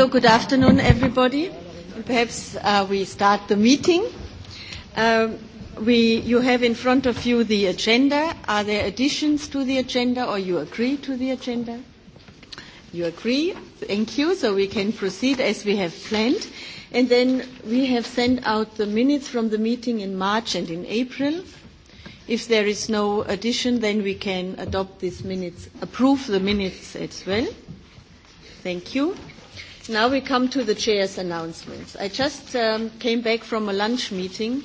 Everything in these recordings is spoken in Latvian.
So good afternoon, everybody. Perhaps uh, we start the meeting. Um, we, you have in front of you the agenda. Are there additions to the agenda or you agree to the agenda? You agree? Thank you. So we can proceed as we have planned. And then we have sent out the minutes from the meeting in March and in April. If there is no addition, then we can adopt these minutes, approve the minutes as well. Thank you. Now we come to the chair's announcements. I just um, came back from a lunch meeting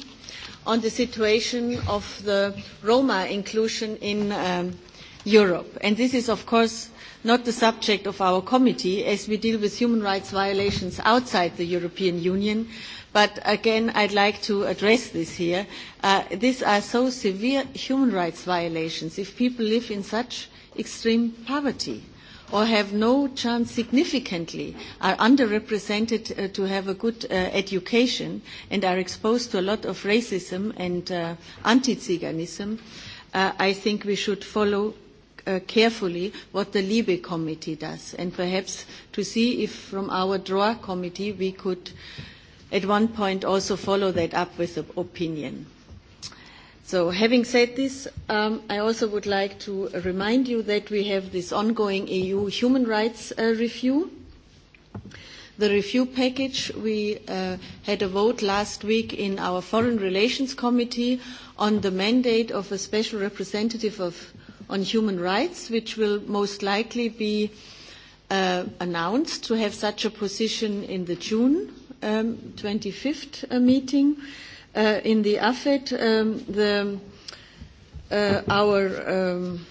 on the situation of the Roma inclusion in um, Europe. And this is, of course, not the subject of our committee, as we deal with human rights violations outside the European Union. But again, I'd like to address this here. Uh, these are so severe human rights violations if people live in such extreme poverty or have no chance significantly are underrepresented uh, to have a good uh, education and are exposed to a lot of racism and uh, anti-Ziganism, uh, I think we should follow uh, carefully what the Libe Committee does and perhaps to see if from our DROA Committee we could at one point also follow that up with an opinion. So having said this, um, I also would like to remind you that we have this ongoing EU human rights uh, review. The review package, we uh, had a vote last week in our Foreign Relations Committee on the mandate of a special representative of, on human rights, which will most likely be uh, announced to have such a position in the June um, 25th uh, meeting. Uh, Uh, in the AFET, um, the, uh, our um,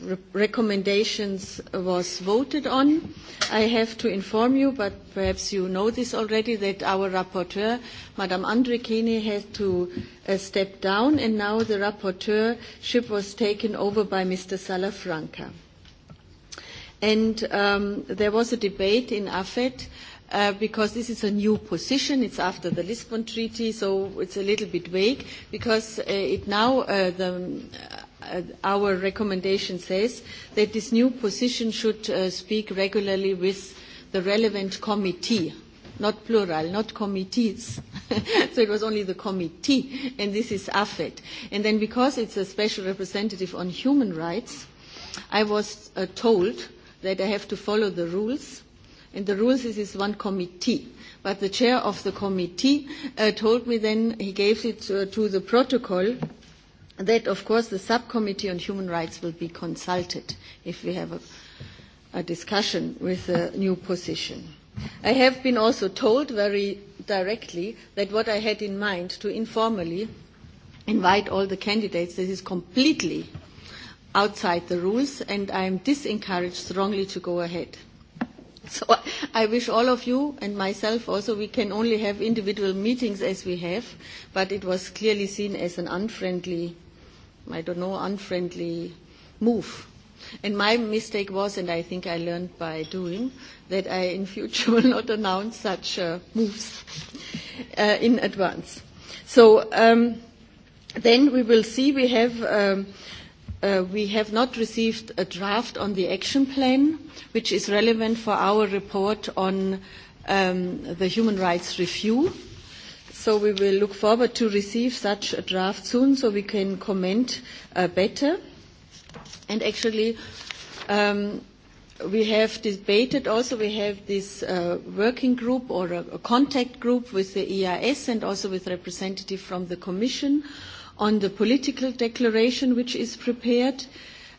re- recommendations was voted on. I have to inform you, but perhaps you know this already, that our rapporteur, Madame Andrikene, had to uh, step down, and now the rapporteurship was taken over by Mr. Salafranca. And um, there was a debate in AFET uh, uh, because this is a new position. It's after the Lisbon Treaty, so it's a little bit vague because uh, it now uh, the, uh, our recommendation says that this new position should uh, speak regularly with the relevant committee not plural, not committees. so it was only the committee, and this is AFET. And then because it's a special representative on human rights, I was uh, told that I have to follow the rules In the rules, this is one committee. But the chair of the committee uh, told me then, he gave it to, uh, to the protocol, that of course the subcommittee on human rights will be consulted if we have a, a discussion with a new position. I have been also told very directly that what I had in mind to informally invite all the candidates, this is completely outside the rules and I am disencouraged strongly to go ahead. So I wish all of you and myself also we can only have individual meetings as we have, but it was clearly seen as an unfriendly, I don't know, unfriendly move. And my mistake was, and I think I learned by doing, that I in future will not announce such uh, moves uh, in advance. So um, then we will see. We have. Um, uh, we have not received a draft on the action plan, which is relevant for our report on um, the human rights review. So we will look forward to receive such a draft soon so we can comment uh, better. And actually, um, we have debated also, we have this uh, working group or a, a contact group with the EIS and also with representative from the Commission uh, On the political declaration which is prepared,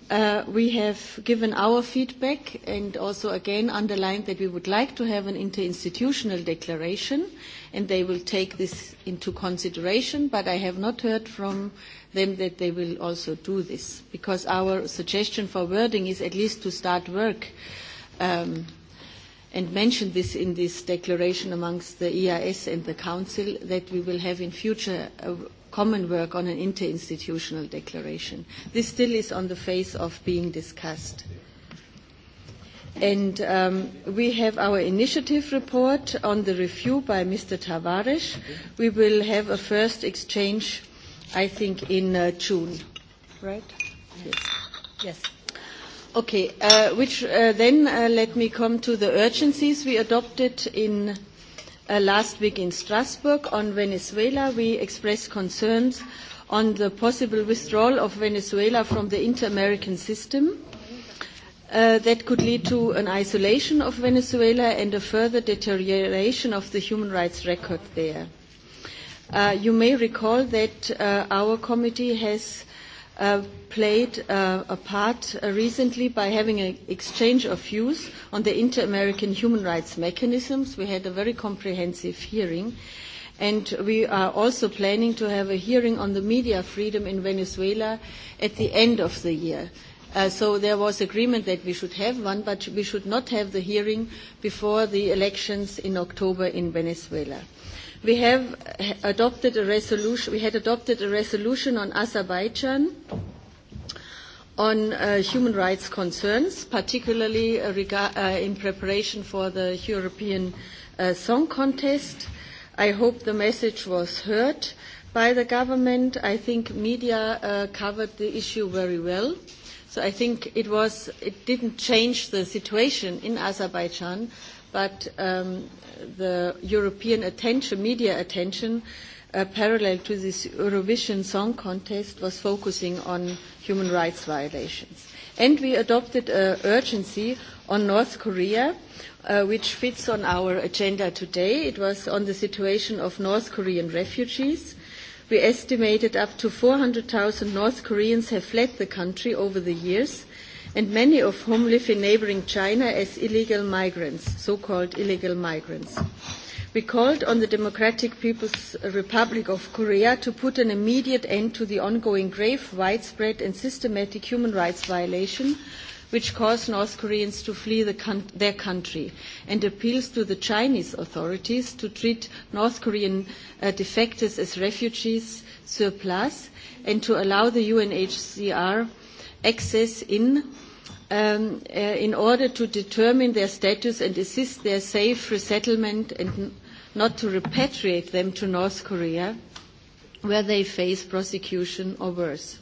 uh, we have given our feedback and also again underlined that we would like to have an interinstitutional declaration and they will take this into consideration, but I have not heard from them that they will also do this because our suggestion for wording is at least to start work um, and mention this in this declaration amongst the EIS and the Council that we will have in future a, common work on an interinstitutional declaration. This still is on the face of being discussed. And um, we have our initiative report on the review by Mr. Tavares. We will have a first exchange, I think, in uh, June, right? Yes. Yes. Okay, uh, which uh, then uh, let me come to the urgencies we adopted in uh, last week in Strasbourg on Venezuela. We expressed concerns on the possible withdrawal of Venezuela from the inter-American system. Uh, that could lead to an isolation of Venezuela and a further deterioration of the human rights record there. Uh, you may recall that uh, our committee has uh, uh, played uh, a part uh, recently by having an exchange of views on the inter-American human rights mechanisms. We had a very comprehensive hearing. And we are also planning to have a hearing on the media freedom in Venezuela at the end of the year. Uh, so there was agreement that we should have one, but we should not have the hearing before the elections in October in Venezuela. Uh, We have adopted a resolution. We had adopted a resolution on Azerbaijan on uh, human rights concerns, particularly uh, rega- uh, in preparation for the European uh, Song Contest. I hope the message was heard by the government. I think media uh, covered the issue very well. So I think it was it didn't change the situation in Azerbaijan, but um, the European attention, media attention, uh, parallel to this Eurovision Song Contest, was focusing on human rights violations. And we adopted an urgency on North Korea, uh, which fits on our agenda today. It was on the situation of North Korean refugees. We estimated up to 400,000 North Koreans have fled the country over the years, and many of whom live in neighboring China as illegal migrants, so-called illegal migrants. We called on the Democratic People's Republic of Korea to put an immediate end to the ongoing grave, widespread and systematic human rights violation which caused North Koreans to flee the con- their country and appeals to the Chinese authorities to treat North Korean uh, defectors as refugees surplus and to allow the UNHCR access in um, uh, in order to determine their status and assist their safe resettlement and n- not to repatriate them to North Korea, where they face prosecution or worse.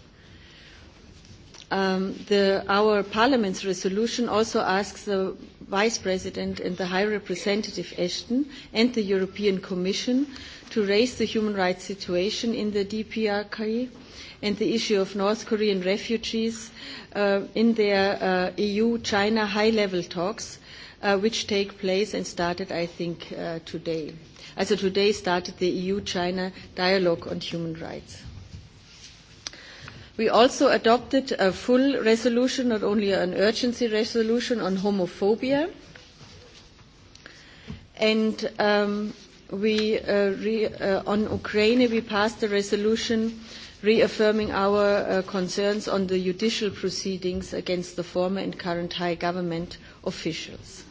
Um, the, our Parliament's resolution also asks the Vice President and the High Representative Ashton and the European Commission to raise the human rights situation in the DPRK and the issue of North Korean refugees uh, in their uh, EU-China high-level talks, uh, which take place and started, I think, uh, today. Also today started the EU-China dialogue on human rights. We also adopted a full resolution, not only an urgency resolution on homophobia. And um, we, uh, re, uh, on Ukraine, we passed a resolution reaffirming our uh, concerns on the judicial proceedings against the former and current high government officials.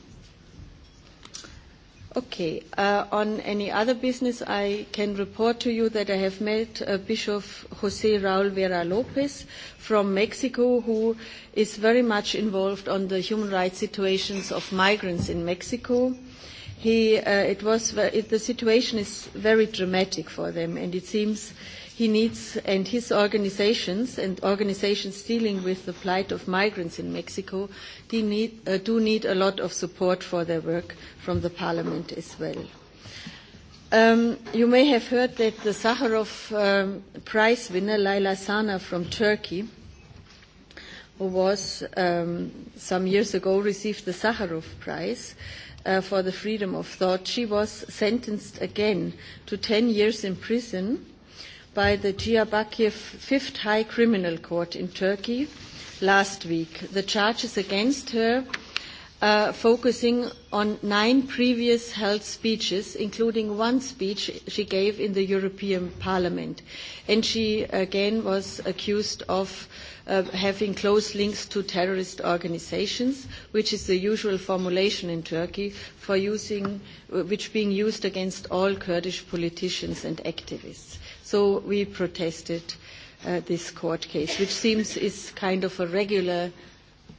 Okay. Uh, on any other business, I can report to you that I have met uh, Bishop José Raúl Vera López from Mexico, who is very much involved on the human rights situations of migrants in Mexico. He, uh, it was, it, the situation is very dramatic for them, and it seems he needs, and his organizations, and organizations dealing with the plight of migrants in Mexico, they need, uh, do need a lot of support for their work from the parliament as well. Um, you may have heard that the Sakharov um, Prize winner, Laila Sana from Turkey, who was um, some years ago received the Sakharov Prize, uh, uh, for the freedom of thought, she was sentenced again to 10 years in prison by the Diyarbakir Fifth High Criminal Court in Turkey last week. The charges against her uh, focusing on nine previous held speeches, including one speech she gave in the European Parliament. And she again was accused of uh, having close links to terrorist organizations, which is the usual formulation in Turkey for using, uh, which being used against all Kurdish politicians and activists. So we protested uh, this court case, which seems is kind of a regular uh,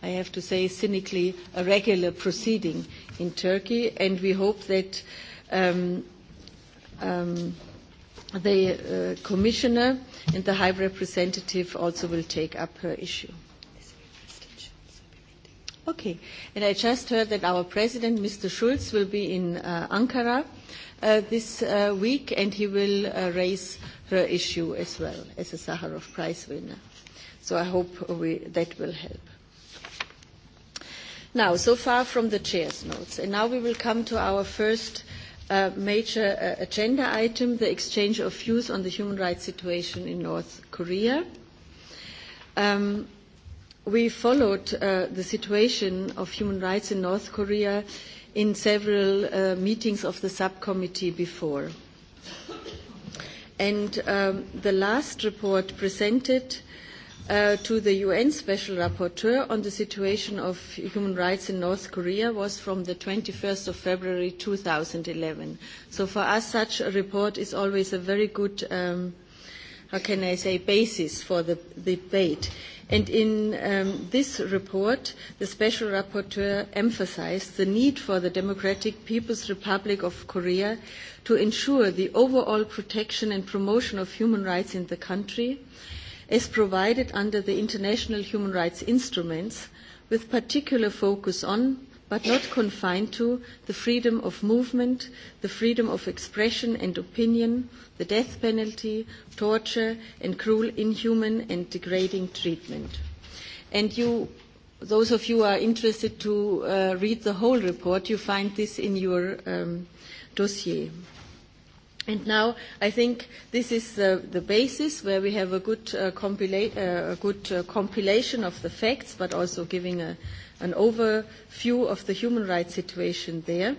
I have to say cynically, a regular proceeding in Turkey, and we hope that um, um, the uh, Commissioner and the High Representative also will take up her issue. Okay, and I just heard that our President, Mr. Schulz, will be in uh, Ankara uh, this uh, week and he will uh, raise her issue as well as a Sakharov Prize winner. So I hope we, that will help. Now, so far from the chair's notes, and now we will come to our first uh, major uh, agenda item, the exchange of views on the human rights situation in North Korea. Um, we followed uh, the situation of human rights in North Korea in several uh, meetings of the subcommittee before. And um, the last report presented uh, uh, to the UN Special Rapporteur on the situation of human rights in North Korea was from the 21st of February 2011. So for us, such a report is always a very good, um, how can I say, basis for the, the debate. And in um, this report, the Special Rapporteur emphasized the need for the Democratic People's Republic of Korea to ensure the overall protection and promotion of human rights in the country as provided under the international human rights instruments, with particular focus on, but not confined to, the freedom of movement, the freedom of expression and opinion, the death penalty, torture, and cruel, inhuman, and degrading treatment. And you those of you who are interested to uh, read the whole report, you find this in your um, dossier. And now I think this is the, the basis where we have a good, uh, compila- uh, a good uh, compilation of the facts, but also giving a, an overview of the human rights situation there.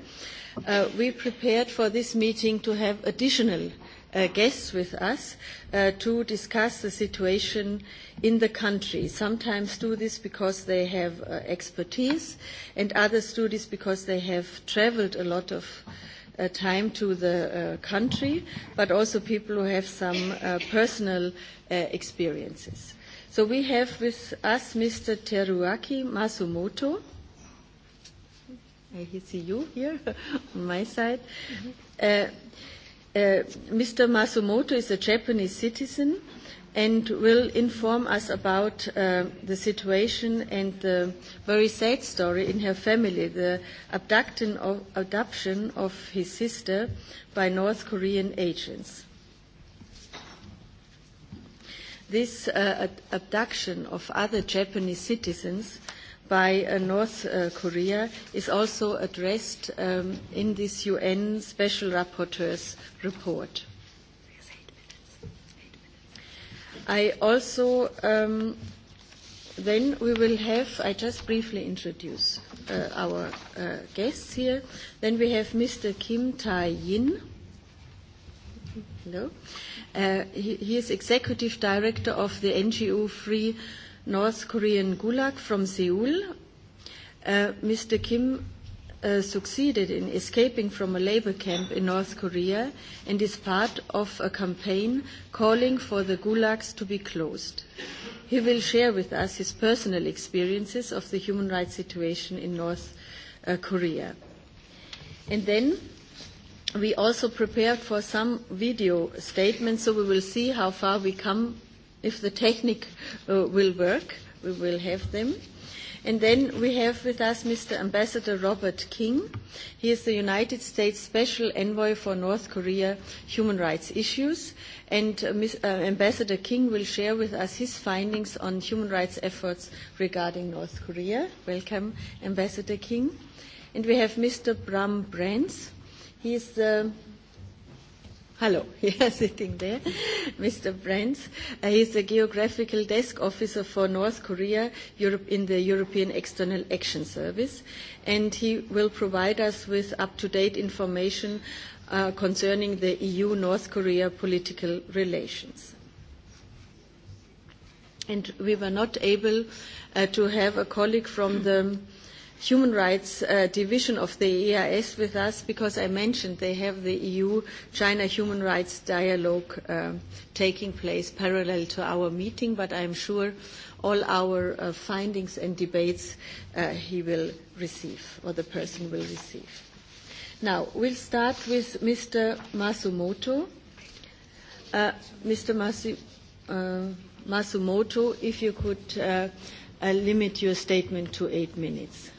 Uh, we prepared for this meeting to have additional uh, guests with us uh, to discuss the situation in the country. Sometimes do this because they have uh, expertise, and others do this because they have traveled a lot of. Uh, uh, time to the uh, country, but also people who have some uh, personal uh, experiences. So we have with us Mr. Teruaki Masumoto. I see you here on my side. Mm-hmm. Uh, uh, Mr. Masumoto is a Japanese citizen. Uh, and will inform us about uh, the situation and the very sad story in her family, the abduction of, adoption of his sister by North Korean agents. This uh, abduction of other Japanese citizens by uh, North uh, Korea is also addressed um, in this UN Special Rapporteur's report. I also, um, then we will have, I just briefly introduce uh, our uh, guests here. Then we have Mr. Kim Tai-yin. Hello. Uh, he, he is Executive Director of the NGO Free North Korean Gulag from Seoul. Uh, Mr. Kim uh, succeeded in escaping from a labor camp in North Korea and is part of a campaign calling for the gulags to be closed. He will share with us his personal experiences of the human rights situation in North uh, Korea. And then we also prepared for some video statements, so we will see how far we come if the technique uh, will work. We will have them. And then we have with us Mr. Ambassador Robert King. He is the United States Special Envoy for North Korea Human Rights Issues. And uh, Ms., uh, Ambassador King will share with us his findings on human rights efforts regarding North Korea. Welcome, Ambassador King. And we have Mr. Bram Brands. He is the Hello, yeah, sitting there, Mr. Brents. Uh, he's the Geographical Desk Officer for North Korea Europe, in the European External Action Service, and he will provide us with up-to-date information uh, concerning the EU-North Korea political relations. And we were not able uh, to have a colleague from the human rights uh, division of the EIS with us because I mentioned they have the EU-China human rights dialogue uh, taking place parallel to our meeting, but I'm sure all our uh, findings and debates uh, he will receive or the person will receive. Now, we'll start with Mr. Masumoto. Uh, Mr. Masu, uh, Masumoto, if you could uh, uh, limit your statement to eight minutes.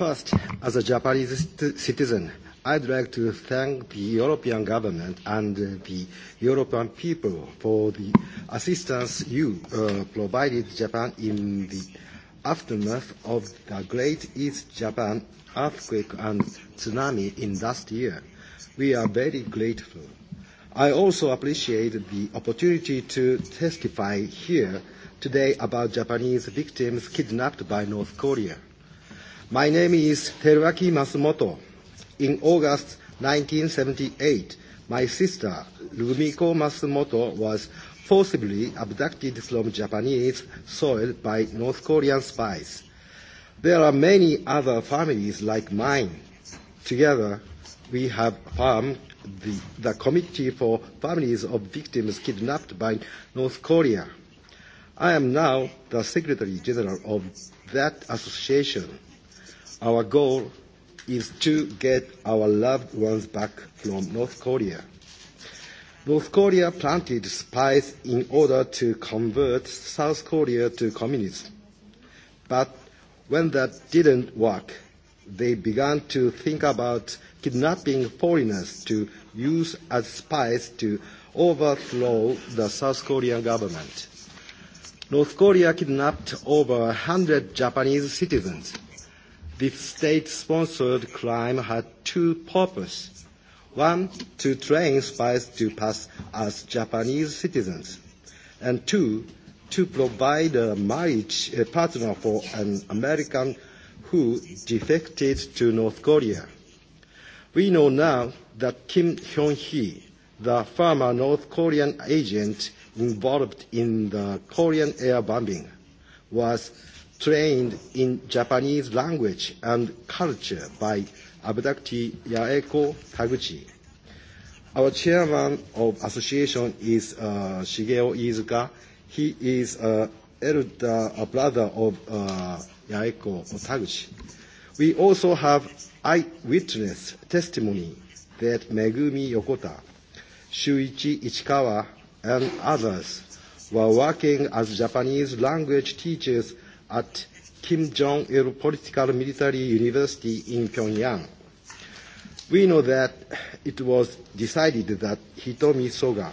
First, as a Japanese citizen, I'd like to thank the European government and the European people for the assistance you uh, provided Japan in the aftermath of the Great East Japan earthquake and tsunami in last year. We are very grateful. I also appreciate the opportunity to testify here today about Japanese victims kidnapped by North Korea. My name is Teruaki Masumoto. In August 1978, my sister, Rumiko Masumoto, was forcibly abducted from Japanese soil by North Korean spies. There are many other families like mine. Together, we have formed the, the Committee for Families of Victims Kidnapped by North Korea. I am now the Secretary General of that association. Our goal is to get our loved ones back from North Korea. North Korea planted spies in order to convert South Korea to communism. But when that didn't work, they began to think about kidnapping foreigners to use as spies to overthrow the South Korean government. North Korea kidnapped over 100 Japanese citizens the state-sponsored crime had two purposes. One, to train spies to pass as Japanese citizens. And two, to provide a marriage a partner for an American who defected to North Korea. We know now that Kim Hyun-hee, the former North Korean agent involved in the Korean air bombing, was trained in Japanese language and culture by Abdakti Yaeko Taguchi. Our chairman of association is uh, Shigeo Iizuka. He is uh, elder uh, brother of uh, Yaeko Taguchi. We also have eyewitness testimony that Megumi Yokota, Shuichi Ichikawa, and others were working as Japanese language teachers at Kim Jong-il Political Military University in Pyongyang. We know that it was decided that Hitomi Soga,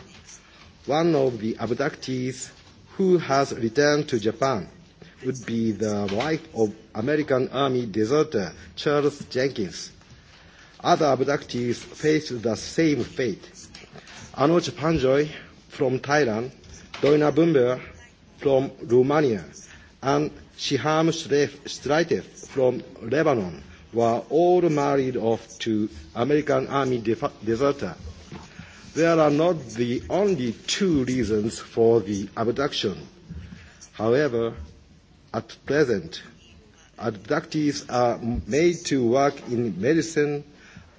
one of the abductees who has returned to Japan, would be the wife of American Army deserter Charles Jenkins. Other abductees faced the same fate. Anuj Panjoy from Thailand, Doina Bumber from Romania, and Shiham Straitif from Lebanon were all married off to American army deserter. There are not the only two reasons for the abduction. However, at present, abductees are made to work in medicine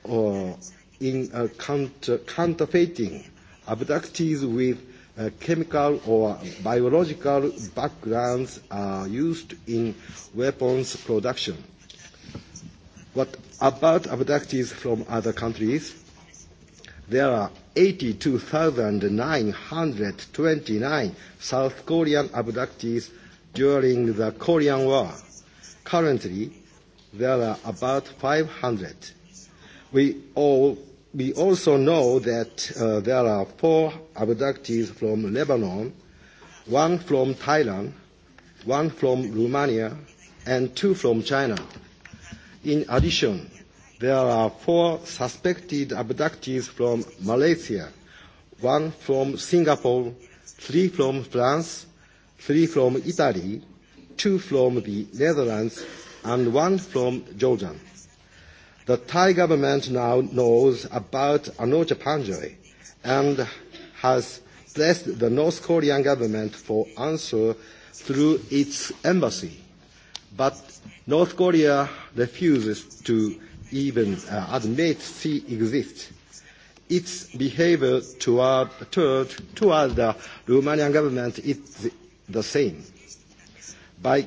or in uh, counter- counterfeiting. Abductees with uh, chemical or biological backgrounds are used in weapons production. What about abductees from other countries? There are 82,929 South Korean abductees during the Korean War. Currently, there are about 500. We owe we also know that uh, there are four abductees from Lebanon, one from Thailand, one from Romania, and two from China. In addition, there are four suspected abductees from Malaysia, one from Singapore, three from France, three from Italy, two from the Netherlands, and one from Jordan. The Thai government now knows about Anocha Panjoi and has pressed the North Korean government for answer through its embassy. But North Korea refuses to even uh, admit she exists. Its behavior toward, toward, toward the Romanian government is the same. By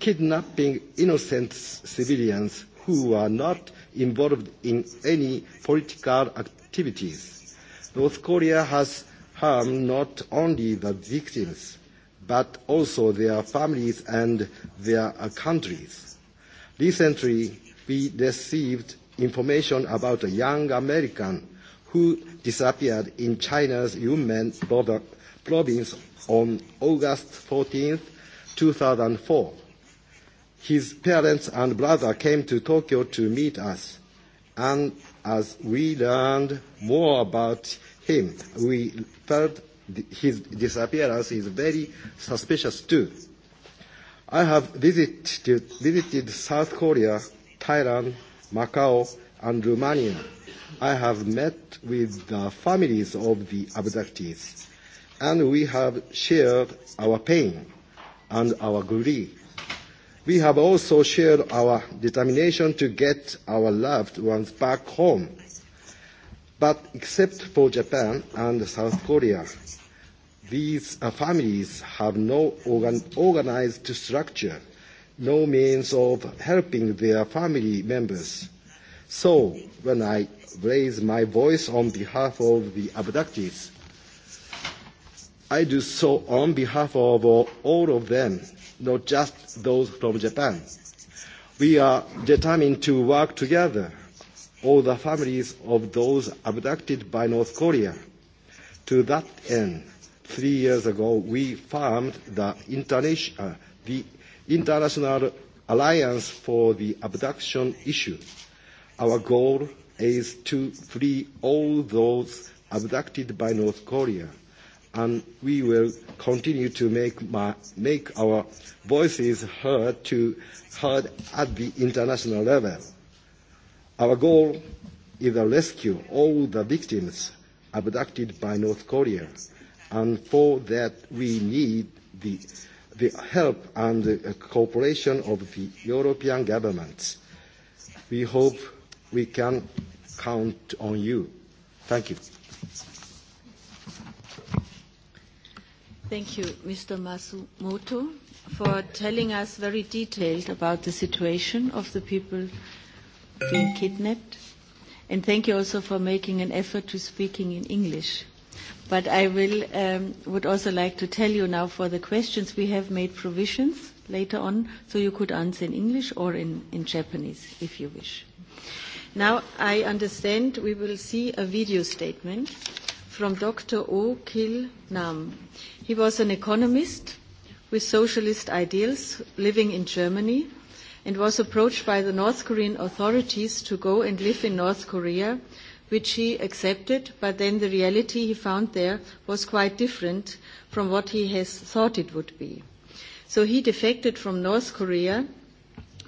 kidnapping innocent civilians who are not involved in any political activities. North Korea has harmed not only the victims, but also their families and their countries. Recently, we received information about a young American who disappeared in China's Yunnan province on August 14, 2004. His parents and brother came to Tokyo to meet us, and as we learned more about him, we felt his disappearance is very suspicious too. I have visited, visited South Korea, Thailand, Macau, and Romania. I have met with the families of the abductees, and we have shared our pain and our grief We have also shared our determination to get our loved ones back home. But except for Japan and South Korea, these uh, families have no organ- organized structure, no means of helping their family members. So when I raise my voice on behalf of the abductees, I do so on behalf of all of them, not just those from Japan. We are determined to work together, all the families of those abducted by North Korea. To that end, three years ago, we formed the, interna- uh, the International Alliance for the Abduction Issue. Our goal is to free all those abducted by North Korea – and we will continue to make, my, make our voices heard, to, heard at the international level. Our goal is to rescue all the victims abducted by North Korea, and for that we need the, the help and the uh, cooperation of the European governments. We hope we can count on you. Thank you. Thank you, Mr. Masumoto, for telling us very detailed about the situation of the people being kidnapped. And thank you also for making an effort to speaking in English. But I will, um, would also like to tell you now for the questions we have made provisions later on, so you could answer in English or in, in Japanese if you wish. Now I understand we will see a video statement from Dr. O. Kil Nam. He was an economist with socialist ideals living in Germany and was approached by the North Korean authorities to go and live in North Korea, which he accepted, but then the reality he found there was quite different from what he has thought it would be. So he defected from North Korea,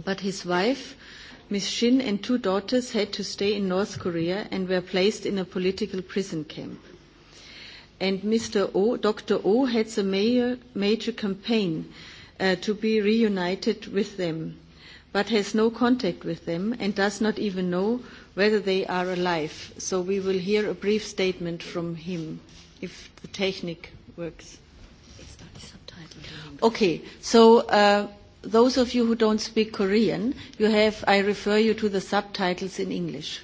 but his wife, Ms. Shin, and two daughters had to stay in North Korea and were placed in a political prison camp and Mr. O, Dr. O heads a major, major campaign uh, to be reunited with them, but has no contact with them and does not even know whether they are alive. So we will hear a brief statement from him, if the technique works. It's not subtitled. Okay, so. Uh, those of you who don't speak Korean, you have, I refer you to the subtitles in English.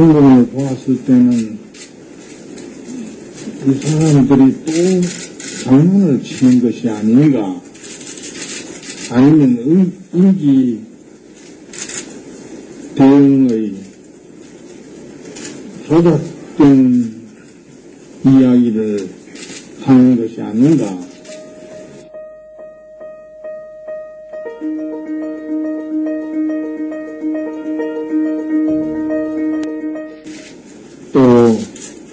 서울에 보았을 때는 이 사람들이 또 장문을 치는 것이 아닌가 아니면 의, 의기 대응의 조작된 이야기를 하는 것이 아닌가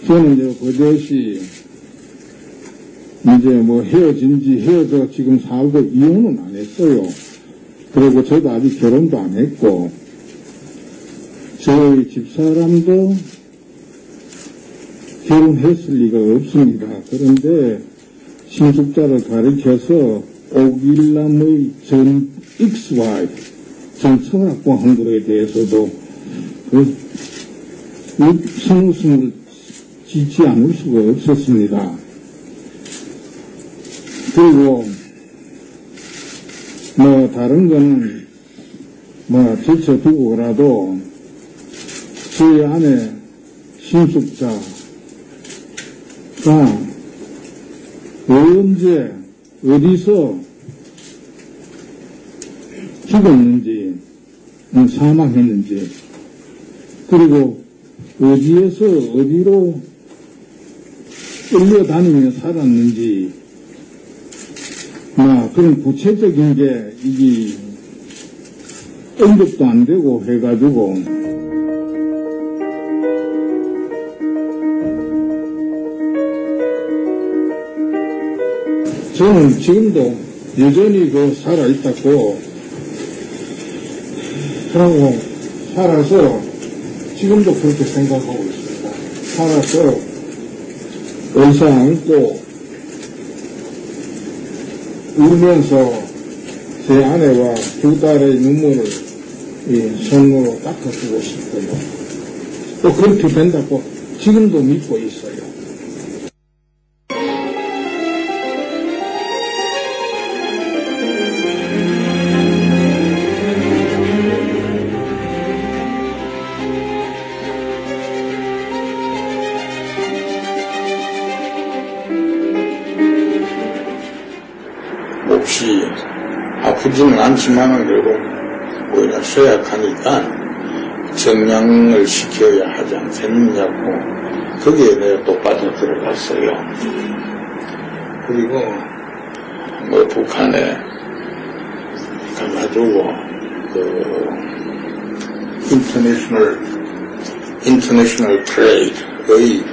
저는 이제 고대시 이제 뭐 헤어진 지 헤어져 지금 살고 이혼은 안 했어요. 그리고 저도 아직 결혼도 안 했고 저희 집사람도 결혼했을 리가 없습니다. 그런데 신숙자를 가르켜서 오길남의 전 익스와이프, 전 서학과 한 그룹에 대해서도 그, 스물스물 시키지 수가 없었습니다. 그리고 뭐 다른 거는 뭐 제쳐두고라도 저희 안에 신숙자가 언제 어디서 죽었는지 사망했는지 그리고 어디에서 어디로 일로 다니며 살았는지, 뭐, 그런 구체적인 게, 이게, 언급도 안 되고 해가지고, 저는 지금도 여전히 그 살아있다고 그러고 살아서 지금도 그렇게 생각하고 있습니다. 살아서 여기서 안고 울면서 제 아내와 두 딸의 눈물을 이 손으로 닦아주고 싶고요. 또 그렇게 된다고 지금도 믿고 있어요. 주는 않지만은 결국 오히려 쇠약하니까 정량을 시켜야 하지 않겠느냐고 거기에 내가 또 빠져 들어갔어요. 그리고 뭐 북한에 가가지고 그 인터내셔널 인터내셔널 트레이드의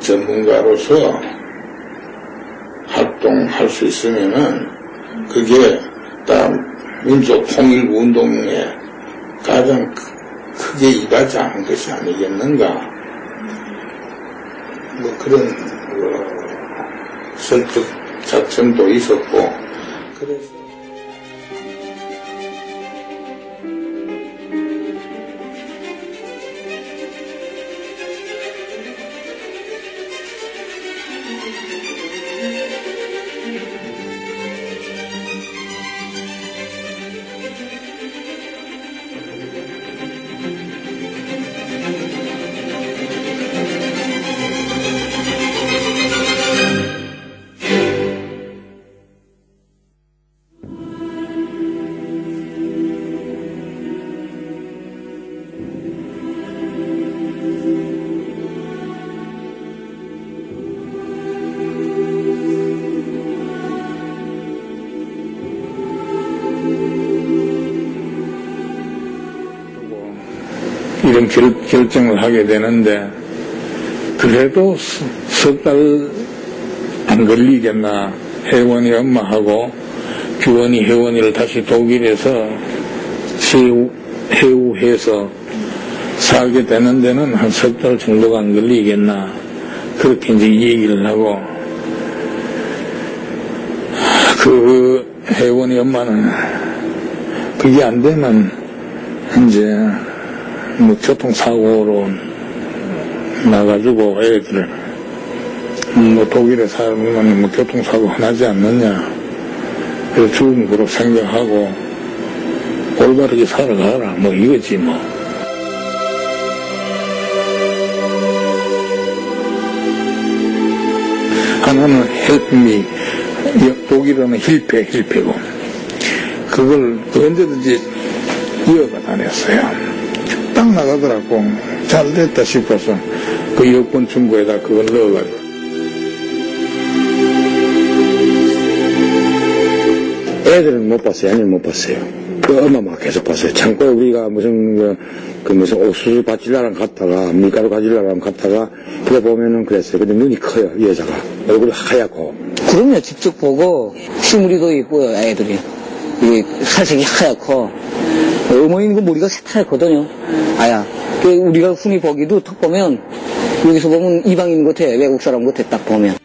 전문가로서 활동할 수 있으면은 그게 민족 통일 운동에 가장 크게 이바지한 것이 아니겠는가 뭐 그런 어, 설득 작전도 있었고 그래서 그런 결, 정을 하게 되는데 그래도 석 달 안 걸리겠나 혜원이 엄마하고 규원이 혜원이를 다시 독일에서 세우, 해우해서 살게 되는 데는 한 석 달 정도가 안 걸리겠나 그렇게 이제 얘기를 하고 그 혜원이 엄마는 그게 안 되면 이제 muchos favor 나가지고 애들을 뭐 독일에 살면 뭐 교통사고 나지 않느냐 그래서 중국으로 생각하고 올바르게 살아가라 뭐 이거지 뭐 하나는 헬미 독일어는 힐패 힐패고 그걸 언제든지 이어가 다녔어요 나가더라 공잘 됐다 싶어서 그 여권 중고에다 그걸 넣어가지고 애들은 못 봤어요. 애는 못 봤어요. 그 엄마만 계속 봤어요. 참고 우리가 무슨 그, 그 무슨 옥수수 바질라랑 갔다가 밀가루 가질라랑 갔다가 그래 보면은 그랬어요. 근데 눈이 커요 여자가 얼굴이 하얗고. 그럼요 직접 보고 시무리도 있고요 애들이 이게 살색이 하얗고 어머니는 그 머리가 새파랗거든요. 아야. 우리가 흔히 보기도 턱 보면 여기서 보면 이방인 같아. 외국 사람 같아. 딱 보면.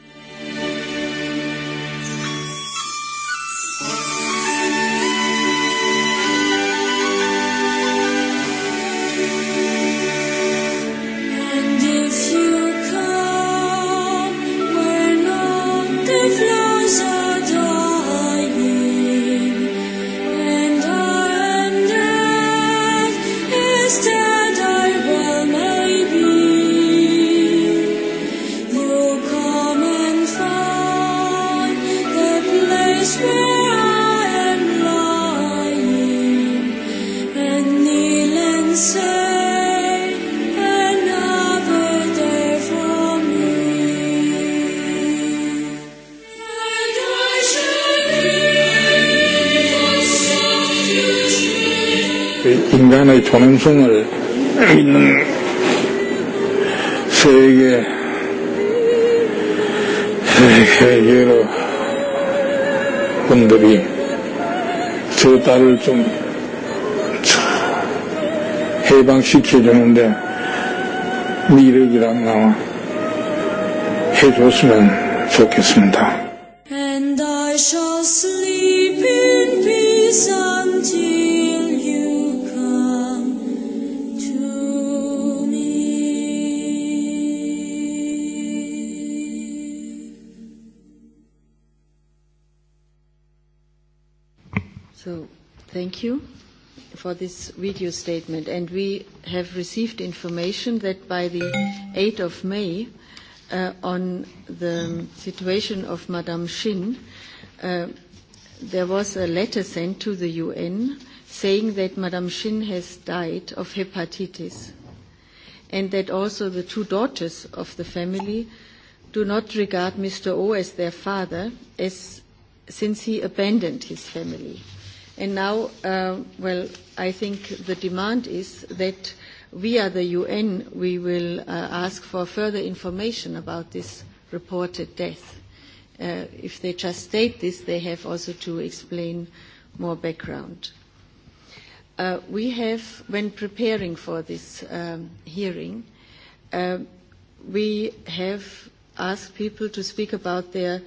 番集中되는데미래기란나와해줬으면좋겠습니다 for this video statement, and we have received information that by the 8th of May, uh, on the situation of Madame Shin, uh, there was a letter sent to the UN saying that Madame Shin has died of hepatitis, and that also the two daughters of the family do not regard Mr. O as their father, as since he abandoned his family. Uh, And now, uh, well, I think the demand is that via the UN we will uh, ask for further information about this reported death. Uh, if they just state this, they have also to explain more background. Uh, we have, when preparing for this um, hearing, uh, we have asked people to speak about their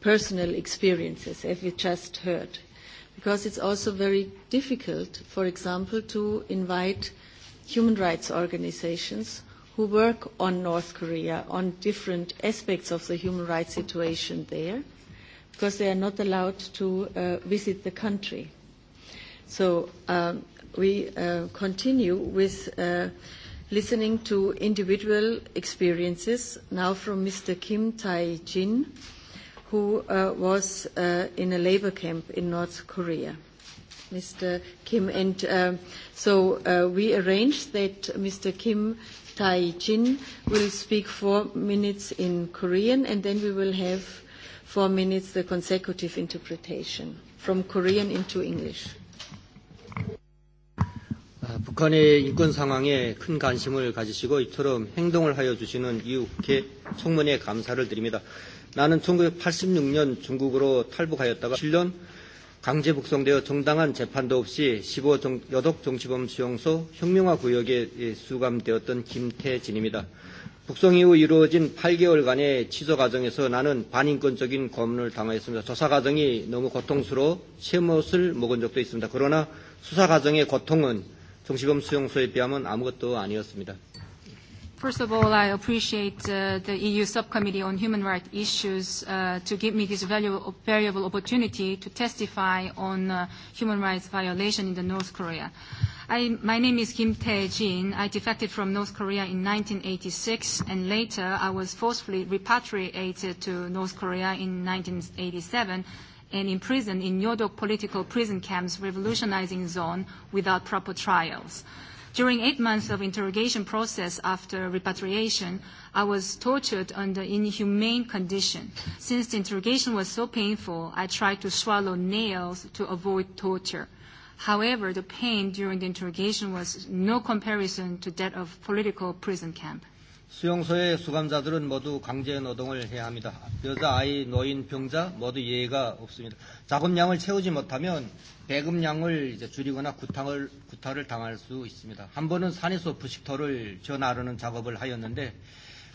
personal experiences, as we just heard because it's also very difficult, for example, to invite human rights organizations who work on North Korea, on different aspects of the human rights situation there, because they are not allowed to uh, visit the country. So um, we uh, continue with uh, listening to individual experiences, now from Mr. Kim Tai-jin, uh, who uh, was uh, in a labor camp in North Korea. Mr. Kim, and uh, so uh, we arranged that Mr. Kim Tai Jin will speak four minutes in Korean, and then we will have four minutes the consecutive interpretation from Korean into English. 북한의 인권 상황에 큰 관심을 가지시고 이처럼 행동을 하여 주시는 이웃국회 청문회 감사를 드립니다. 음. 나는 1986년 중국으로 탈북하였다가 7년 강제 북송되어 정당한 재판도 없이 15 정, 여독 정치범 수용소 혁명화 구역에 수감되었던 김태진입니다. 북송 이후 이루어진 8개월간의 취소 과정에서 나는 반인권적인 고문을 당하였습니다. 조사 과정이 너무 고통스러워 채못을 먹은 적도 있습니다. 그러나 수사 과정의 고통은 정치범 수용소에 비하면 아무것도 아니었습니다. First of all, I appreciate uh, the EU Subcommittee on Human Rights Issues uh, to give me this valuable, valuable opportunity to testify on uh, human rights violation in the North Korea. I, my name is Kim Tae-jin. I defected from North Korea in 1986, and later I was forcefully repatriated to North Korea in 1987 and imprisoned in Nyodok political prison camp's revolutionizing zone without proper trials. Uh, During eight months of interrogation process after repatriation, I was tortured under inhumane condition. Since the interrogation was so painful, I tried to swallow nails to avoid torture. However, the pain during the interrogation was no comparison to that of political prison camp. 수용소의 수감자들은 모두 강제 노동을 해야 합니다. 여자, 아이, 노인, 병자 모두 예외가 없습니다. 자금량을 채우지 못하면 배급량을 이제 줄이거나 구탕을, 구타를 당할 수 있습니다. 한 번은 산에서 부식토를 저 나르는 작업을 하였는데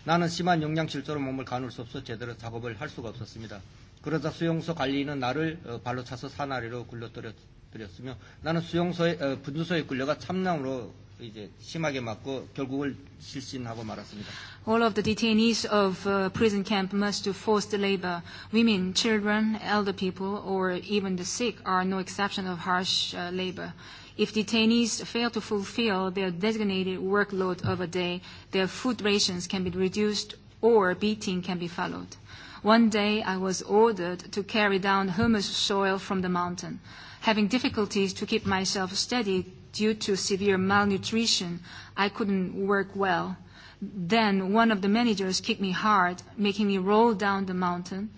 나는 심한 영양실조로 몸을 가눌 수 없어 제대로 작업을 할 수가 없었습니다. 그러자 수용소 관리인은 나를 발로 차서 산 아래로 굴러뜨렸으며 나는 수용소에 분주소에 끌려가 참나무로 이제 심하게 맞고 결국을 실신하고 말았습니다. All of the detainees of uh, prison camp must do forced labor. Women, children, elder people, or even the sick are no exception of harsh uh, labor. If detainees fail to fulfill their designated workload of a day, their food rations can be reduced or beating can be followed. One day I was ordered to carry down humus soil from the mountain. Having difficulties to keep myself steady due to severe malnutrition, I couldn't work well. Then one of the managers kicked me hard, making me roll down the mountain.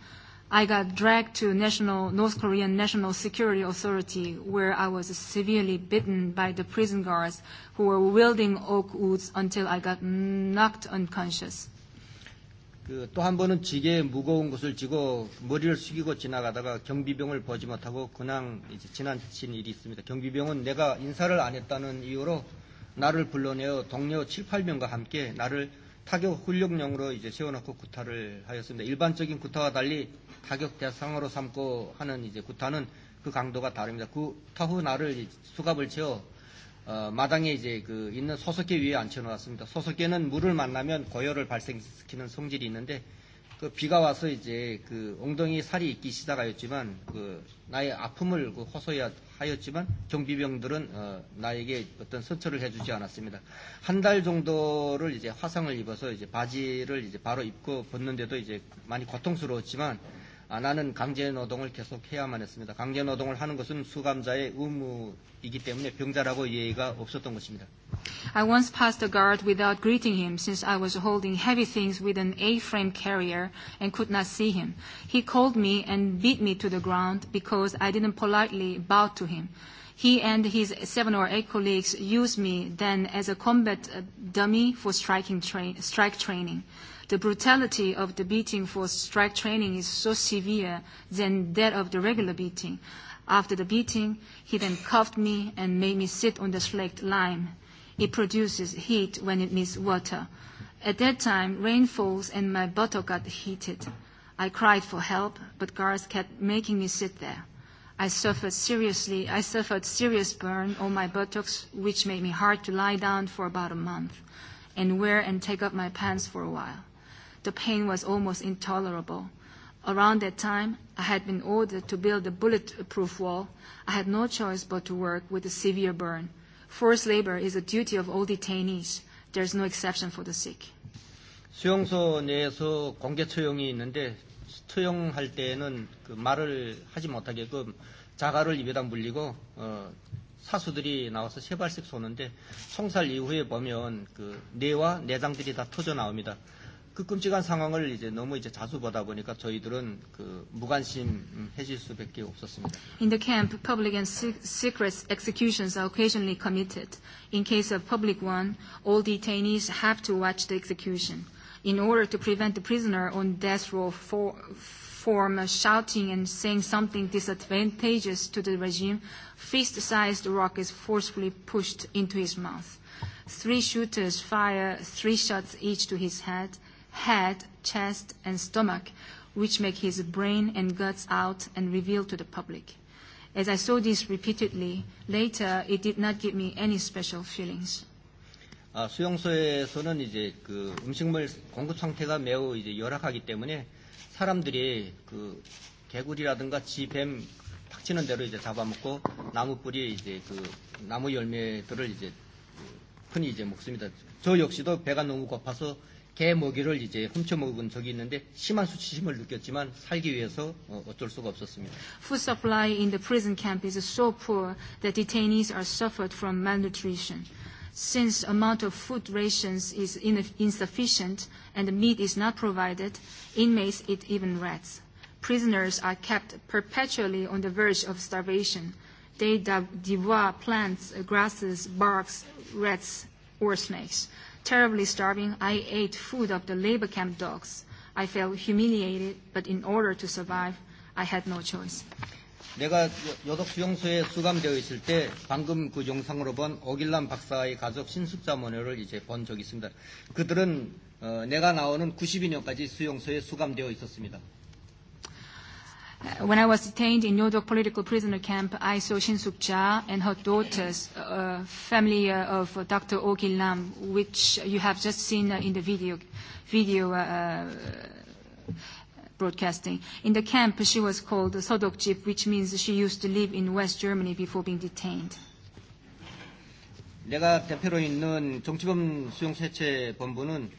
I got dragged to national, North Korean National Security Authority, where I was severely bitten by the prison guards who were wielding oak woods until I got knocked unconscious. 그또한 번은 지게 무거운 것을 쥐고 머리를 숙이고 지나가다가 경비병을 보지 못하고 그냥 이제 지나친 일이 있습니다. 경비병은 내가 인사를 안 했다는 이유로 나를 불러내어 동료 7, 8명과 함께 나를 타격 훈련용으로 이제 세워놓고 구타를 하였습니다. 일반적인 구타와 달리 타격 대상으로 삼고 하는 이제 구타는 그 강도가 다릅니다. 구타 후 나를 수갑을 채워 어, 마당에 이제 그 있는 소석계 위에 앉혀놓았습니다. 소석계는 물을 만나면 고열을 발생시키는 성질이 있는데 그 비가 와서 이제 그 엉덩이 살이 있기 시작하였지만 그 나의 아픔을 그 호소하였지만 경비병들은 어, 나에게 어떤 선처를 해주지 않았습니다. 한 달 정도를 이제 화상을 입어서 이제 바지를 이제 바로 입고 벗는데도 이제 많이 고통스러웠지만 안 하는 강제노동을 계속해야만 했습니다. 강제노동을 하는 것은 수감자의 의무이기 때문에 병자라고 예의가 없었던 것입니다. I once passed a guard without greeting him since I was holding heavy things with an A-frame carrier and could not see him. He called me and beat me to the ground because I didn't politely bow to him. He and his seven or eight colleagues used me then as a combat dummy for striking tra- strike training. The brutality of the beating for strike training is so severe than that of the regular beating. After the beating, he then cuffed me and made me sit on the slaked lime. It produces heat when it meets water. At that time, rain falls and my buttock got heated. I cried for help, but guards kept making me sit there. I suffered seriously. I suffered serious burn on my buttocks, which made me hard to lie down for about a month and wear and take up my pants for a while. The pain was almost intolerable. Around that time, I had been ordered to build a bulletproof wall. I had no choice but to work with a severe burn. Forced labor is a duty of all detainees. There is no exception for the sick. 수용소 내에서 공개 처형이 있는데 처형할 때는 그 말을 하지 못하게끔 자갈을 입에다 물리고 어, 사수들이 나와서 세 발씩 쏘는데 총살 이후에 보면 그 뇌와 내장들이 다 터져 나옵니다. 그 끔찍한 상황을 이제 너무 이제 자주 보다 보니까 저희들은 그 무관심 해질 수밖에 없었습니다. In the camp, public and secret executions are occasionally committed. In case of public one, all detainees have to watch the execution. In order to prevent the prisoner on death row for, form shouting and saying something disadvantageous to the regime, fist-sized rock is forcefully pushed into his mouth. Three shooters fire three shots each to his head head, chest, and stomach, which make his brain and guts out and revealed to the public. As I saw this repeatedly, later it did not give me any special feelings. 아, 수용소에서는 이제 그 음식물 공급 상태가 매우 이제 열악하기 때문에 사람들이 그 개구리라든가 지뱀 닥치는 대로 이제 잡아먹고 나무 뿌리 이제 그 나무 열매들을 이제 흔히 이제 먹습니다. 저 역시도 배가 너무 고파서 개 먹이를 이제 훔쳐 먹은 적이 있는데 심한 수치심을 느꼈지만 살기 위해서 어쩔 수가 없었습니다. Food supply in the prison camp is so poor that detainees are suffered from malnutrition. Since amount of food rations is insufficient and meat is not provided, inmates eat even rats. Prisoners are kept perpetually on the verge of starvation. They devour plants, grasses, barks, rats, or snakes. Terribly starving, I ate food of the labor camp dogs. I felt humiliated, but in order to survive, I had no choice. 내가 여덕 수용소에 수감되어 있을 때 방금 그 영상으로 본 오길남 박사의 가족 신숙자모녀를 이제 본 적이 있습니다. 그들은 어, 내가 나오는 92년까지 수용소에 수감되어 있었습니다. Uh, when I was detained in Nyodok political prisoner camp, I saw Shin-Suk Cha and her daughters, uh, family uh, of Dr. Oh Gil-nam, which you have just seen uh, in the video, video uh, uh broadcasting. In the camp, she was called Sodokjip, which means she used to live in West Germany before being detained. 내가 대표로 있는 정치범 수용체체 본부는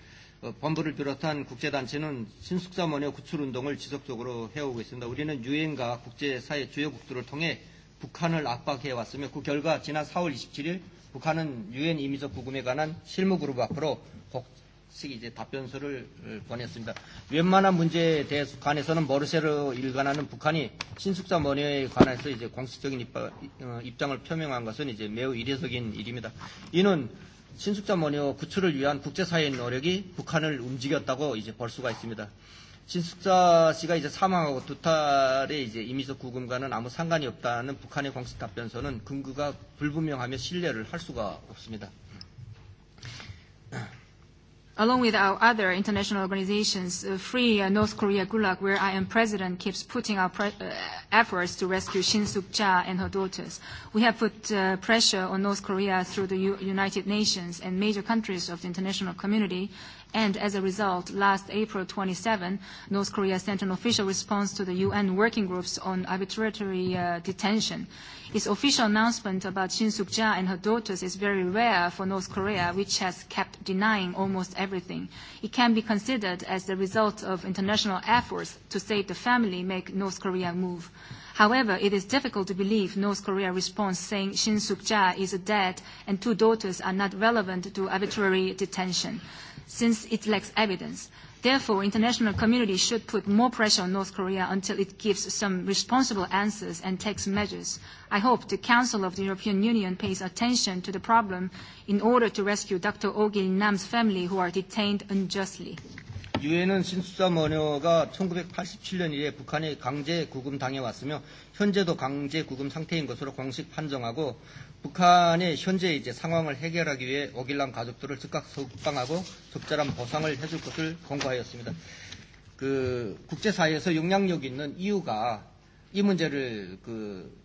본부를 비롯한 국제단체는 신숙사 원의 구출운동을 지속적으로 해오고 있습니다. 우리는 유엔과 국제사회 주요국들을 통해 북한을 압박해왔으며 그 결과 지난 4월 27일 북한은 유엔 이미적 부금에 관한 실무그룹 앞으로 곡식 이제 답변서를 보냈습니다. 웬만한 문제에 대해서 관해서는 머르세로 일관하는 북한이 신숙사 머니에 관해서 이제 공식적인 입장을 표명한 것은 이제 매우 이례적인 일입니다. 이는 신숙자 모녀 구출을 위한 국제사회의 노력이 북한을 움직였다고 이제 볼 수가 있습니다. 신숙자 씨가 이제 사망하고 두 탈의 이제 임의적 구금과는 아무 상관이 없다는 북한의 공식 답변서는 근거가 불분명하며 신뢰를 할 수가 없습니다 along with our other international organizations, uh, Free uh, North Korea Gulag, where I am president, keeps putting our pre- uh, efforts to rescue Shin Suk-ja and her daughters. We have put uh, pressure on North Korea through the U- United Nations and major countries of the international community, and as a result, last April 27, North Korea sent an official response to the UN working groups on arbitrary uh, detention. Its official announcement about Shin Suk-ja and her daughters is very rare for North Korea, which has kept denying almost everything. It can be considered as the result of international efforts to save the family make North Korea move. However, it is difficult to believe North Korea's response saying Shin Suk-ja is dead and two daughters are not relevant to arbitrary detention since it lacks evidence. Therefore, international community should put more pressure on North Korea until it gives some responsible answers and takes measures. I hope the Council of the European Union pays attention to the problem in order to rescue Dr. Oh Gil-nam's family who are detained unjustly. 유엔은 신수자머녀가 1987년 이래 북한에 강제 구금 당해왔으며 현재도 강제 구금 상태인 것으로 공식 판정하고 북한이 현재 이제 상황을 해결하기 위해 오길남 가족들을 즉각 석방하고 적절한 보상을 해줄 것을 권고하였습니다. 그 국제사회에서 영향력 있는 이유가 이 문제를 그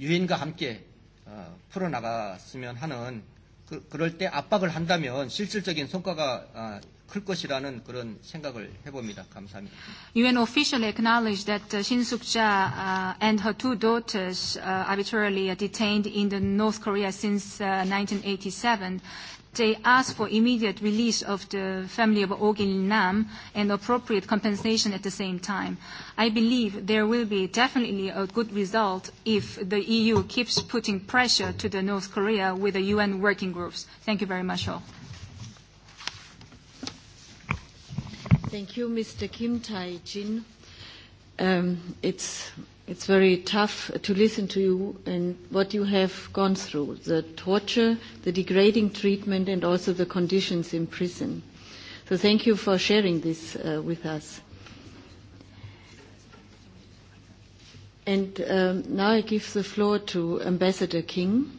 유엔과 함께 어, 풀어나갔으면 하는 그, 그럴 때 압박을 한다면 실질적인 성과가 어, 클 것이라는 그런 생각을 해봅니다. 감사합니다. UN officially acknowledged that uh, Shin Suk-ja uh, and her two daughters uh, arbitrarily uh, detained in the North Korea since uh, 1987. They asked for immediate release of the family of Oh Gil Nam and appropriate compensation at the same time. I believe there will be definitely a good result if the EU keeps putting pressure to the North Korea with the UN working groups. Thank you very much all. Thank you, Mr. Kim Tai-jin. Um, it's, it's very tough to listen to you and what you have gone through, the torture, the degrading treatment, and also the conditions in prison. So thank you for sharing this uh, with us. And um, now I give the floor to Ambassador King,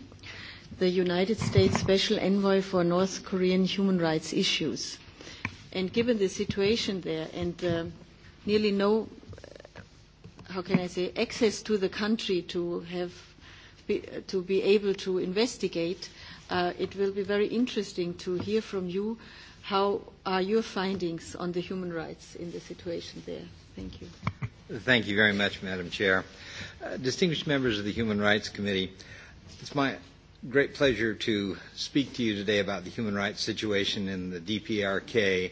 the United States Special Envoy for North Korean human rights issues. And given the situation there and uh, nearly no, uh, how can I say, access to the country to have be, to be able to investigate, uh, it will be very interesting to hear from you how are your findings on the human rights in the situation there. Thank you. Thank you very much, Madam Chair. Uh, distinguished members of the Human Rights Committee, it's my great pleasure to speak to you today about the human rights situation in the DPRK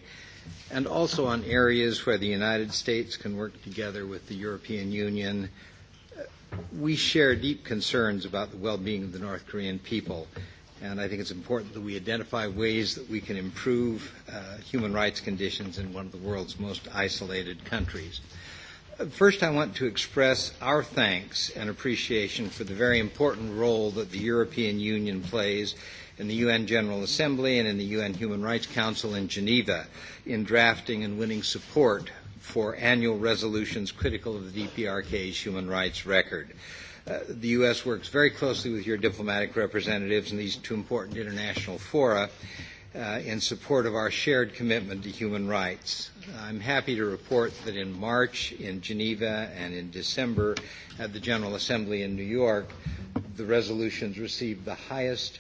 and also on areas where the United States can work together with the European Union. We share deep concerns about the well-being of the North Korean people, and I think it's important that we identify ways that we can improve uh, human rights conditions in one of the world's most isolated countries. Uh, First, I want to express our thanks and appreciation for the very important role that the European Union plays in the UN General Assembly and in the UN Human Rights Council in Geneva in drafting and winning support for annual resolutions critical of the DPRK's human rights record. Uh, the U.S. works very closely with your diplomatic representatives in these two important international fora uh, in support of our shared commitment to human rights. I'm happy to report that in March in Geneva and in December at the General Assembly in New York, the resolutions received the highest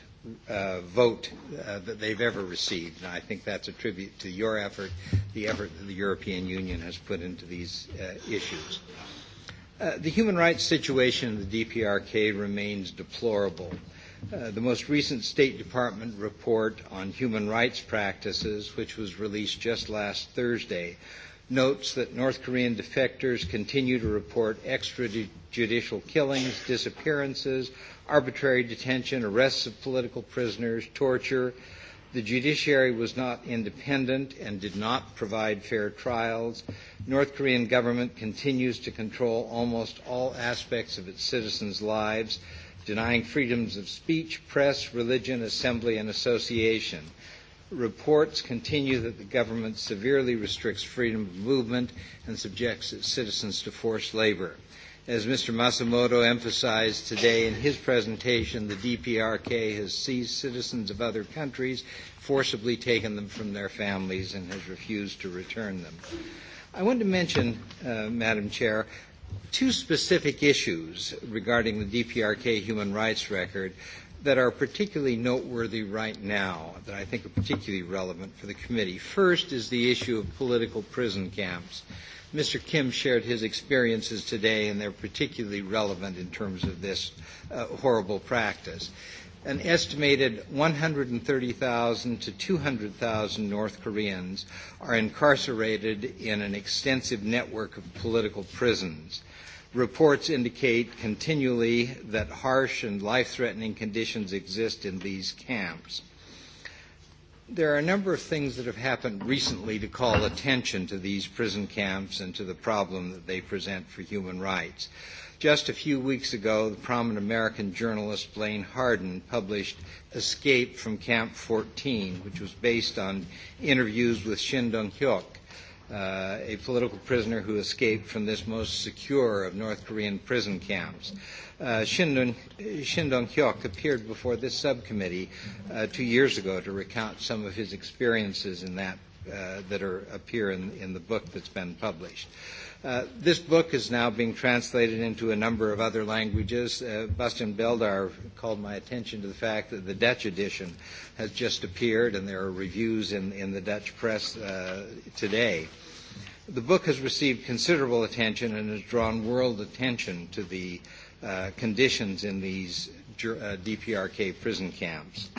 uh, vote uh, that they've ever received. And I think that's a tribute to your effort, the effort that the European Union has put into these uh, issues. Uh, the human rights situation in the DPRK remains deplorable. Uh, Uh, the most recent State Department report on human rights practices, which was released just last Thursday, notes that North Korean defectors continue to report extrajudicial killings, disappearances, arbitrary detention, arrests of political prisoners, torture. The judiciary was not independent and did not provide fair trials. North Korean government continues to control almost all aspects of its citizens' lives denying freedoms of speech, press, religion, assembly, and association. Reports continue that the government severely restricts freedom of movement and subjects its citizens to forced labor. As Mr. Masamoto emphasized today in his presentation, the DPRK has seized citizens of other countries, forcibly taken them from their families, and has refused to return them. I want to mention, uh, Madam Chair, two specific issues regarding the DPRK human rights record that are particularly noteworthy right now that I think are particularly relevant for the committee. First is the issue of political prison camps. Mr. Kim shared his experiences today, and they're particularly relevant in terms of this uh, horrible practice. Uh, an estimated 130,000 to 200,000 North Koreans are incarcerated in an extensive network of political prisons. Reports indicate continually that harsh and life threatening conditions exist in these camps. There are a number of things that have happened recently to call attention to these prison camps and to the problem that they present for human rights. Just a few weeks ago, the prominent American journalist Blaine Hardin published Escape from Camp 14, which was based on interviews with Shin Dong-hyuk, uh, a political prisoner who escaped from this most secure of North Korean prison camps. Uh, Shin, Dong, Shin Dong-hyuk appeared before this subcommittee uh, two years ago to recount some of his experiences in that, uh, that are, appear in, in the book that's been published. Uh, Uh, this book is now being translated into a number of other languages. Uh, Bustin Beldar called my attention to the fact that the Dutch edition has just appeared, and there are reviews in, in the Dutch press uh, today. The book has received considerable attention and has drawn world attention to the uh, conditions in these uh, DPRK prison camps.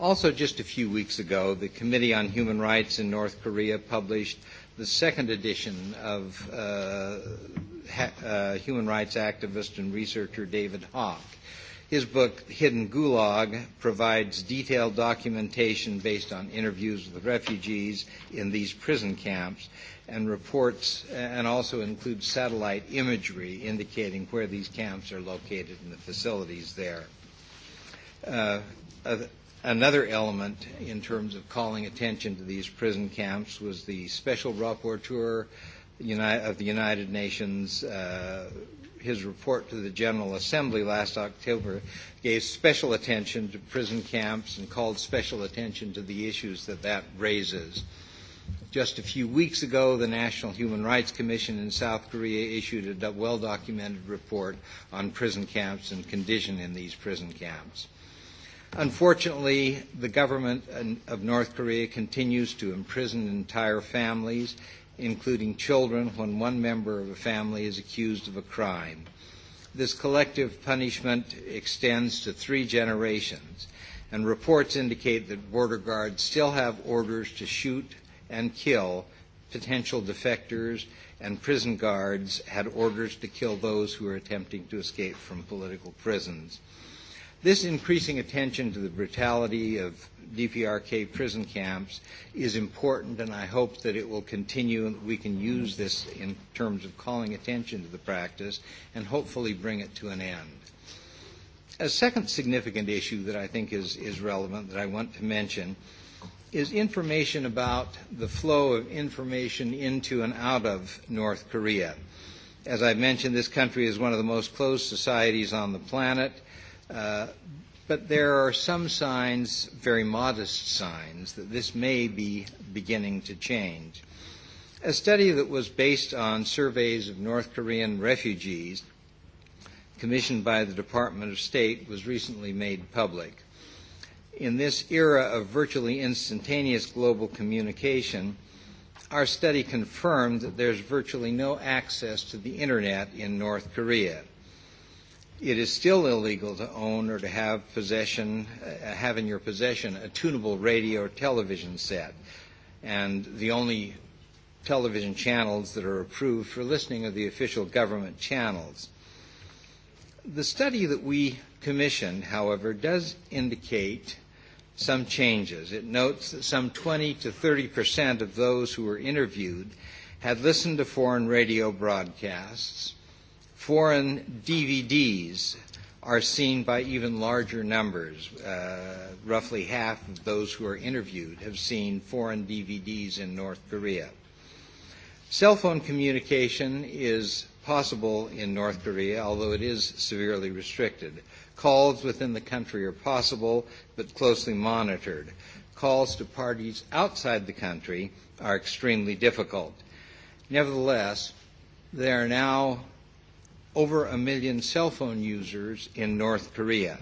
Also, just a few weeks ago, the Committee on Human Rights in North Korea published the second edition of uh, ha- uh, human rights activist and researcher David Hawk. His book, Hidden Gulag, provides detailed documentation based on interviews with refugees in these prison camps and reports and also includes satellite imagery indicating where these camps are located and the facilities there. Uh, a, uh, Another element in terms of calling attention to these prison camps was the special rapporteur of the United Nations. Uh, his report to the General Assembly last October gave special attention to prison camps and called special attention to the issues that that raises. Just a few weeks ago, the National Human Rights Commission in South Korea issued a well documented report on prison camps and condition in these prison camps. Unfortunately, the government of North Korea continues to imprison entire families, including children, when one member of a family is accused of a crime. This collective punishment extends to three generations, and reports indicate that border guards still have orders to shoot and kill potential defectors, and prison guards had orders to kill those who are attempting to escape from political prisons. This increasing attention to the brutality of DPRK prison camps is important, and I hope that it will continue and we can use this in terms of calling attention to the practice and hopefully bring it to an end. A second significant issue that I think is, is relevant that I want to mention is information about the flow of information into and out of North Korea. As I mentioned, this country is one of the most closed societies on the planet. Uh, but there are some signs, very modest signs, that this may be beginning to change. A study that was based on surveys of North Korean refugees commissioned by the Department of State was recently made public. In this era of virtually instantaneous global communication, our study confirmed that there's virtually no access to the internet in North Korea it is still illegal to own or to have possession, uh, have in your possession a tunable radio or television set. And the only television channels that are approved for listening are the official government channels. The study that we commissioned, however, does indicate some changes. It notes that some 20 to 30 percent of those who were interviewed had listened to foreign radio broadcasts – foreign DVDs are seen by even larger numbers. Uh, roughly half of those who are interviewed have seen foreign DVDs in North Korea. Cell phone communication is possible in North Korea, although it is severely restricted. Calls within the country are possible, but closely monitored. Calls to parties outside the country are extremely difficult. Nevertheless, there are now over a million cell phone users in North Korea.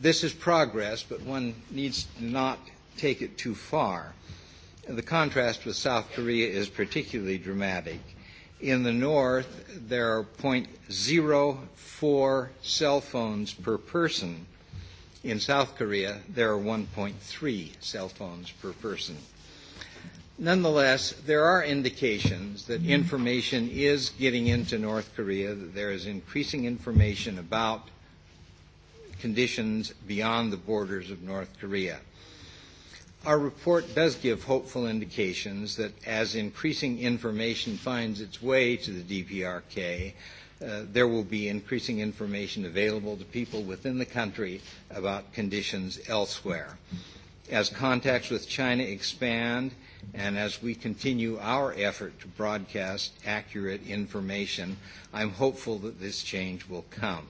This is progress, but one needs to not take it too far. The contrast with South Korea is particularly dramatic. In the north, there are 0.04 cell phones per person. In South Korea, there are 1.3 cell phones per person. Nonetheless, there are indications that hmm. information is getting into North Korea, that there is increasing information about conditions beyond the borders of North Korea. Our report does give hopeful indications that as increasing information finds its way to the DPRK, uh, there will be increasing information available to people within the country about conditions elsewhere. As contacts with China expand, uh, And as we continue our effort to broadcast accurate information, I'm hopeful that this change will come.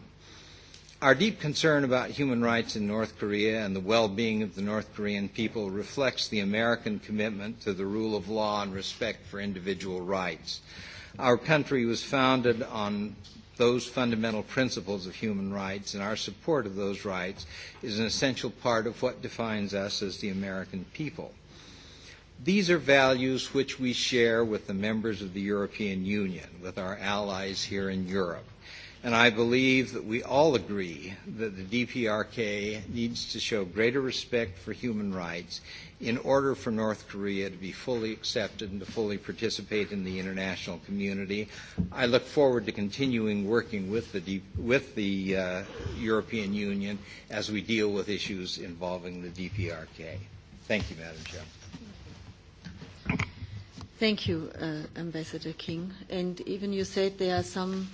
Our deep concern about human rights in North Korea and the well-being of the North Korean people reflects the American commitment to the rule of law and respect for individual rights. Our country was founded on those fundamental principles of human rights, and our support of those rights is an essential part of what defines us as the American people. These are values which we share with the members of the European Union, with our allies here in Europe. And I believe that we all agree that the DPRK needs to show greater respect for human rights in order for North Korea to be fully accepted and to fully participate in the international community. I look forward to continuing working with the, with the uh, European Union as we deal with issues involving the DPRK. Thank you, Madam Chair. Thank you, uh, Ambassador King. And even you said there are some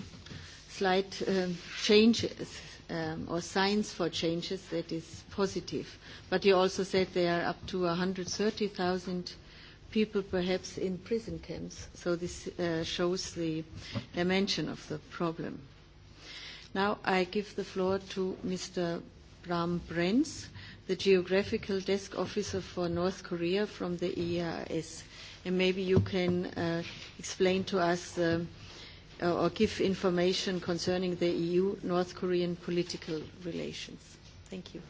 slight um, changes um, or signs for changes that is positive. But you also said there are up to 130,000 people perhaps in prison camps. So this uh, shows the dimension of the problem. Now I give the floor to Mr. Bram Brenz, the Geographical Desk Officer for North Korea from the EAS and maybe you can uh, explain to us uh, or give information concerning the EU-North Korean political relations. Thank you.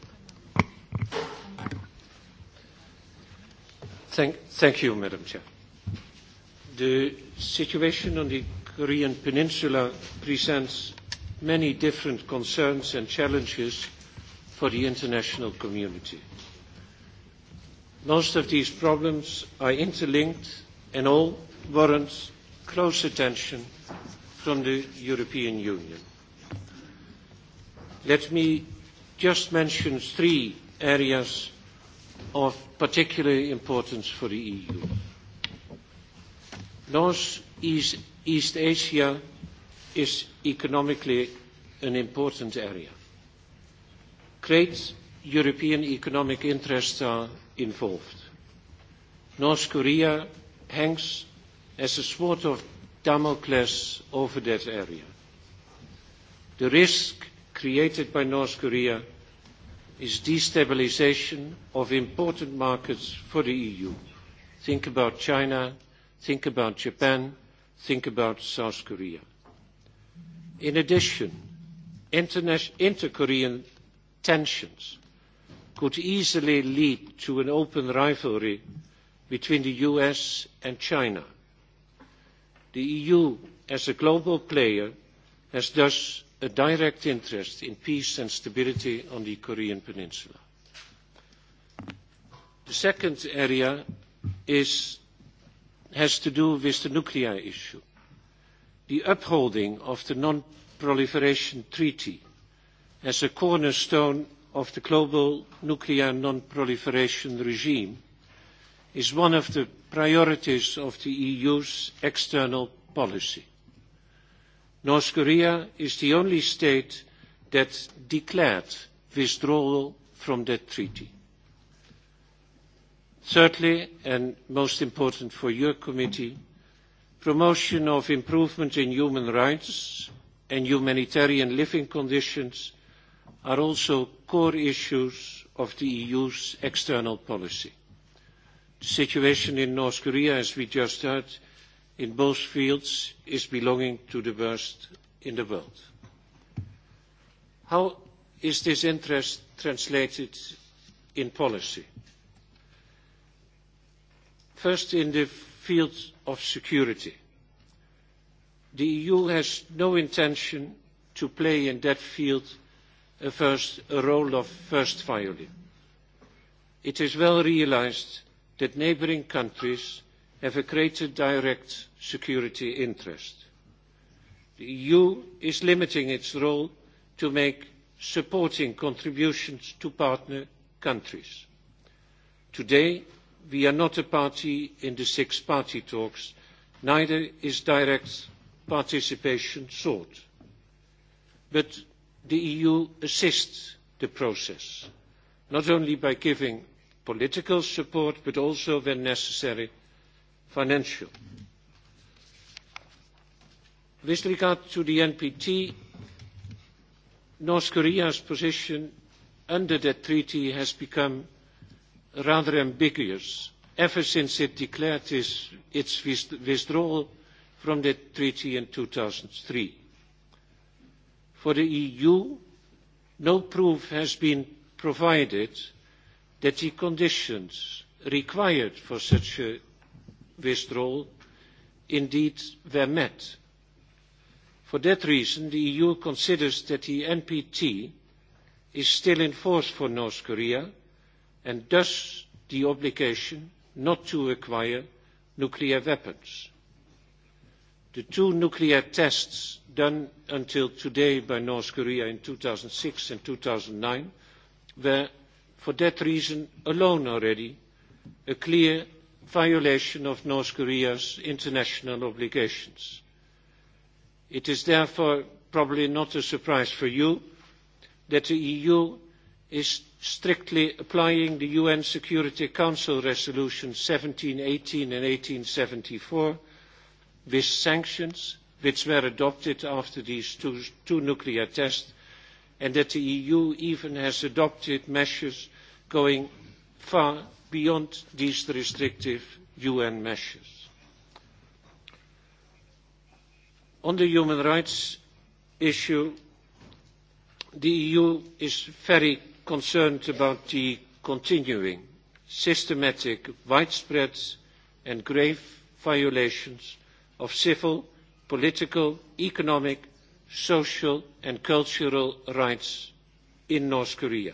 Thank, thank you, Madam Chair. The situation on the Korean Peninsula presents many different concerns and challenges for the international community. Uh, Most of these problems are interlinked and all warrant close attention from the European Union. Let me just mention three areas of particular importance for the EU. North East, East Asia is economically an important area. Great European economic interests are involved. North Korea hangs as a sword of Damocles over that area. The risk created by North Korea is destabilization of important markets for the EU. Think about China, think about Japan, think about South Korea. In addition, inter-Korean tensions could easily lead to an open rivalry between the US and China. The EU, as a global player, has thus a direct interest in peace and stability on the Korean Peninsula. The second area is, has to do with the nuclear issue. The upholding of the Non-Proliferation Treaty as a cornerstone of the global nuclear non-proliferation regime is one of the priorities of the EU's external policy. North Korea is the only state that declared withdrawal from that treaty. Thirdly, and most important for your committee, promotion of improvement in human rights and humanitarian living conditions – are also core issues of the EU's external policy. The situation in North Korea, as we just heard, in both fields is belonging to the worst in the world. How is this interest translated in policy? First, in the field of security. The EU has no intention to play in that field a first, a role of first violin. It is well realized that neighboring countries have a greater direct security interest. The EU is limiting its role to make supporting contributions to partner countries. Today, we are not a party in the six-party talks, neither is direct participation sought. But the eu assists the process not only by giving political support but also when necessary financial. with regard to the npt north korea's position under that treaty has become rather ambiguous ever since it declared its, its withdrawal from that treaty in two thousand and three for the EU, no proof has been provided that the conditions required for such a withdrawal indeed were met. For that reason, the EU considers that the NPT is still in force for North Korea and thus the obligation not to acquire nuclear weapons. The two nuclear tests done until today by North Korea in 2006 and 2009 were, for that reason alone already, a clear violation of North Korea's international obligations. It is therefore probably not a surprise for you that the EU is strictly applying the UN Security Council Resolutions 1718 and 1874 with sanctions which were adopted after these two, two nuclear tests, and that the EU even has adopted measures going far beyond these restrictive UN measures. On the human rights issue, the EU is very concerned about the continuing systematic, widespread and grave violations of civil, political, economic, social and cultural rights in North Korea.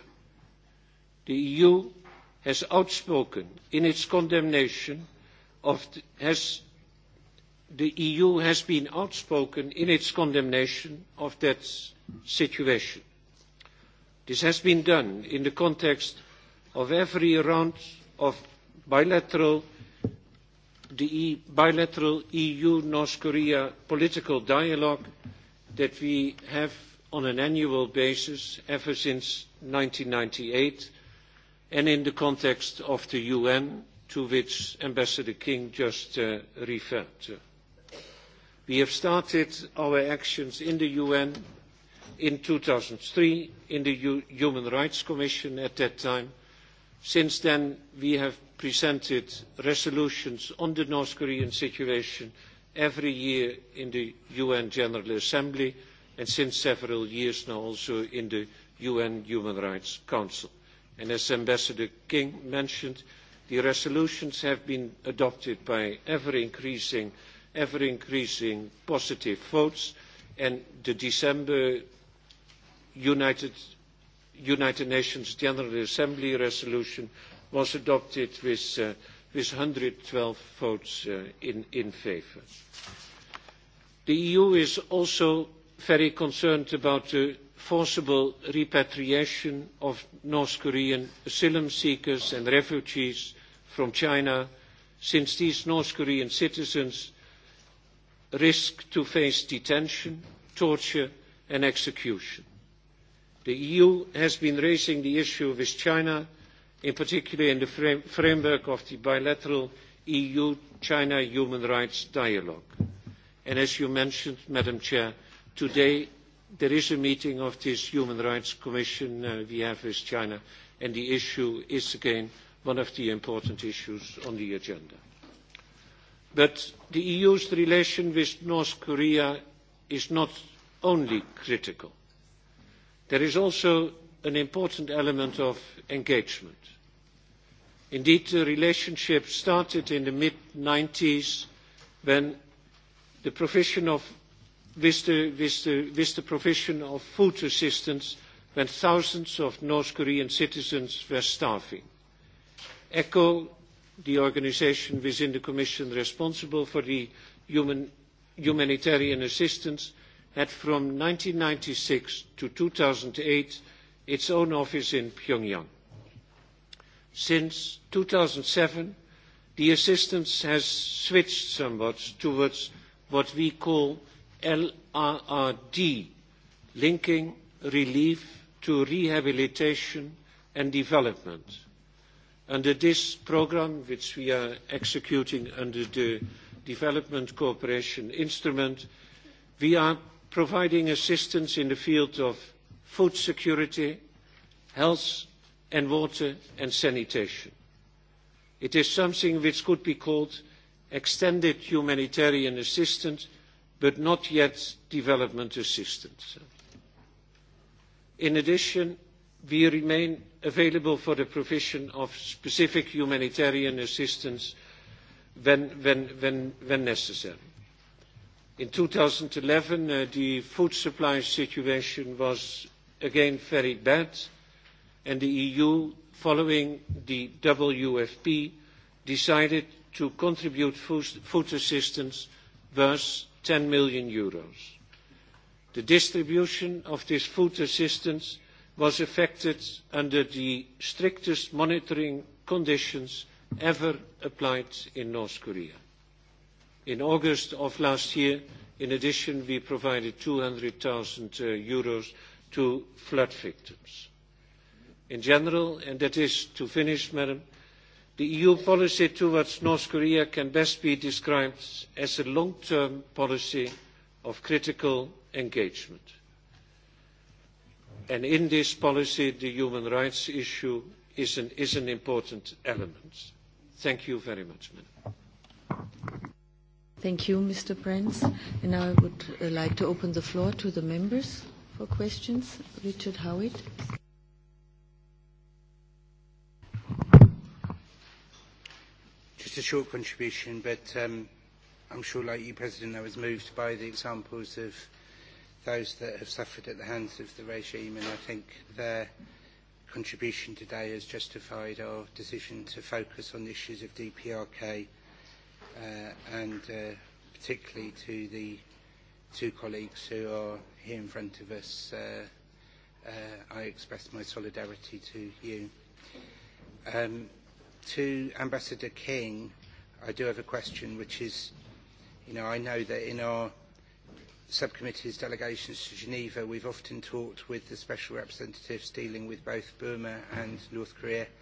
The EU has outspoken in its condemnation of the, has the EU has been outspoken in its condemnation of that situation. This has been done in the context of every round of bilateral the e bilateral EU-North Korea political dialogue that we have on an annual basis ever since 1998 and in the context of the UN to which Ambassador King just uh, referred. To. We have started our actions in the UN in 2003 in the U Human Rights Commission at that time Since then, we have presented resolutions on the North Korean situation every year in the UN General Assembly and since several years now also in the UN Human Rights Council. And as Ambassador King mentioned, the resolutions have been adopted by ever increasing, ever increasing positive votes and the December United United Nations General Assembly resolution was adopted with, uh, with 112 votes uh, in, in favour. The EU is also very concerned about the forcible repatriation of North Korean asylum seekers and refugees from China since these North Korean citizens risk to face detention, torture and execution The EU has been raising the issue with China, in particular in the frame framework of the bilateral EU-China human rights dialogue. And as you mentioned, Madam Chair, today there is a meeting of this Human Rights Commission uh, we have with China, and the issue is again one of the important issues on the agenda. But the EU's relation with North Korea is not only critical there is also an important element of engagement. Indeed, the relationship started in the mid-90s when the provision of, with the, with the, with the provision of food assistance when thousands of North Korean citizens were starving. ECHO, the organization within the Commission responsible for the human, humanitarian assistance, had from 1996 to 2008 its own office in Pyongyang. Since 2007, the assistance has switched somewhat towards what we call LRRD, linking relief to rehabilitation and development. Under this programme, which we are executing under the Development Cooperation Instrument, we are providing assistance in the field of food security, health and water and sanitation. It is something which could be called extended humanitarian assistance, but not yet development assistance. In addition, we remain available for the provision of specific humanitarian assistance when, when, when, when necessary. In 2011, uh, the food supply situation was again very bad, and the EU, following the WFP, decided to contribute food, food assistance worth 10 million euros. The distribution of this food assistance was affected under the strictest monitoring conditions ever applied in North Korea. In August of last year, in addition, we provided 200,000 uh, euros to flood victims. In general, and that is to finish, Madam, the EU policy towards North Korea can best be described as a long-term policy of critical engagement. And in this policy, the human rights issue is an, is an important element. Thank you very much, Madam. Thank you, Mr. Brands. And now I would uh, like to open the floor to the members for questions. Richard Howitt. Just a short contribution, but um, I'm sure, like you, President, I was moved by the examples of those that have suffered at the hands of the regime, and I think their contribution today has justified our decision to focus on the issues of DPRK uh, and uh, particularly to the two colleagues who are here in front of us. Uh, uh, I express my solidarity to you. Um, to Ambassador King, I do have a question, which is, you know, I know that in our subcommittee's delegations to Geneva, we've often talked with the special representatives dealing with both Burma and North Korea –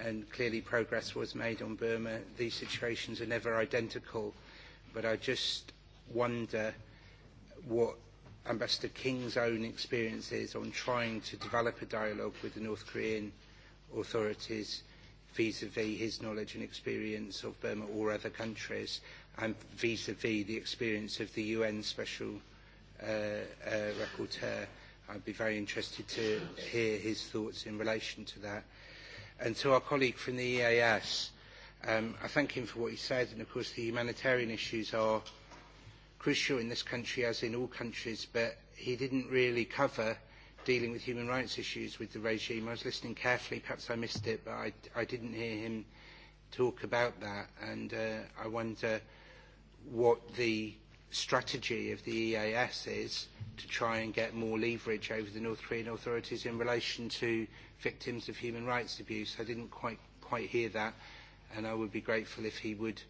and clearly progress was made on Burma. These situations are never identical, but I just wonder what Ambassador King's own experience is on trying to develop a dialogue with the North Korean authorities vis-à-vis -vis his knowledge and experience of Burma or other countries and vis-à-vis -vis the experience of the UN Special uh, uh, Rapporteur. I'd be very interested to hear his thoughts in relation to that. And to our colleague from the EAS, um, I thank him for what he said. And of course, the humanitarian issues are crucial in this country, as in all countries, but he didn't really cover dealing with human rights issues with the regime. I was listening carefully, perhaps I missed it, but I, I didn't hear him talk about that. And uh, I wonder what the strategy of the EAS is to try and get more leverage over the North Korean authorities in relation to victims of human rights abuse. I didn't quite, quite hear that, and I would be grateful if he would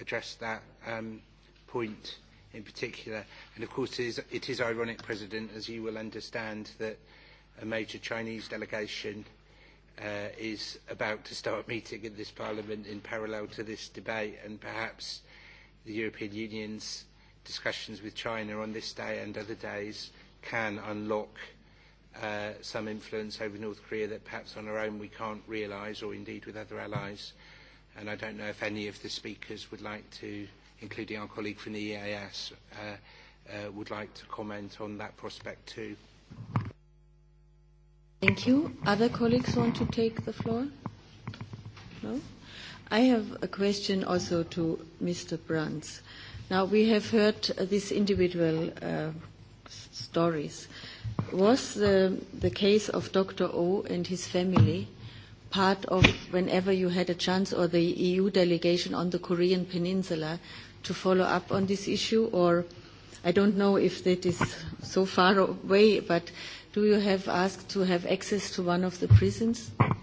address that um, point in particular. And of course, it is, it is ironic, President, as you will understand, that a major Chinese delegation uh, is about to start meeting in this Parliament in parallel to this debate, and perhaps the European Union's discussions with China on this day and other days can unlock uh, some influence over North Korea that perhaps on our own we can't realise, or indeed with other allies. And I don't know if any of the speakers would like to, including our colleague from the EAS, uh, uh, would like to comment on that prospect too. Thank you. Other colleagues want to take the floor? No? I have a question also to Mr. Brands. Uh, Now, we have heard uh, these individual uh, stories. Was the, the case of Dr. O and his family part of whenever you had a chance or the EU delegation on the Korean peninsula to follow up on this issue? Or I don't know if that is so far away, but do you have asked to have access to one of the prisons? Uh,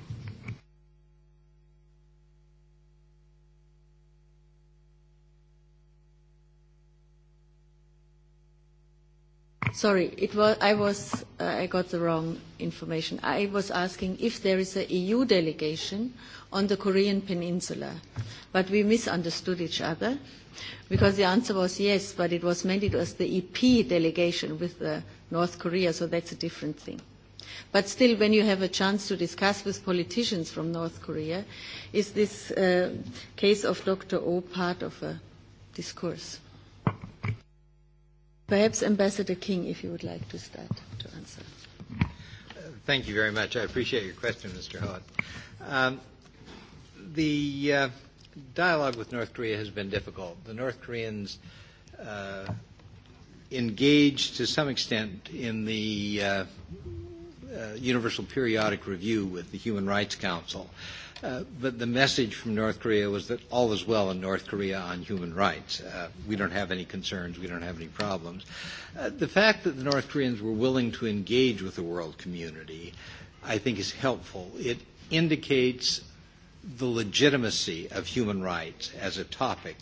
Sorry, it was, I, was, uh, I got the wrong information. I was asking if there is an EU delegation on the Korean Peninsula, but we misunderstood each other because the answer was yes, but it was meant it was the EP delegation with uh, North Korea, so that's a different thing. But still, when you have a chance to discuss with politicians from North Korea, is this uh, case of Dr. O part of a discourse? Perhaps Ambassador King, if you would like to start to answer. Thank you very much. I appreciate your question, Mr. Howitt. Um, the uh, dialogue with North Korea has been difficult. The North Koreans uh, engaged to some extent in the uh, uh, Universal Periodic Review with the Human Rights Council. Uh, Uh, but the message from North Korea was that all is well in North Korea on human rights. Uh, we don't have any concerns. We don't have any problems. Uh, the fact that the North Koreans were willing to engage with the world community, I think, is helpful. It indicates the legitimacy of human rights as a topic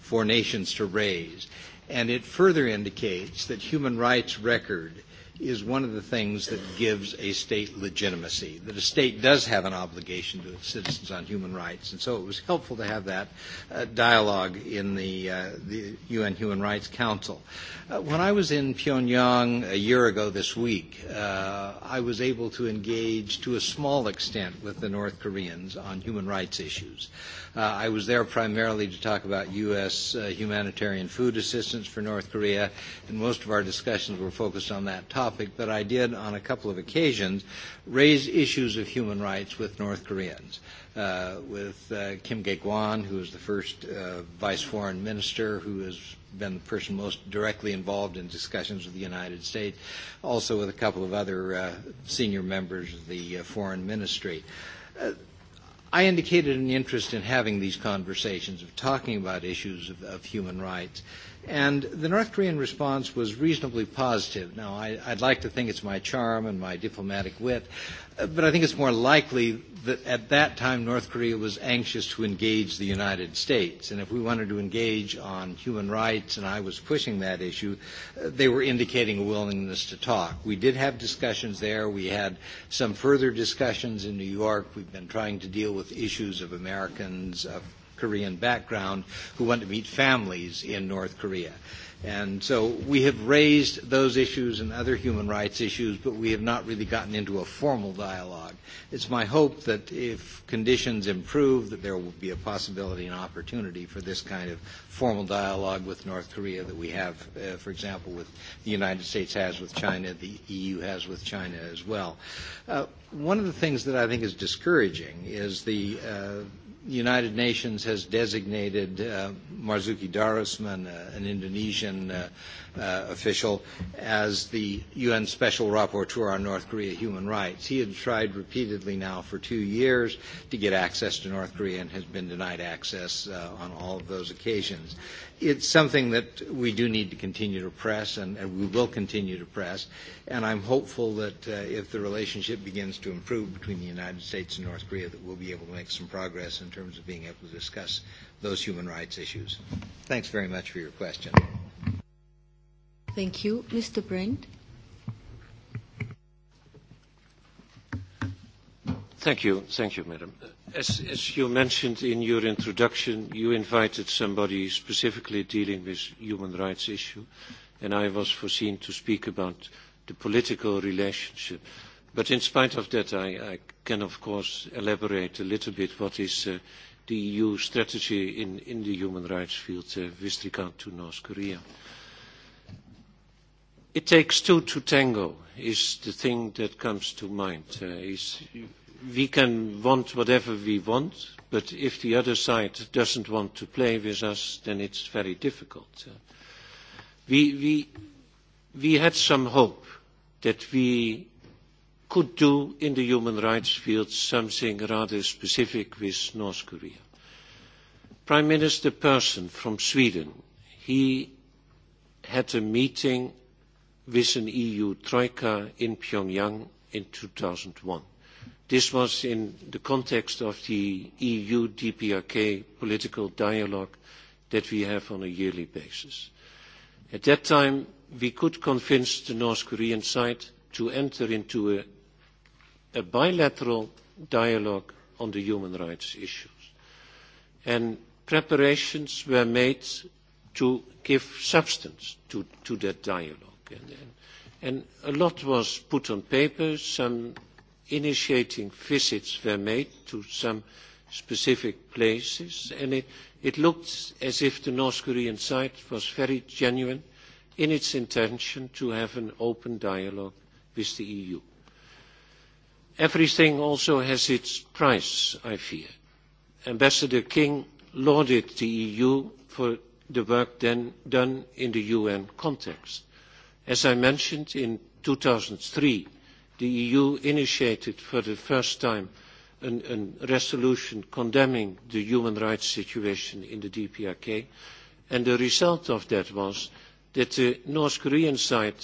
for nations to raise. And it further indicates that human rights record – is one of the things that gives a state legitimacy, that a state does have an obligation to its citizens on human rights. And so it was helpful to have that uh, dialogue in the, uh, the UN Human Rights Council. Uh, when I was in Pyongyang a year ago this week, uh, I was able to engage to a small extent with the North Koreans on human rights issues. Uh, I was there primarily to talk about U.S. Uh, humanitarian food assistance for North Korea, and most of our discussions were focused on that topic topic that I did on a couple of occasions, raise issues of human rights with North Koreans. Uh, with uh, Kim Gae-kwan, who is the first uh, vice foreign minister who has been the person most directly involved in discussions with the United States, also with a couple of other uh, senior members of the uh, foreign ministry. Uh, I indicated an interest in having these conversations, of talking about issues of, of human rights. Uh, And the North Korean response was reasonably positive. Now, I, I'd like to think it's my charm and my diplomatic wit, uh, but I think it's more likely that at that time North Korea was anxious to engage the United States. And if we wanted to engage on human rights, and I was pushing that issue, uh, they were indicating a willingness to talk. We did have discussions there. We had some further discussions in New York. We've been trying to deal with issues of Americans, of Korean background who want to meet families in North Korea. And so we have raised those issues and other human rights issues, but we have not really gotten into a formal dialogue. It's my hope that if conditions improve, that there will be a possibility and opportunity for this kind of formal dialogue with North Korea that we have, uh, for example, with the United States has with China, the EU has with China as well. Uh, one of the things that I think is discouraging is the uh, the United Nations has designated uh, Marzuki Darusman, uh, an Indonesian uh, uh, official, as the UN Special Rapporteur on North Korea human rights. He had tried repeatedly now for two years to get access to North Korea and has been denied access uh, on all of those occasions it's something that we do need to continue to press, and, and we will continue to press. And I'm hopeful that uh, if the relationship begins to improve between the United States and North Korea, that we'll be able to make some progress in terms of being able to discuss those human rights issues. Thanks very much for your question. Thank you. Mr. Brent? Thank you. Thank you, Madam. As, as you mentioned in your introduction, you invited somebody specifically dealing with human rights issue, and I was foreseen to speak about the political relationship. But in spite of that, I, I can, of course, elaborate a little bit what is uh, the EU strategy in, in the human rights field uh, with regard to North Korea. It takes two to tango is the thing that comes to mind. Uh, is we can want whatever we want, but if the other side doesn't want to play with us, then it's very difficult. Uh, we, we, we had some hope that we could do in the human rights field something rather specific with North Korea. Prime Minister Persson from Sweden, he had a meeting with an EU troika in Pyongyang in 2001. This was in the context of the EU DPRK political dialogue that we have on a yearly basis. At that time, we could convince the North Korean side to enter into a, a bilateral dialogue on the human rights issues. And preparations were made to give substance to, to that dialogue. And, and, and a lot was put on paper, some initiating visits were made to some specific places, and it, it looked as if the North Korean side was very genuine in its intention to have an open dialogue with the EU. Everything also has its price, I fear. Ambassador King lauded the EU for the work then done in the UN context. As I mentioned, in 2003, the EU initiated for the first time an, a resolution condemning the human rights situation in the DPRK. And the result of that was that the North Korean side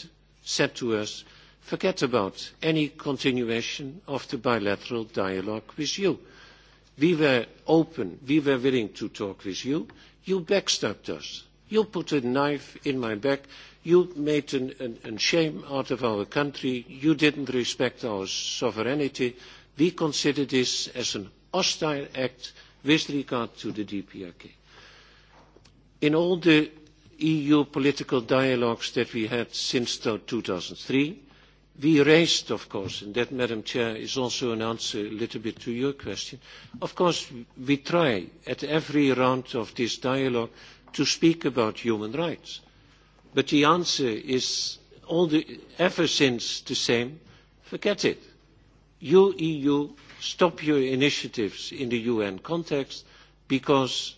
said to us, forget about any continuation of the bilateral dialogue with you. We were open, we were willing to talk with you. You backstabbed us. You put a knife in my back you made an, an, an shame out of our country. You didn't respect our sovereignty. We consider this as an hostile act with regard to the DPRK. In all the EU political dialogues that we had since 2003, we raised, of course, and that, Madam Chair, is also an answer a little bit to your question. Of course, we try at every round of this dialogue to speak about human rights. Uh, but the answer is all the, ever since the same. Forget it. You, EU, stop your initiatives in the UN context because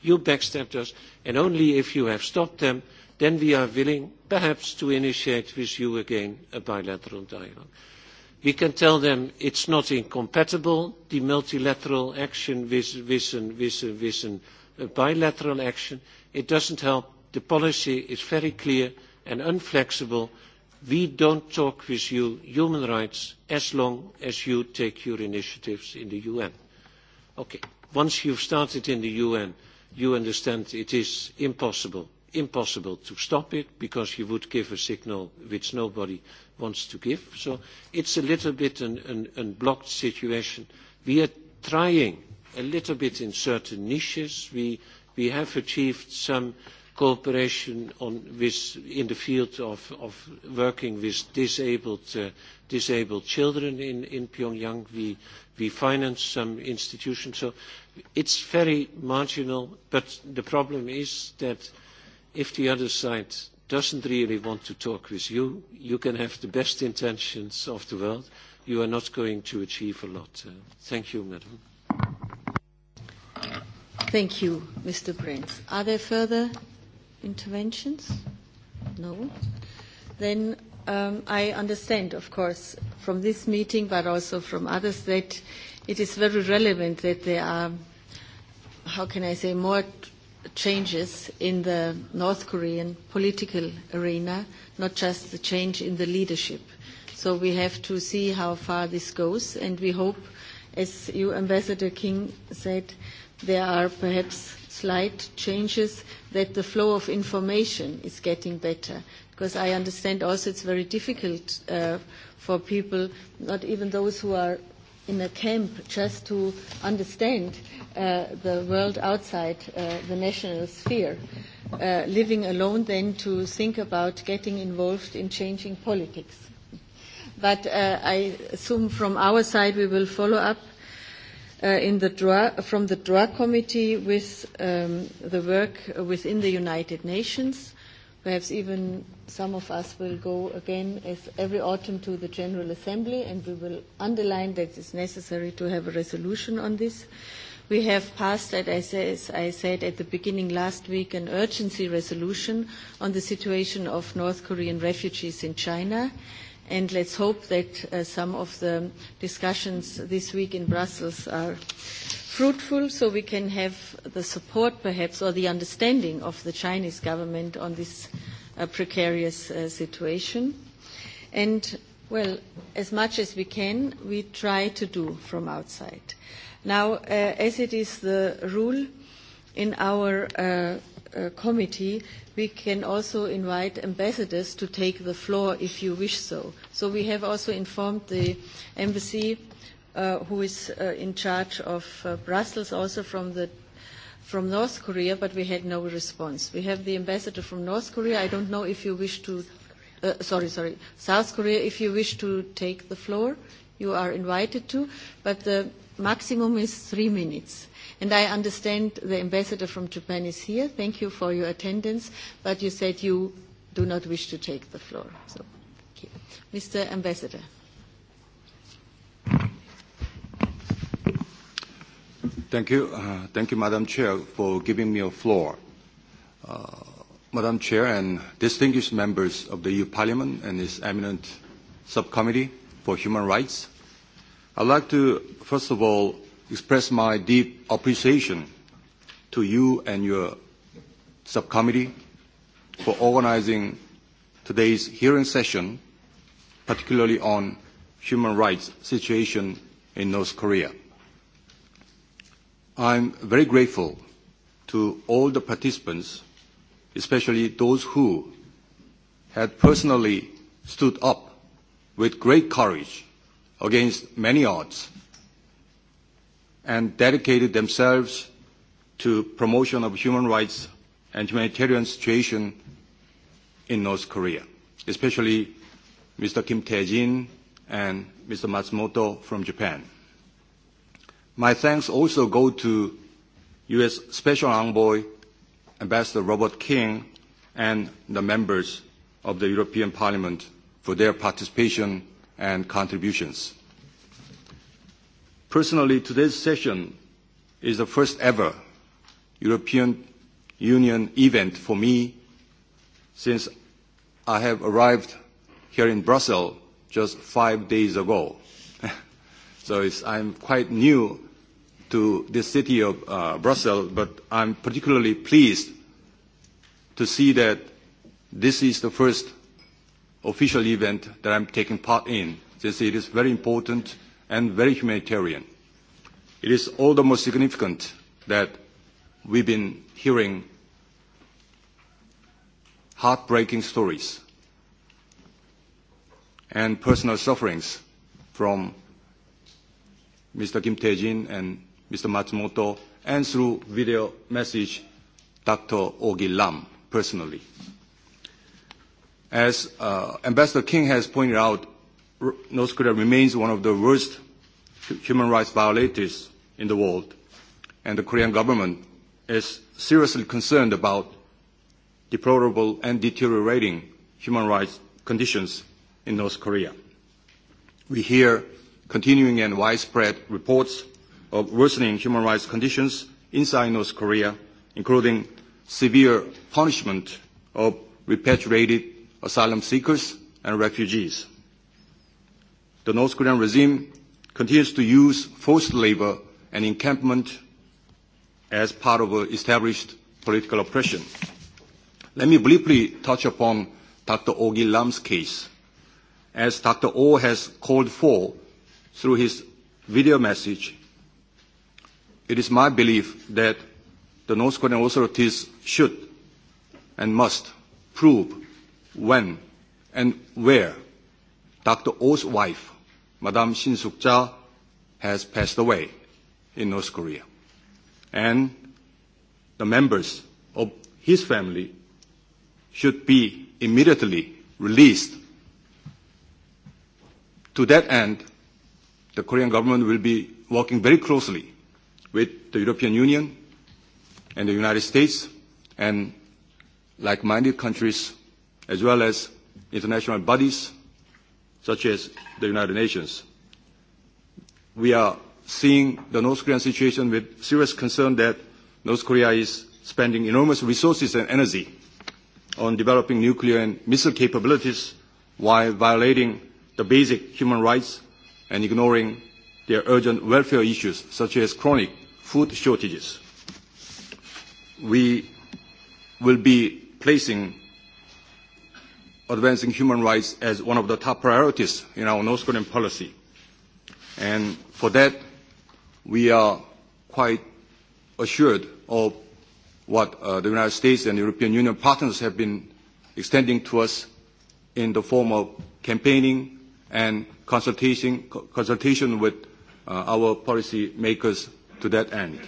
you backstabbed us, and only if you have stopped them, then we are willing, perhaps, to initiate with you again a bilateral dialogue. We can tell them it's not incompatible, the multilateral action with, with, an, with, a, with an, a bilateral action. It doesn't help the policy is very clear and unflexible. We don't talk with you human rights as long as you take your initiatives in the UN. Okay, once you've started in the UN, you understand it is impossible, impossible to stop it because you would give a signal which nobody wants to give. So it's a little bit an, an, an blocked situation. We are trying a little bit in certain niches. We, we have achieved some uh, cooperation on with, in the field of, of working with disabled, uh, disabled children in, in Pyongyang. We, we finance some institutions. So it's very marginal, but the problem is that if the other side doesn't really want to talk with you, you can have the best intentions of the world. You are not going to achieve a lot. Uh, thank you, Madam. Thank you, Mr. Brent. Are there further interventions? No. Then um, I understand, of course, from this meeting, but also from others, that it is very relevant that there are, how can I say, more changes in the North Korean political arena, not just the change in the leadership. So we have to see how far this goes, and we hope, as you, Ambassador King, said, there are perhaps slight changes that the flow of information is getting better. Because I understand also it's very difficult uh, for people, not even those who are in a camp, just to understand uh, the world outside uh, the national sphere. Uh, living alone, then to think about getting involved in changing politics. But uh, I assume from our side we will follow up uh, uh, in the DRA, from the DRA committee with um, the work within the United Nations. Perhaps even some of us will go again as every autumn to the General Assembly and we will underline that it's necessary to have a resolution on this. We have passed, as I said at the beginning last week, an urgency resolution on the situation of North Korean refugees in China. Uh, and let's hope that uh, some of the discussions this week in Brussels are fruitful so we can have the support perhaps or the understanding of the Chinese government on this uh, precarious uh, situation. And well, as much as we can, we try to do from outside. Now, uh, as it is the rule in our uh, uh, committee, we can also invite ambassadors to take the floor if you wish so. So we have also informed the embassy uh, who is uh, in charge of uh, Brussels also from the from North Korea, but we had no response. We have the ambassador from North Korea. I don't know if you wish to, uh, sorry, sorry, South Korea, if you wish to take the floor, you are invited to, but the maximum is three minutes. And I understand the ambassador from Japan is here. Thank you for your attendance, but you said you do not wish to take the floor. So, thank you. Mr. Ambassador. Thank you. Uh, thank you, Madam Chair, for giving me a floor. Uh, Madam Chair and distinguished members of the EU Parliament and its eminent subcommittee for human rights, I'd like to, first of all, express my deep appreciation to you and your subcommittee for organizing today's hearing session, particularly on human rights situation in North Korea. I'm very grateful to all the participants, especially those who had personally stood up with great courage against many odds and dedicated themselves to promotion of human rights and humanitarian situation in North Korea, especially Mr. Kim Tae-jin and Mr. Matsumoto from Japan. My thanks also go to U.S. Special Envoy Ambassador Robert King and the members of the European Parliament for their participation and contributions. Personally, today's session is the first ever European Union event for me since I have arrived here in Brussels just five days ago. so it's, I'm quite new to the city of uh, Brussels, but I'm particularly pleased to see that this is the first official event that I'm taking part in, since it is very important and very humanitarian. It is all the more significant that we've been hearing heartbreaking stories and personal sufferings from Mr. Kim Tae-jin and Mr. Matsumoto, and through video message, Dr. Ogi Lam personally. As uh, Ambassador King has pointed out, North Korea remains one of the worst human rights violators in the world, and the Korean government is seriously concerned about deplorable and deteriorating human rights conditions in North Korea. We hear continuing and widespread reports of worsening human rights conditions inside North Korea, including severe punishment of repatriated asylum seekers and refugees the North Korean regime continues to use forced labor and encampment as part of established political oppression. Let me briefly touch upon Dr. Ogi Lam's case. As Dr. O has called for through his video message, it is my belief that the North Korean authorities should and must prove when and where Dr. O's wife Madame Shin-suk ja has passed away in North Korea. And the members of his family should be immediately released. To that end, the Korean government will be working very closely with the European Union and the United States and like-minded countries as well as international bodies such as the United Nations. We are seeing the North Korean situation with serious concern that North Korea is spending enormous resources and energy on developing nuclear and missile capabilities while violating the basic human rights and ignoring their urgent welfare issues such as chronic food shortages. We will be placing advancing human rights as one of the top priorities in our North Korean policy. And for that, we are quite assured of what uh, the United States and European Union partners have been extending to us in the form of campaigning and consultation, consultation with uh, our policy makers to that end.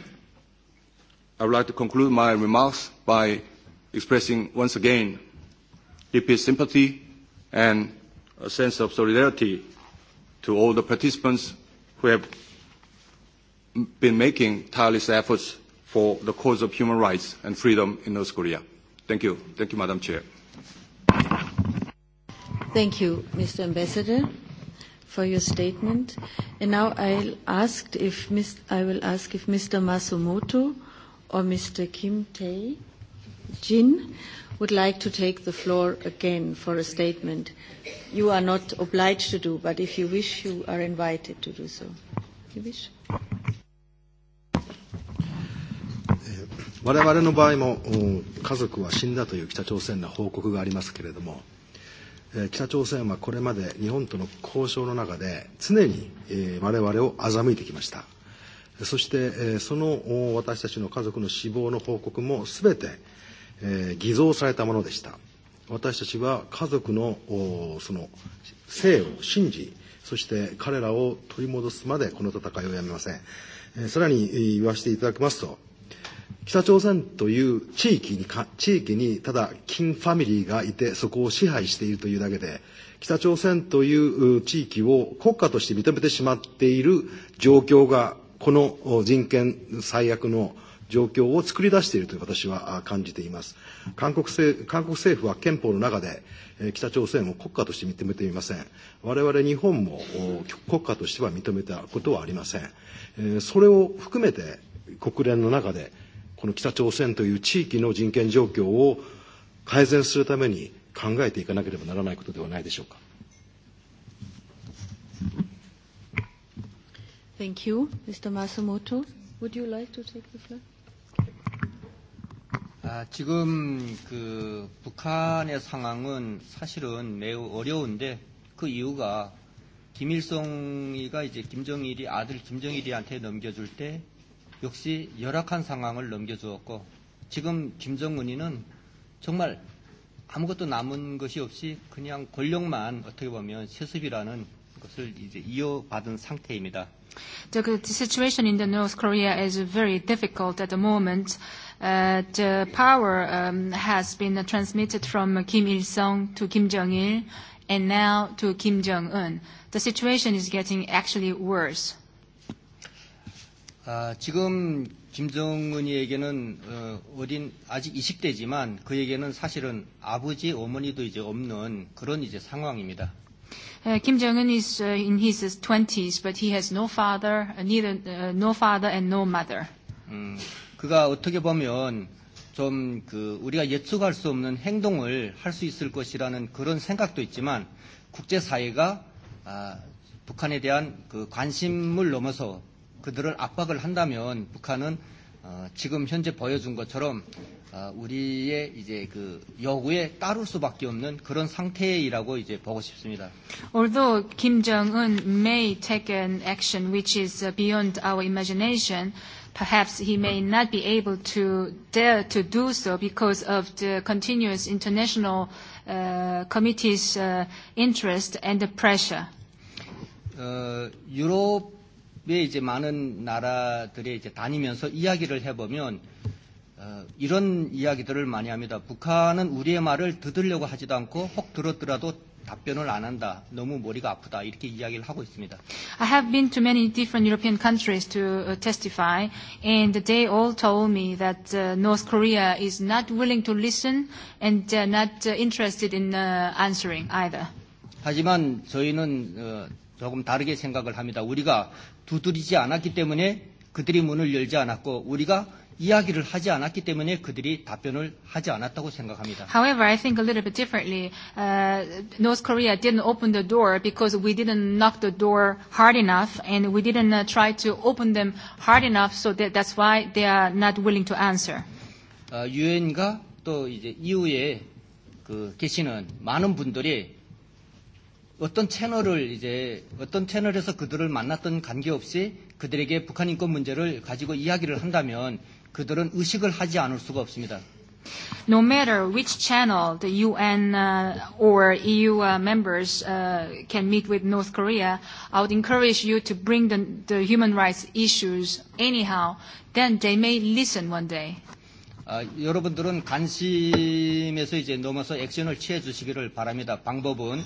I would like to conclude my remarks by expressing once again deepest sympathy and a sense of solidarity to all the participants who have been making tireless efforts for the cause of human rights and freedom in North Korea. Thank you. Thank you, Madam Chair. Thank you, Mr. Ambassador, for your statement. And now I'll ask if Ms. I will ask if Mr. Masumoto or Mr. Kim Tae Jin would like to take the floor again for a statement. You are not obliged to do, but if you wish, you are invited to do so. You wish? 我々の場合も家族は死んだという北朝鮮の報告がありますけれども北朝鮮はこれまで日本との交渉の中で常に我々を欺いてきましたそしてその私たちの家族の死亡の報告も全てえー、偽造されたものでした。私たちは家族のその性を信じ、そして彼らを取り戻すまでこの戦いをやめません。えー、さらに言わせていただきますと、北朝鮮という地域にか、地域にただ金ファミリーがいてそこを支配しているというだけで、北朝鮮という地域を国家として認めてしまっている状況が、この人権最悪の状況を作り出していると私は感じています。韓国政韓国政府は憲法の中で北朝鮮を国家として認めていません。我々日本も国家としては認めたことはありません。それを含めて国連の中でこの北朝鮮という地域の人権状況を改善するために考えていかなければならないことではないでしょうか。Thank you. Mr. Masamoto, would you like to take the floor? 아, 지금 그 북한의 상황은 사실은 매우 어려운데 그 이유가 김일성이가 이제 김정일이 아들 김정일이한테 넘겨줄 때 역시 열악한 상황을 넘겨주었고 지금 김정은이는 정말 아무것도 남은 것이 없이 그냥 권력만 어떻게 보면 세습이라는 것을 이제 이어받은 상태입니다. The situation in the North Korea is very difficult at the moment. Uh, uh, the power um, has been transmitted from Kim Il-sung to Kim Jong-il and now to Kim Jong-un. The situation is getting actually worse. 아, 지금 김정은이에게는 어, 어린 아직 20대지만 그에게는 사실은 아버지 어머니도 이제 없는 그런 이제 상황입니다. Uh, Kim Jong-un is uh, in his 20s, but he has no father, uh, neither uh, no father and no mother. 음, 그가 어떻게 보면 좀그 우리가 예측할 수 없는 행동을 할 수 있을 것이라는 그런 생각도 있지만 국제사회가 아, 북한에 대한 그 관심을 넘어서 그들을 압박을 한다면 북한은 어, 지금 현재 보여준 것처럼 어, 우리의 이제 그 여구에 따를 수밖에 없는 그런 상태이라고 이제 보고 싶습니다. Although Kim Jong Un may take an action which is beyond our imagination, perhaps he may not be able to dare to do so because of the continuous international uh, committee's uh, interest and the pressure. 어, 유럽에 이제 많은 나라들에 이제 다니면서 이야기를 해보면 어, 이런 이야기들을 많이 합니다. 북한은 우리의 말을 듣으려고 하지도 않고 혹 들었더라도 답변을 안 한다. 너무 머리가 아프다. 이렇게 이야기를 하고 있습니다. I have been to many different European countries to uh, testify and they all told me that uh, North Korea is not willing to listen and uh, not uh, interested in uh, answering either. 하지만 저희는 어, 조금 다르게 생각을 합니다. 우리가 두드리지 않았기 때문에 그들이 문을 열지 않았고 우리가 이야기를 하지 않았기 때문에 그들이 답변을 하지 않았다고 생각합니다. However, I think a little bit differently. Uh, North Korea didn't open the door because we didn't knock the door hard enough, and we didn't uh, try to open them hard enough, so that, that's why they are not willing to answer. 유엔과 uh, 또 이제 이후에 그 계시는 많은 분들이 어떤 채널을 이제 어떤 채널에서 그들을 만났던 관계없이 그들에게 북한 인권 문제를 가지고 이야기를 한다면 그들은 의식을 하지 않을 수가 없습니다. No matter which channel the UN uh, or EU uh, members uh, can meet with North Korea, I would encourage you to bring the, the human rights issues anyhow. Then they may listen one day. 아, 여러분들은 관심에서 이제 넘어서 액션을 취해 주시기를 바랍니다. 방법은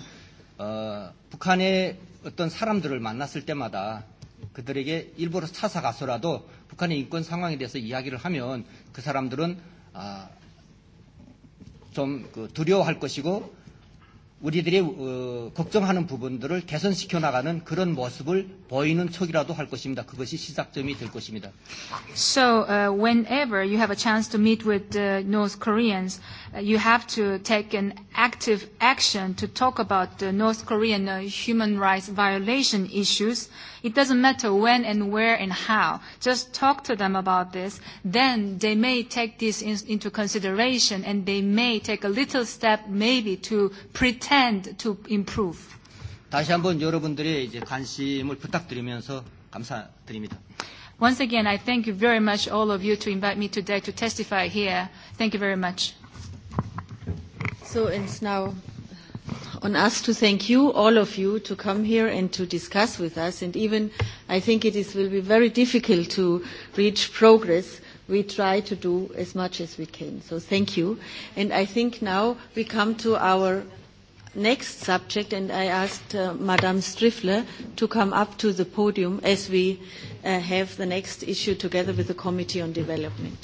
어, 북한의 어떤 사람들을 만났을 때마다 그들에게 일부러 찾아가서라도 북한의 인권 상황에 대해서 이야기를 하면 그 사람들은 아, 좀그 두려워할 것이고 우리들이 어, 걱정하는 부분들을 개선시켜 나가는 그런 모습을 보이는 척이라도 할 것입니다. 그것이 시작점이 될 것입니다. So uh, whenever you have a chance to meet with the uh, North Koreans, uh, you have to take an active action to talk about the North Korean uh, human rights violation issues. Uh, It doesn't matter when and where and how. Just talk to them about this. Then they may take this in, into consideration and they may take a little step maybe to pretend to improve. 다시 한번 여러분들의 이제 관심을 부탁드리면서 감사드립니다. Once again, I thank you very much, all of you, to invite me today to testify here. Thank you very much. So it's now on us to thank you, all of you, to come here and to discuss with us. And even I think it is, will be very difficult to reach progress. We try to do as much as we can. So thank you. And I think now we come to our next subject, and I asked uh, Madame Strifler to come up to the podium as we uh, have the next issue together with the Committee on Development.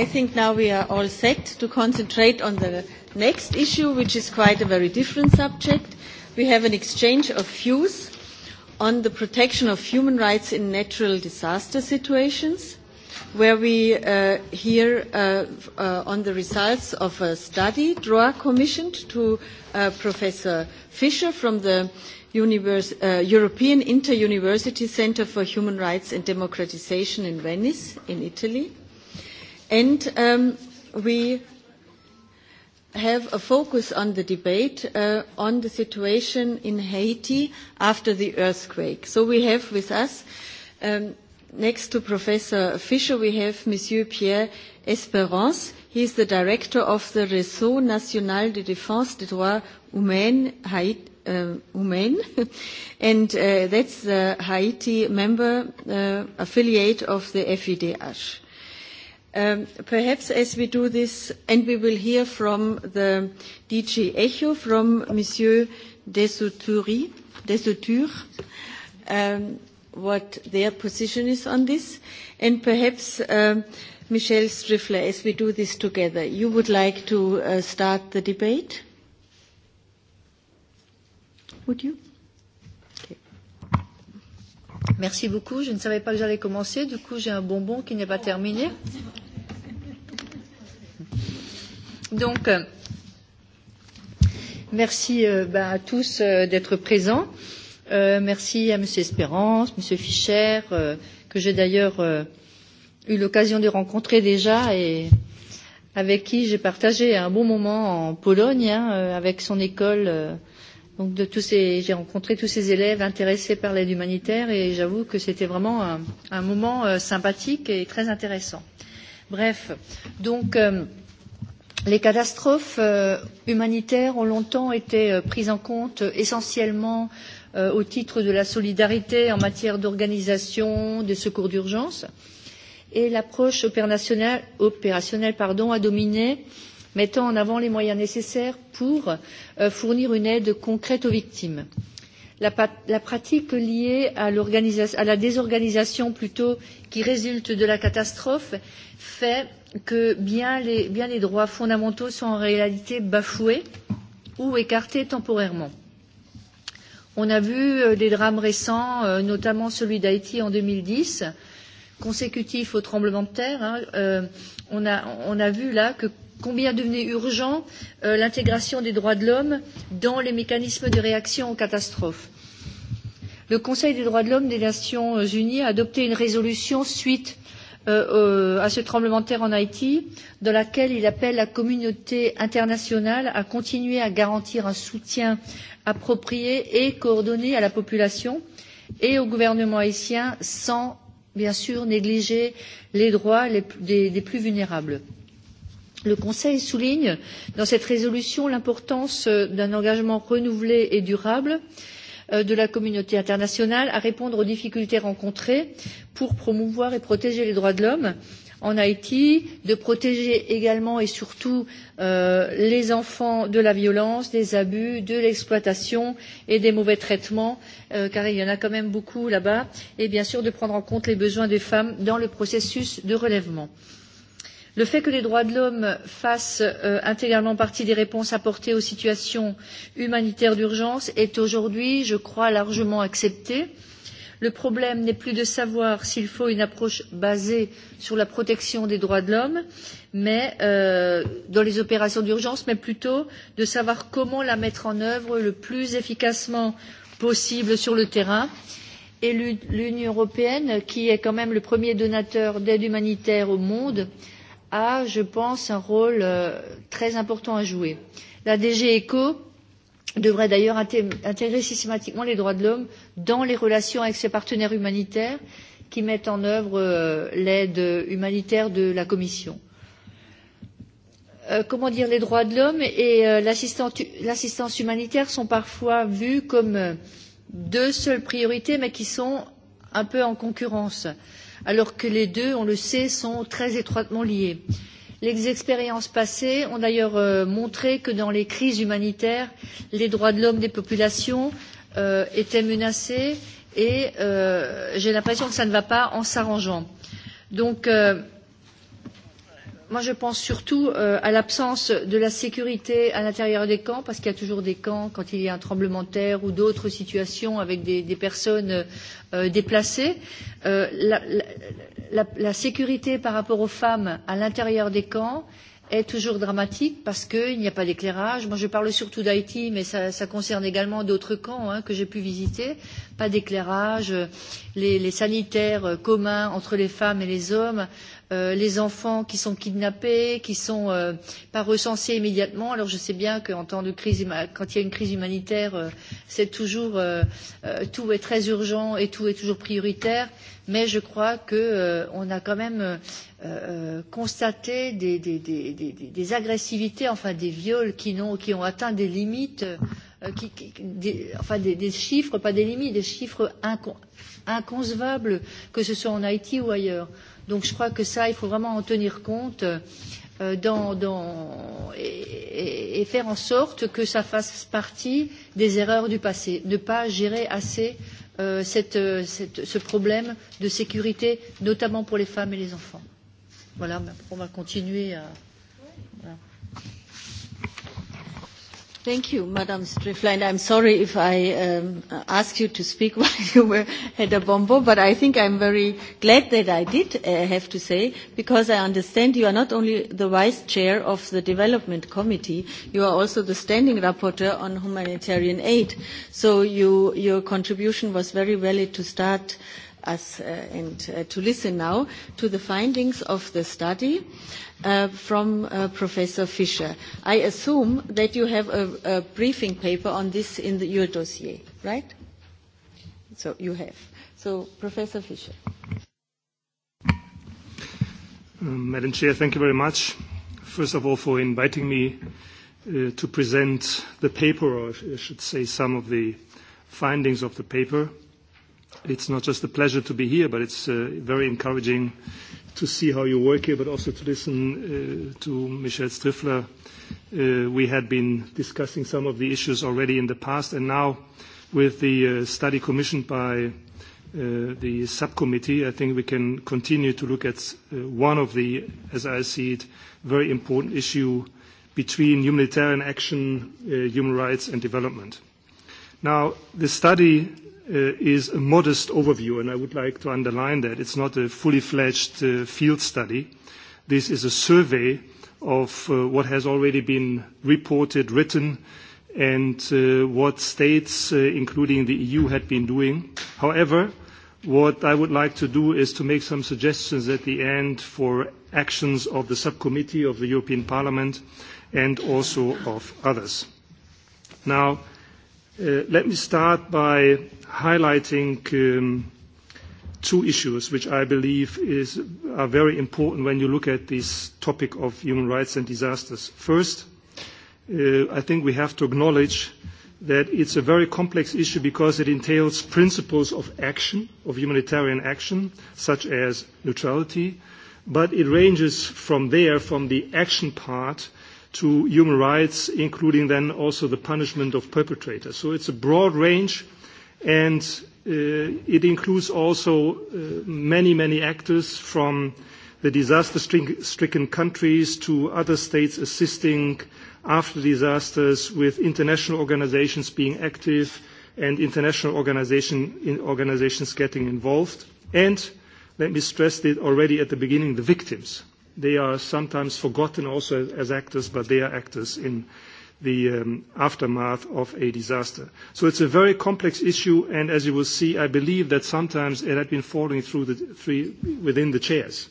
I think now we are all set to concentrate on the next issue, which is quite a very different subject. We have an exchange of views on the protection of human rights in natural disaster situations, where we uh, hear uh, uh, on the results of a study DROA commissioned to uh, Professor Fischer from the Univers- uh, European Inter-University Center for Human Rights and Democratization in Venice, in Italy. Uh, And um, we have a focus on the debate uh, on the situation in Haiti after the earthquake. So we have with us, um, next to Professor Fischer, we have Monsieur Pierre Esperance. He is the director of the Réseau National de Défense des Droits Humains, Haiti, uh, Humain, and uh, that's the Haiti member uh, affiliate of the FEDH. Um, perhaps as we do this, and we will hear from the DG Echo, from Monsieur Desoutouri, Desouture, um, what their position is on this, and perhaps um, Michelle Striffler, as we do this together, you would like to uh, start the debate? Would you? Merci beaucoup. Je ne savais pas que j'allais commencer. Du coup, j'ai un bonbon qui n'est pas terminé. Donc, euh, merci euh, bah, à tous euh, d'être présents. Euh, merci à M. Espérance, M. Fischer, euh, que j'ai d'ailleurs euh, eu l'occasion de rencontrer déjà et avec qui j'ai partagé un bon moment en Pologne, hein, euh, avec son école. Euh, donc de tous ces, j'ai rencontré tous ces élèves intéressés par l'aide humanitaire et j'avoue que c'était vraiment un, un moment euh, sympathique et très intéressant. Bref, donc. Euh, Les catastrophes euh, humanitaires ont longtemps été euh, prises en compte euh, essentiellement euh, au titre de la solidarité en matière d'organisation des secours d'urgence. Et l'approche opérationnelle, opérationnelle pardon, a dominé, mettant en avant les moyens nécessaires pour euh, fournir une aide concrète aux victimes. La, la pratique liée à, à la désorganisation plutôt qui résulte de la catastrophe fait que bien les, bien les droits fondamentaux sont en réalité bafoués ou écartés temporairement. On a vu euh, des drames récents, euh, notamment celui d'Haïti en 2010, consécutif au tremblement de terre. Hein, euh, on, a, on a vu là que combien devenait urgent euh, l'intégration des droits de l'homme dans les mécanismes de réaction aux catastrophes. Le Conseil des droits de l'homme des Nations Unies a adopté une résolution suite euh, Euh, euh, à ce tremblement de terre en Haïti, dans laquelle il appelle la communauté internationale à continuer à garantir un soutien approprié et coordonné à la population et au gouvernement haïtien sans bien sûr négliger les droits les, des, des plus vulnérables. Le Conseil souligne dans cette résolution l'importance euh, d'un engagement renouvelé et durable euh, Euh, de la communauté internationale à répondre aux difficultés rencontrées pour promouvoir et protéger les droits de l'homme en Haïti, de protéger également et surtout euh, les enfants de la violence, des abus, de l'exploitation et des mauvais traitements, euh, car il y en a quand même beaucoup là-bas, et bien sûr de prendre en compte les besoins des femmes dans le processus de relèvement. Euh, Le fait que les droits de l'homme fassent euh, intégralement partie des réponses apportées aux situations humanitaires d'urgence est aujourd'hui, je crois, largement accepté. Le problème n'est plus de savoir s'il faut une approche basée sur la protection des droits de l'homme, mais euh, dans les opérations d'urgence, mais plutôt de savoir comment la mettre en œuvre le plus efficacement possible sur le terrain. Et l'Union européenne, qui est quand même le premier donateur d'aide humanitaire au monde, euh, a, je pense, un rôle euh, très important à jouer. La DG ECO devrait d'ailleurs intégrer systématiquement les droits de l'homme dans les relations avec ses partenaires humanitaires qui mettent en œuvre euh, l'aide humanitaire de la Commission. Euh, comment dire, les droits de l'homme et euh, l'assistance humanitaire sont parfois vus comme euh, deux seules priorités, mais qui sont un peu en concurrence. Euh, alors que les deux, on le sait, sont très étroitement liés. Les expériences passées ont d'ailleurs euh, montré que dans les crises humanitaires, les droits de l'homme des populations euh, étaient menacés et euh, j'ai l'impression que ça ne va pas en s'arrangeant. Donc, euh, moi, je pense surtout euh, à l'absence de la sécurité à l'intérieur des camps, parce qu'il y a toujours des camps quand il y a un tremblement de terre ou d'autres situations avec des, des personnes euh, déplacées. Euh, la, la, la, la sécurité par rapport aux femmes à l'intérieur des camps est toujours dramatique parce qu'il n'y a pas d'éclairage. Moi, je parle surtout d'Haïti, mais ça, ça concerne également d'autres camps hein, que j'ai pu visiter. Pas d'éclairage, euh, les, les sanitaires euh, communs entre les femmes et les hommes euh, les enfants qui sont kidnappés, qui ne sont euh, pas recensés immédiatement. Alors je sais bien qu'en temps de crise, quand il y a une crise humanitaire, euh, c'est toujours euh, euh, tout est très urgent et tout est toujours prioritaire, mais je crois qu'on euh, a quand même euh, euh constaté des, des, des, des, des agressivités, enfin des viols qui, ont, qui ont atteint des limites. Euh, qui, qui, des, enfin des, des chiffres, pas des limites, des chiffres inco inconcevables, que ce soit en Haïti ou ailleurs. Donc je crois que ça, il faut vraiment en tenir compte euh, dans, dans, et, et, et faire en sorte que ça fasse partie des erreurs du passé, ne pas gérer assez euh, cette, euh, cette, ce problème de sécurité, notamment pour les femmes et les enfants. Voilà, on va continuer à. Voilà. Thank you, Madam Strickland. I'm sorry if I um, asked you to speak while you were at a bombo, but I think I'm very glad that I did, I uh, have to say, because I understand you are not only the vice chair of the development committee, you are also the standing rapporteur on humanitarian aid. So you, your contribution was very valid to start uh, us uh, and uh, to listen now to the findings of the study uh, from uh, Professor Fisher. I assume that you have a, a briefing paper on this in the, your dossier, right? So you have. So Professor Fisher. Um, Madam Chair, thank you very much. First of all, for inviting me uh, to present the paper, or I should say some of the findings of the paper. Uh, it's not just a pleasure to be here, but it's uh, very encouraging to see how you work here, but also to listen uh, to Michel Striffler. Uh, we had been discussing some of the issues already in the past, and now with the uh, study commissioned by Uh, the subcommittee, I think we can continue to look at uh, one of the, as I see it, very important issue between humanitarian action, uh, human rights, and development. Now, the study Uh, is a modest overview, and I would like to underline that. It's not a fully fledged uh, field study. This is a survey of uh, what has already been reported, written, and uh, what states, uh, including the EU, had been doing. However, what I would like to do is to make some suggestions at the end for actions of the subcommittee of the European Parliament and also of others. Now, uh, let me start by highlighting um, two issues which I believe is, are very important when you look at this topic of human rights and disasters. First, uh, I think we have to acknowledge that it's a very complex issue because it entails principles of action, of humanitarian action, such as neutrality, but it ranges from there, from the action part, to human rights, including then also the punishment of perpetrators. So it's a broad range and uh, it includes also uh, many, many actors from the disaster-stricken countries to other states assisting after disasters with international organizations being active and international organization, in organizations getting involved. And let me stress that already at the beginning, the victims. They are sometimes forgotten also as actors, but they are actors in the um, aftermath of a disaster. So it's a very complex issue, and as you will see, I believe that sometimes it had been falling through the three within the chairs.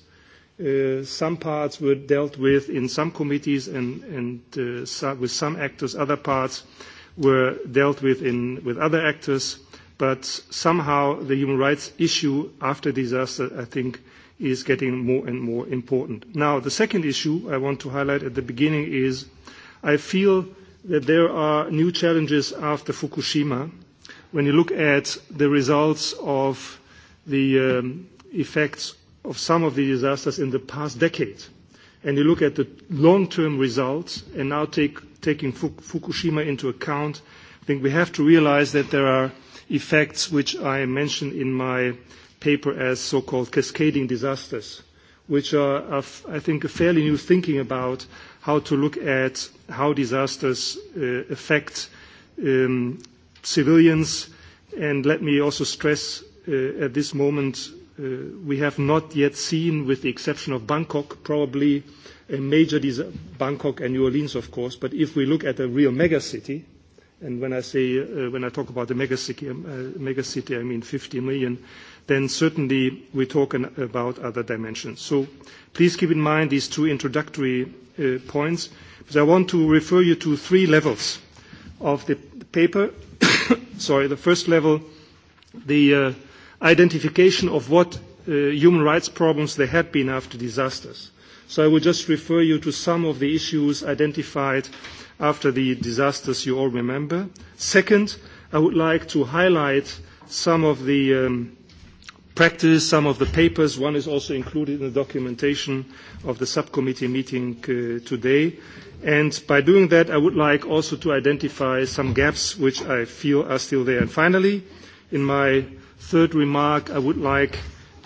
Uh, some parts were dealt with in some committees and, and uh, so, with some actors. Other parts were dealt with in, with other actors. But somehow the human rights issue after disaster, I think, is getting more and more important. Now, the second issue I want to highlight at the beginning is I feel that there are new challenges after Fukushima. When you look at the results of the um, effects of some of the disasters in the past decade, and you look at the long-term results, and now take, taking Fukushima into account, I think we have to realize that there are effects which I mentioned in my paper as so-called cascading disasters, which are, are I think, a fairly new thinking about how to look at how disasters uh, affect um, civilians. And let me also stress uh, at this moment, uh, we have not yet seen, with the exception of Bangkok, probably a major disaster, Bangkok and New Orleans, of course, but if we look at a real megacity, and when I say, uh, when I talk about the megacity, um, uh, megacity, I mean 50 million, then certainly we talk an, about other dimensions. So please keep in mind these two introductory uh, points, but I want to refer you to three levels of the paper. Sorry, the first level, the uh, identification of what uh, human rights problems there had been after disasters. So I will just refer you to some of the issues identified after the disasters you all remember. Second, I would like to highlight some of the um, practice, some of the papers. One is also included in the documentation of the subcommittee meeting uh, today. And by doing that, I would like also to identify some gaps which I feel are still there. And finally, in my third remark, I would like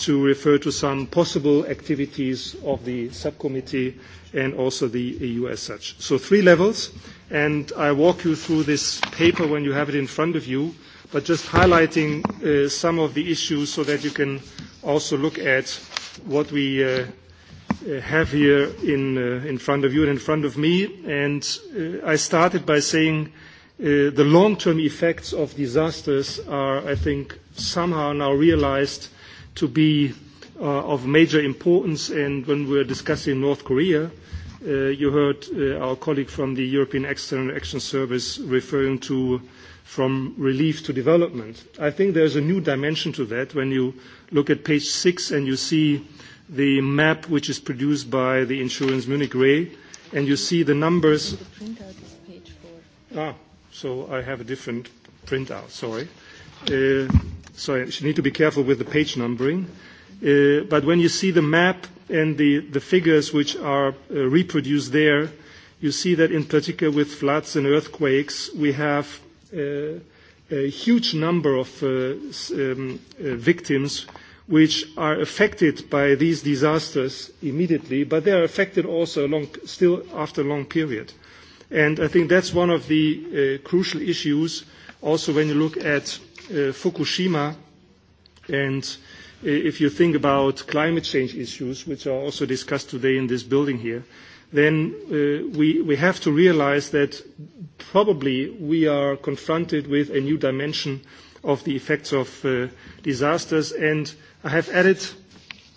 to refer to some possible activities of the subcommittee and also the EU as such. So three levels, and I walk you through this paper when you have it in front of you but just highlighting uh, some of the issues so that you can also look at what we uh, uh, have here in, uh, in front of you and in front of me. And uh, I started by saying uh, the long-term effects of disasters are, I think, somehow now realized to be uh, of major importance. And when we were discussing North Korea, uh, you heard uh, our colleague from the European External Action Service referring to uh, from relief to development. I think there's a new dimension to that when you look at page six and you see the map which is produced by the insurance Munich Re, and you see the numbers. The printout is page four. Ah, so I have a different printout, sorry. Uh, sorry, you need to be careful with the page numbering. Uh, but when you see the map and the, the figures which are uh, reproduced there, you see that in particular with floods and earthquakes, we have uh, a huge number of uh, um, uh, victims which are affected by these disasters immediately, but they are affected also long, still after a long period. And I think that's one of the uh, crucial issues also when you look at uh, Fukushima and uh, if you think about climate change issues, which are also discussed today in this building here. Uh, then uh, we, we have to realize that probably we are confronted with a new dimension of the effects of uh, disasters. And I have added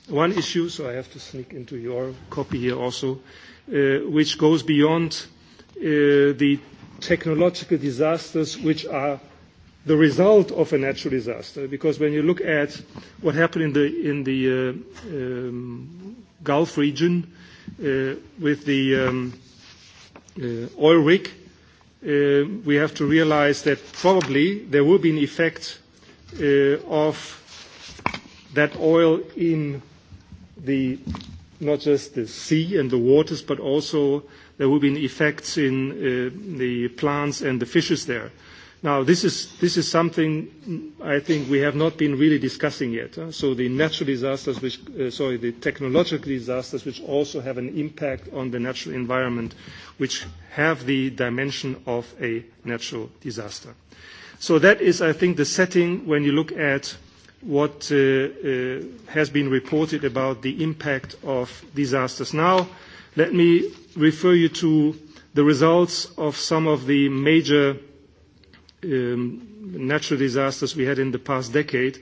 one issue, so I have to sneak into your copy here also, uh, which goes beyond uh, the technological disasters which are the result of a natural disaster. Because when you look at what happened in the, in the uh, um, Gulf region, Uh, with the um, uh, oil rig, uh, we have to realize that probably there will be an effect of that oil in the not just the sea and the waters, but also there will be an effect in the plants and the fishes there. Now, this is, this is something mm, I think we have not been really discussing yet. Huh? So the natural disasters, which, uh, sorry, the technological disasters, which also have an impact on the natural environment, which have the dimension of a natural disaster. So that is, I think, the setting when you look at what uh, uh, has been reported about the impact of disasters. Now, let me refer you to the results of some of the major um, natural disasters we had in the past decade.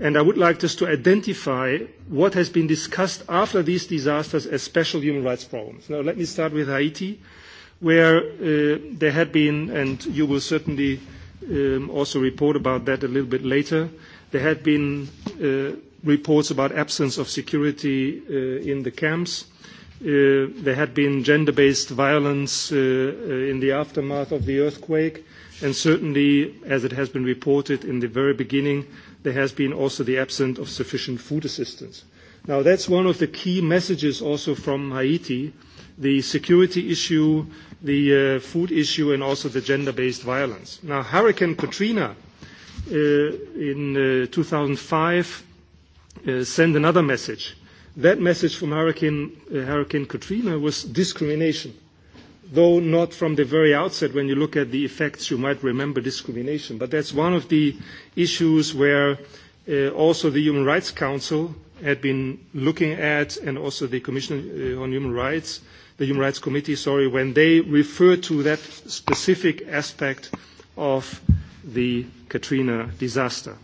And I would like just to identify what has been discussed after these disasters as special human rights problems. Now, let me start with Haiti, where uh, there had been, and you will certainly um, also report about that a little bit later, there had been uh, reports about absence of security uh, in the camps. Uh, Uh, there had been gender-based violence uh, uh, in the aftermath of the earthquake, and certainly, as it has been reported in the very beginning, there has been also the absence of sufficient food assistance. Now, that's one of the key messages also from Haiti, the security issue, the uh, food issue, and also the gender-based violence. Now, Hurricane Katrina uh, in uh, 2005 uh, sent another message That message from Hurricane, uh, Hurricane Katrina was discrimination. Though not from the very outset, when you look at the effects, you might remember discrimination. But that's one of the issues where uh, also the Human Rights Council had been looking at, and also the Commission uh, on Human Rights, the Human Rights Committee, sorry, when they referred to that specific aspect of the Katrina disaster.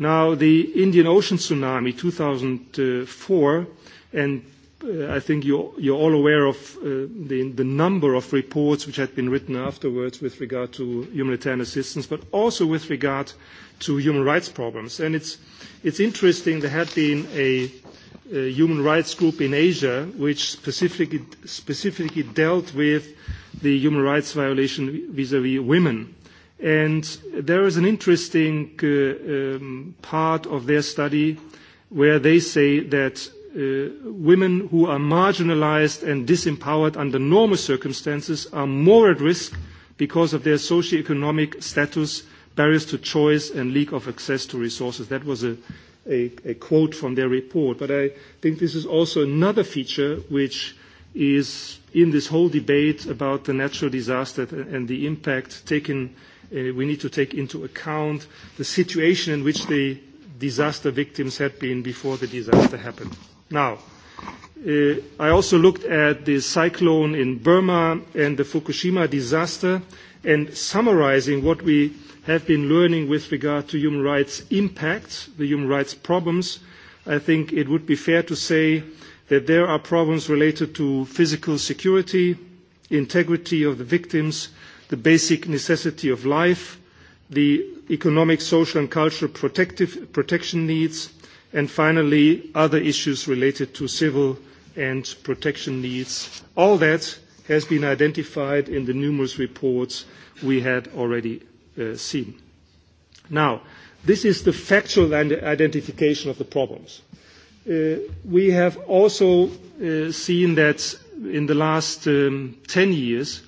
Now, the Indian Ocean tsunami 2004, and uh, I think you're, you're all aware of uh, the, the number of reports which had been written afterwards with regard to humanitarian assistance, but also with regard to human rights problems. And it's, it's interesting, there had been a, a human rights group in Asia which specifically, specifically dealt with the human rights violation vis-à-vis -vis women And there is an interesting uh, um, part of their study where they say that uh, women who are marginalized and disempowered under normal circumstances are more at risk because of their socioeconomic status, barriers to choice, and lack of access to resources. That was a, a, a quote from their report. But I think this is also another feature which is in this whole debate about the natural disaster and the impact taken uh, we need to take into account the situation in which the disaster victims had been before the disaster happened. Now, uh, I also looked at the cyclone in Burma and the Fukushima disaster and summarizing what we have been learning with regard to human rights impacts, the human rights problems, I think it would be fair to say that there are problems related to physical security, integrity of the victims, the basic necessity of life, the economic, social and cultural protective, protection needs, and finally other issues related to civil and protection needs. All that has been identified in the numerous reports we had already uh, seen. Now, this is the factual identification of the problems. Uh, we have also uh, seen that in the last um, 10 years,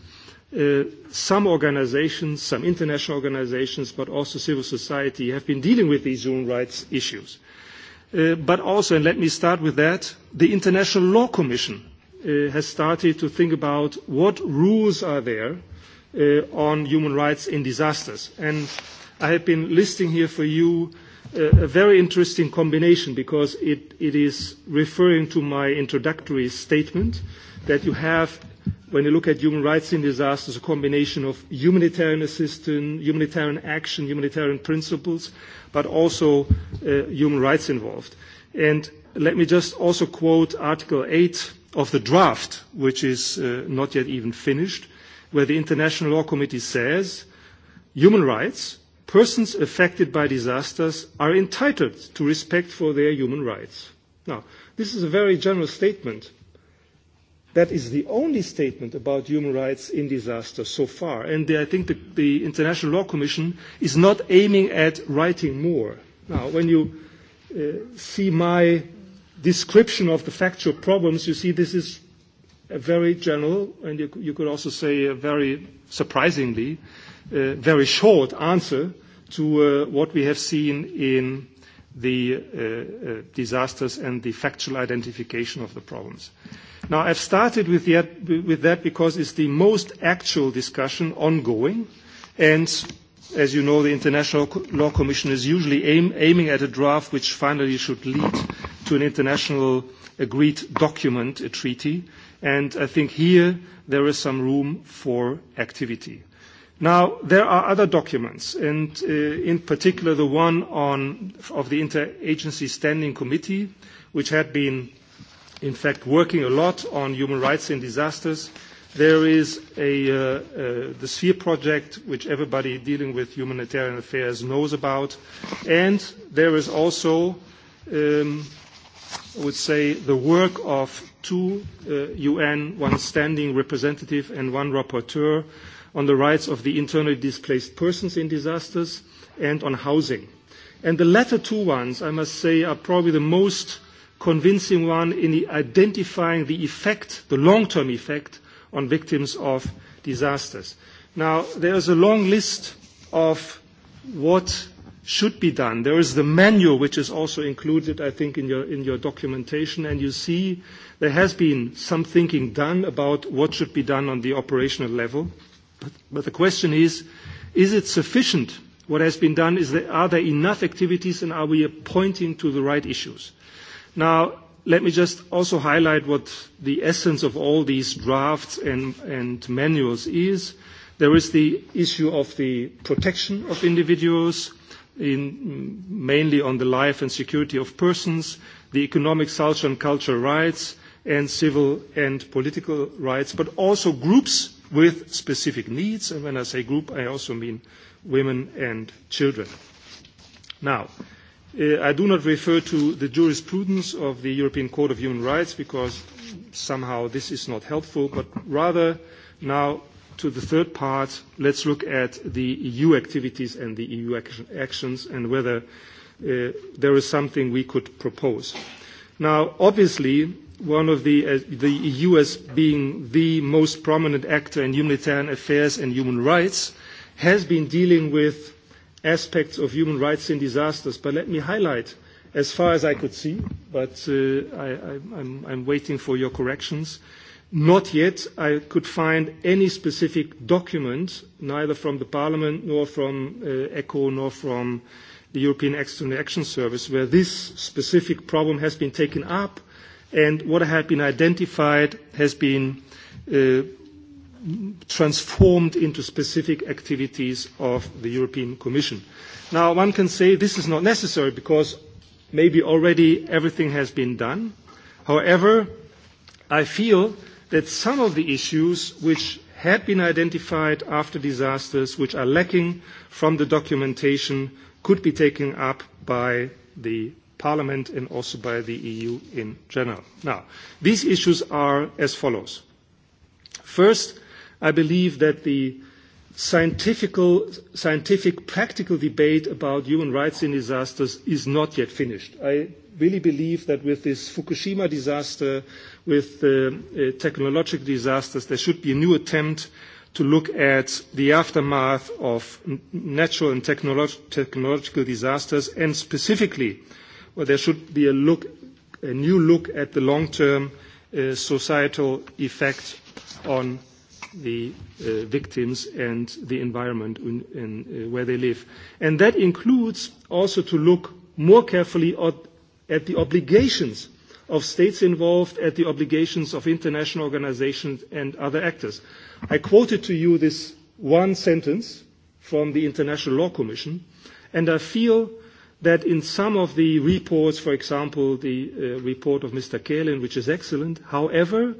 Uh, some organizations, some international organizations, but also civil society have been dealing with these human rights issues. Uh, but also, and let me start with that, the International Law Commission uh, has started to think about what rules are there uh, on human rights in disasters. And I have been listing here for you uh, a very interesting combination because it, it is referring to my introductory statement that you have when you look at human rights in disasters, a combination of humanitarian assistance, humanitarian action, humanitarian principles, but also uh, human rights involved. And let me just also quote Article 8 of the draft, which is uh, not yet even finished, where the International Law Committee says human rights, persons affected by disasters are entitled to respect for their human rights. Now, this is a very general statement That is the only statement about human rights in disaster so far. And the, I think the, the International Law Commission is not aiming at writing more. Now, when you uh, see my description of the factual problems, you see this is a very general, and you, you could also say a very surprisingly, uh, very short answer to uh, what we have seen in the uh, uh, disasters and the factual identification of the problems. Uh, Now, I've started with, the, with that because it's the most actual discussion ongoing, and as you know, the International Law Commission is usually aim, aiming at a draft which finally should lead to an international agreed document, a treaty, and I think here there is some room for activity. Now, there are other documents, and uh, in particular the one on, of the Interagency Standing Committee, which had been in fact working a lot on human rights in disasters. There is a, uh, uh, the SPHERE project, which everybody dealing with humanitarian affairs knows about. And there is also, um, I would say, the work of two uh, UN, one standing representative and one rapporteur, on the rights of the internally displaced persons in disasters and on housing. And the latter two ones, I must say, are probably the most uh, convincing one in the identifying the effect, the long-term effect on victims of disasters. Now, there is a long list of what should be done. There is the manual, which is also included, I think, in your, in your documentation, and you see there has been some thinking done about what should be done on the operational level. But, but the question is, is it sufficient? What has been done is there, are there enough activities and are we pointing to the right issues? Now, let me just also highlight what the essence of all these drafts and, and manuals is. There is the issue of the protection of individuals, in, mainly on the life and security of persons, the economic, social and cultural rights, and civil and political rights, but also groups with specific needs. And when I say group, I also mean women and children. Now, uh, Uh, I do not refer to the jurisprudence of the European Court of Human Rights because somehow this is not helpful, but rather now to the third part, let's look at the EU activities and the EU action, actions and whether uh, there is something we could propose. Now, obviously, one of the, uh, the EU as being the most prominent actor in humanitarian affairs and human rights has been dealing with aspects of human rights in disasters, but let me highlight, as far as I could see, but uh, I, I, I'm, I'm waiting for your corrections, not yet I could find any specific document, neither from the Parliament nor from uh, ECHO nor from the European External Action Service, where this specific problem has been taken up and what has been identified has been uh, transformed into specific activities of the European Commission. Now, one can say this is not necessary because maybe already everything has been done. However, I feel that some of the issues which had been identified after disasters, which are lacking from the documentation, could be taken up by the Parliament and also by the EU in general. Now, these issues are as follows. First, I believe that the scientific, scientific practical debate about human rights in disasters is not yet finished. I really believe that with this Fukushima disaster, with the uh, technological disasters, there should be a new attempt to look at the aftermath of natural and technolog- technological disasters, and specifically, well, there should be a, look, a new look at the long-term uh, societal effect on the uh, victims and the environment in, in, uh, where they live. And that includes also to look more carefully at, at the obligations of states involved, at the obligations of international organizations and other actors. I quoted to you this one sentence from the International Law Commission, and I feel that in some of the reports, for example, the uh, report of Mr. Kalin, which is excellent, however, uh,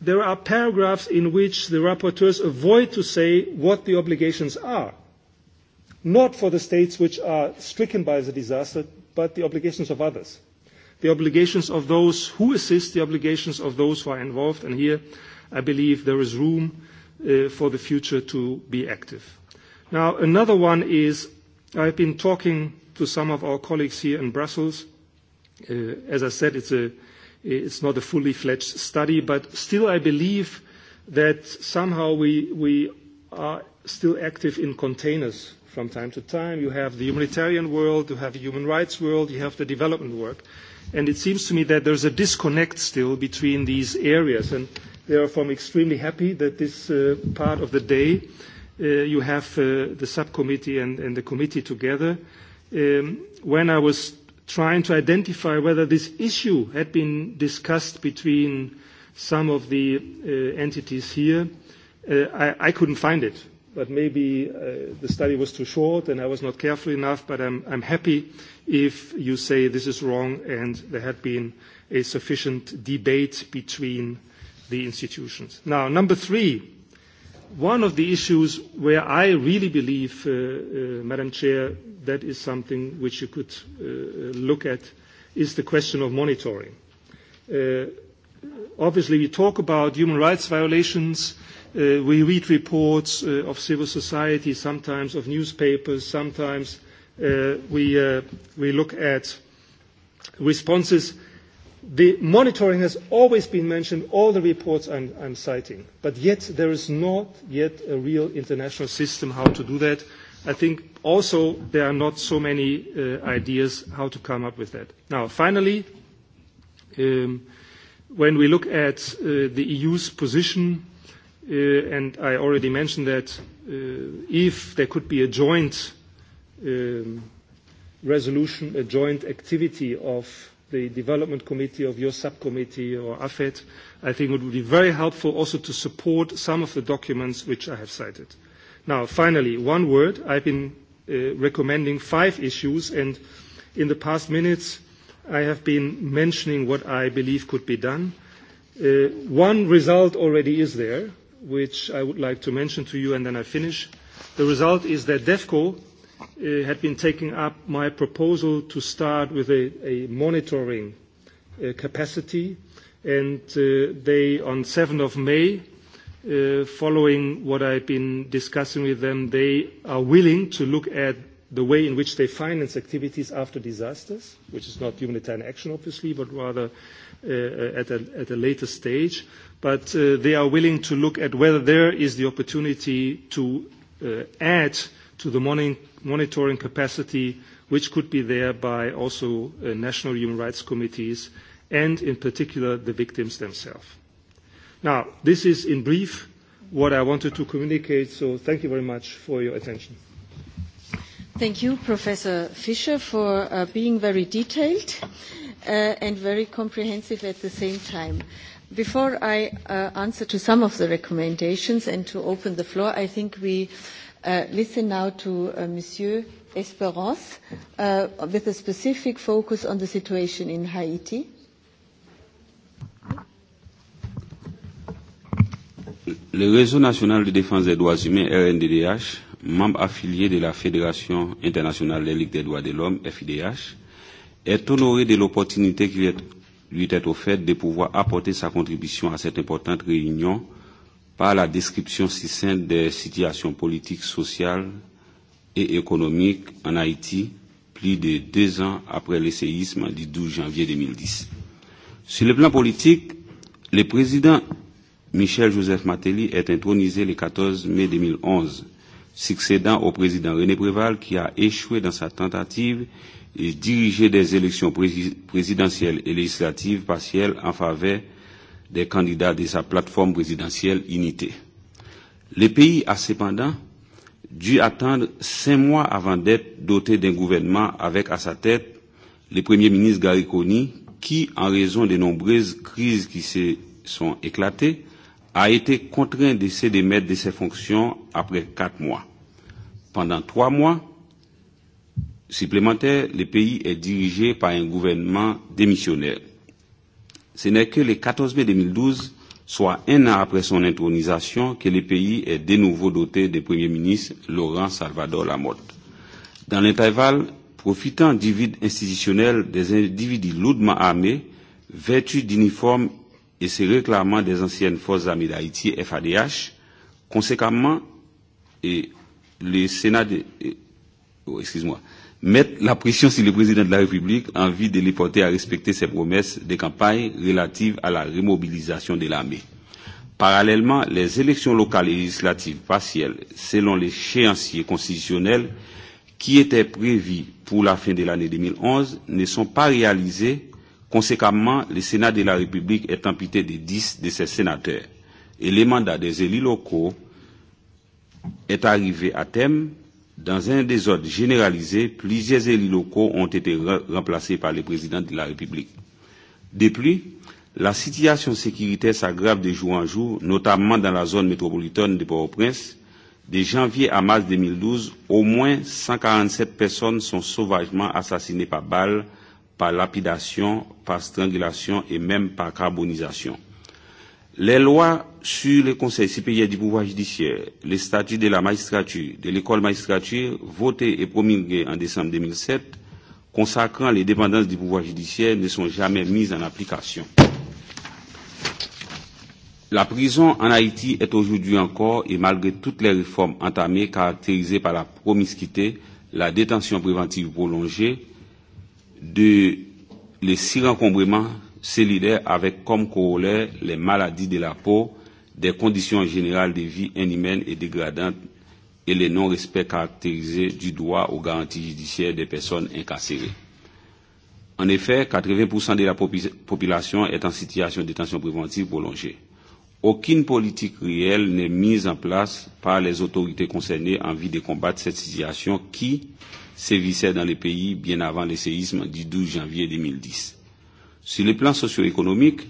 there are paragraphs in which the rapporteurs avoid to say what the obligations are, not for the states which are stricken by the disaster, but the obligations of others, the obligations of those who assist, the obligations of those who are involved. And here, I believe there is room uh, for the future to be active. Now, another one is I've been talking to some of our colleagues here in Brussels. Uh, as I said, it's a It's not a fully fledged study, but still I believe that somehow we, we are still active in containers from time to time. You have the humanitarian world, you have the human rights world, you have the development work. And it seems to me that there's a disconnect still between these areas. And therefore, I'm extremely happy that this uh, part of the day uh, you have uh, the subcommittee and, and the committee together. Um, when I was trying to identify whether this issue had been discussed between some of the uh, entities here. Uh, I, I couldn't find it, but maybe uh, the study was too short and I was not careful enough, but I'm, I'm happy if you say this is wrong and there had been a sufficient debate between the institutions. Now, number three, one of the issues where I really believe, uh, uh, Madam Chair, that is something which you could uh, uh, look at is the question of monitoring. Uh, obviously, we talk about human rights violations. Uh, we read reports uh, of civil society, sometimes of newspapers, sometimes uh, we, uh, we look at responses The monitoring has always been mentioned, all the reports I'm, I'm citing, but yet there is not yet a real international system how to do that. I think also there are not so many uh, ideas how to come up with that. Now, finally, um, when we look at uh, the EU's position, uh, and I already mentioned that uh, if there could be a joint um, resolution, a joint activity of the development committee of your subcommittee or AFET, I think it would be very helpful also to support some of the documents which I have cited. Now, finally, one word. I've been uh, recommending five issues, and in the past minutes, I have been mentioning what I believe could be done. Uh, one result already is there, which I would like to mention to you, and then I finish. The result is that DEFCO uh, had been taking up my proposal to start with a, a monitoring uh, capacity, and uh, they, on 7th of May, uh, following what I've been discussing with them, they are willing to look at the way in which they finance activities after disasters, which is not humanitarian action, obviously, but rather uh, at, a, at a later stage. But uh, they are willing to look at whether there is the opportunity to uh, add to the monitoring monitoring capacity, which could be there by also uh, national human rights committees and, in particular, the victims themselves. Now, this is in brief what I wanted to communicate, so thank you very much for your attention. Thank you, Professor Fischer, for uh, being very detailed uh, and very comprehensive at the same time. Before I uh, answer to some of the recommendations and to open the floor, I think we uh, Uh, listen now to uh, Monsieur Esperance uh, with a specific focus on the situation in Haiti. Le Réseau national de défense des droits humains, RNDDH, membre affilié de la Fédération internationale des ligues des droits de l'homme, FIDH, est honoré de l'opportunité qui lui est offerte de pouvoir apporter sa contribution à cette importante réunion euh, par la description si saine des situations politiques, sociales et économiques en Haïti, plus de deux ans après le séisme du 12 janvier 2010. Sur le plan politique, le président Michel-Joseph Matéli est intronisé le 14 mai 2011, succédant au président René Préval qui a échoué dans sa tentative de diriger des élections présidentielles et législatives partielles en faveur des candidats de sa plateforme présidentielle Unité. Le pays a cependant dû attendre cinq mois avant d'être doté d'un gouvernement avec à sa tête le Premier ministre Gariconi, qui, en raison des nombreuses crises qui se sont éclatées, a été contraint de se démettre de ses fonctions après quatre mois. Pendant trois mois supplémentaires, le pays est dirigé par un gouvernement démissionnaire ce n'est que le 14 mai 2012, soit un an après son intronisation, que le pays est de nouveau doté du Premier ministre Laurent Salvador Lamotte. Dans l'intervalle, profitant du vide institutionnel des individus lourdement armés, vêtus d'uniformes et se réclamant des anciennes forces armées d'Haïti, FADH, conséquemment, et le Sénat de, oh, excuse-moi, mettre la pression sur le président de la République en vue de les porter à respecter ses promesses de campagne relatives à la remobilisation de l'armée. Parallèlement, les élections locales et législatives partielles, selon l'échéancier constitutionnel qui était prévu pour la fin de l'année 2011, ne sont pas réalisées. Conséquemment, le Sénat de la République est amputé de 10 de ses sénateurs et les mandats des élus locaux est arrivé à terme Dans un désordre généralisé, plusieurs élus locaux ont été re remplacés par les présidents de la République. Depuis, la situation sécuritaire s'aggrave de jour en jour, notamment dans la zone métropolitaine de Port-au-Prince. De janvier à mars 2012, au moins 147 personnes sont sauvagement assassinées par balles, par lapidation, par strangulation et même par carbonisation. Les lois sur le Conseil supérieur du pouvoir judiciaire, les statuts de la magistrature, de l'école magistrature, votés et promulgués en décembre 2007, consacrant les dépendances du pouvoir judiciaire, ne sont jamais mises en application. La prison en Haïti est aujourd'hui encore, et malgré toutes les réformes entamées, caractérisée par la promiscuité, la détention préventive prolongée, de les sirencombrements solidaire avec comme corollaire les maladies de la peau, des conditions générales de vie inhumaines et dégradantes et le non-respect caractérisé du droit aux garanties judiciaires des personnes incarcérées. En effet, 80% de la population est en situation de détention préventive prolongée. Aucune politique réelle n'est mise en place par les autorités concernées en vue de combattre cette situation qui sévissait dans les pays bien avant le séisme du 12 janvier 2010. Sur le plan socio-économique,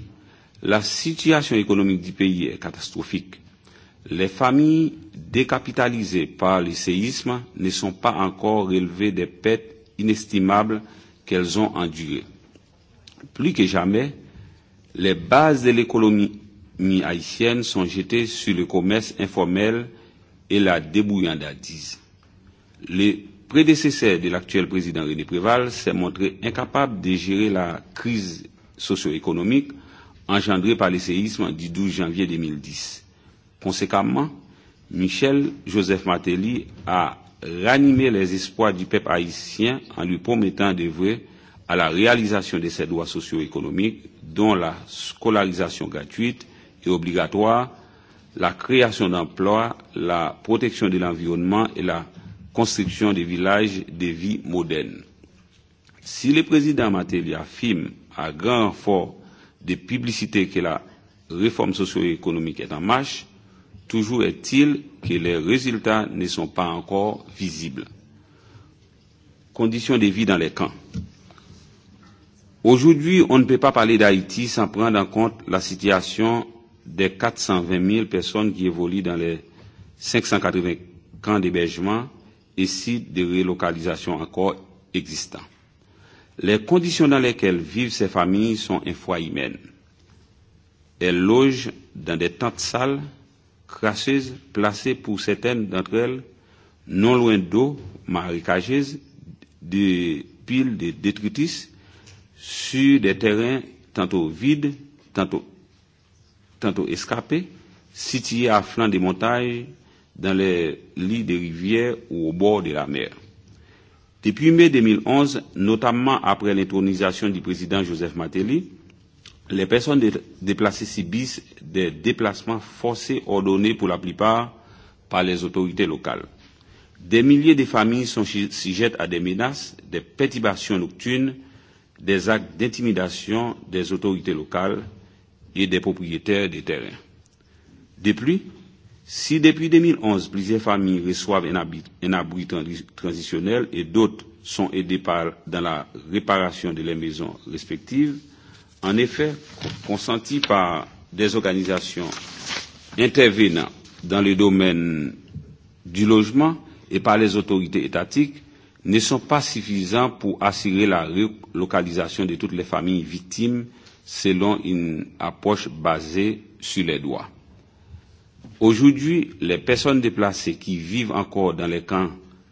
la situation économique du pays est catastrophique. Les familles décapitalisées par les séismes ne sont pas encore relevées des pertes inestimables qu'elles ont endurées. Plus que jamais, les bases de l'économie haïtienne sont jetées sur le commerce informel et la débrouillandise. Le prédécesseur de l'actuel président René Préval s'est montré incapable de gérer la crise socio-économique engendrée par les séismes du 12 janvier 2010. Conséquemment, Michel Joseph Martelly a ranimé les espoirs du peuple haïtien en lui promettant d'œuvrer à la réalisation de ses droits socio-économiques, dont la scolarisation gratuite et obligatoire, la création d'emplois, la protection de l'environnement et la construction des villages de vie moderne. Si le président Matéli affirme à grand renfort de publicité que la réforme socio-économique est en marche, toujours est-il que les résultats ne sont pas encore visibles. Conditions de vie dans les camps. Aujourd'hui, on ne peut pas parler d'Haïti sans prendre en compte la situation des 420 000 personnes qui évoluent dans les 580 camps d'hébergement et sites de relocalisation encore existants. Les conditions dans lesquelles vivent ces familles sont infrahumaines. Elles logent dans des tentes sales, crasseuses, placées pour certaines d'entre elles non loin d'eau marécageuse, de piles de détritus, sur des terrains tantôt vides, tantôt, tantôt escapés, situés à flanc des montagnes dans les lits des rivières ou au bord de la mer. Depuis mai 2011, notamment après l'intronisation du président Joseph Matéli, les personnes déplacées subissent des déplacements forcés ordonnés pour la plupart par les autorités locales. Des milliers de familles sont sujettes à des menaces, des perturbations nocturnes, des actes d'intimidation des autorités locales et des propriétaires des terrains. De plus, Si depuis 2011, plusieurs familles reçoivent un abri, un abri transitionnel et d'autres sont aidées par, dans la réparation de leurs maisons respectives, en effet, consentis par des organisations intervenant dans le domaine du logement et par les autorités étatiques, ne sont pas suffisants pour assurer la relocalisation de toutes les familles victimes selon une approche basée sur les droits. Aujourd'hui, les personnes déplacées qui vivent encore dans les camps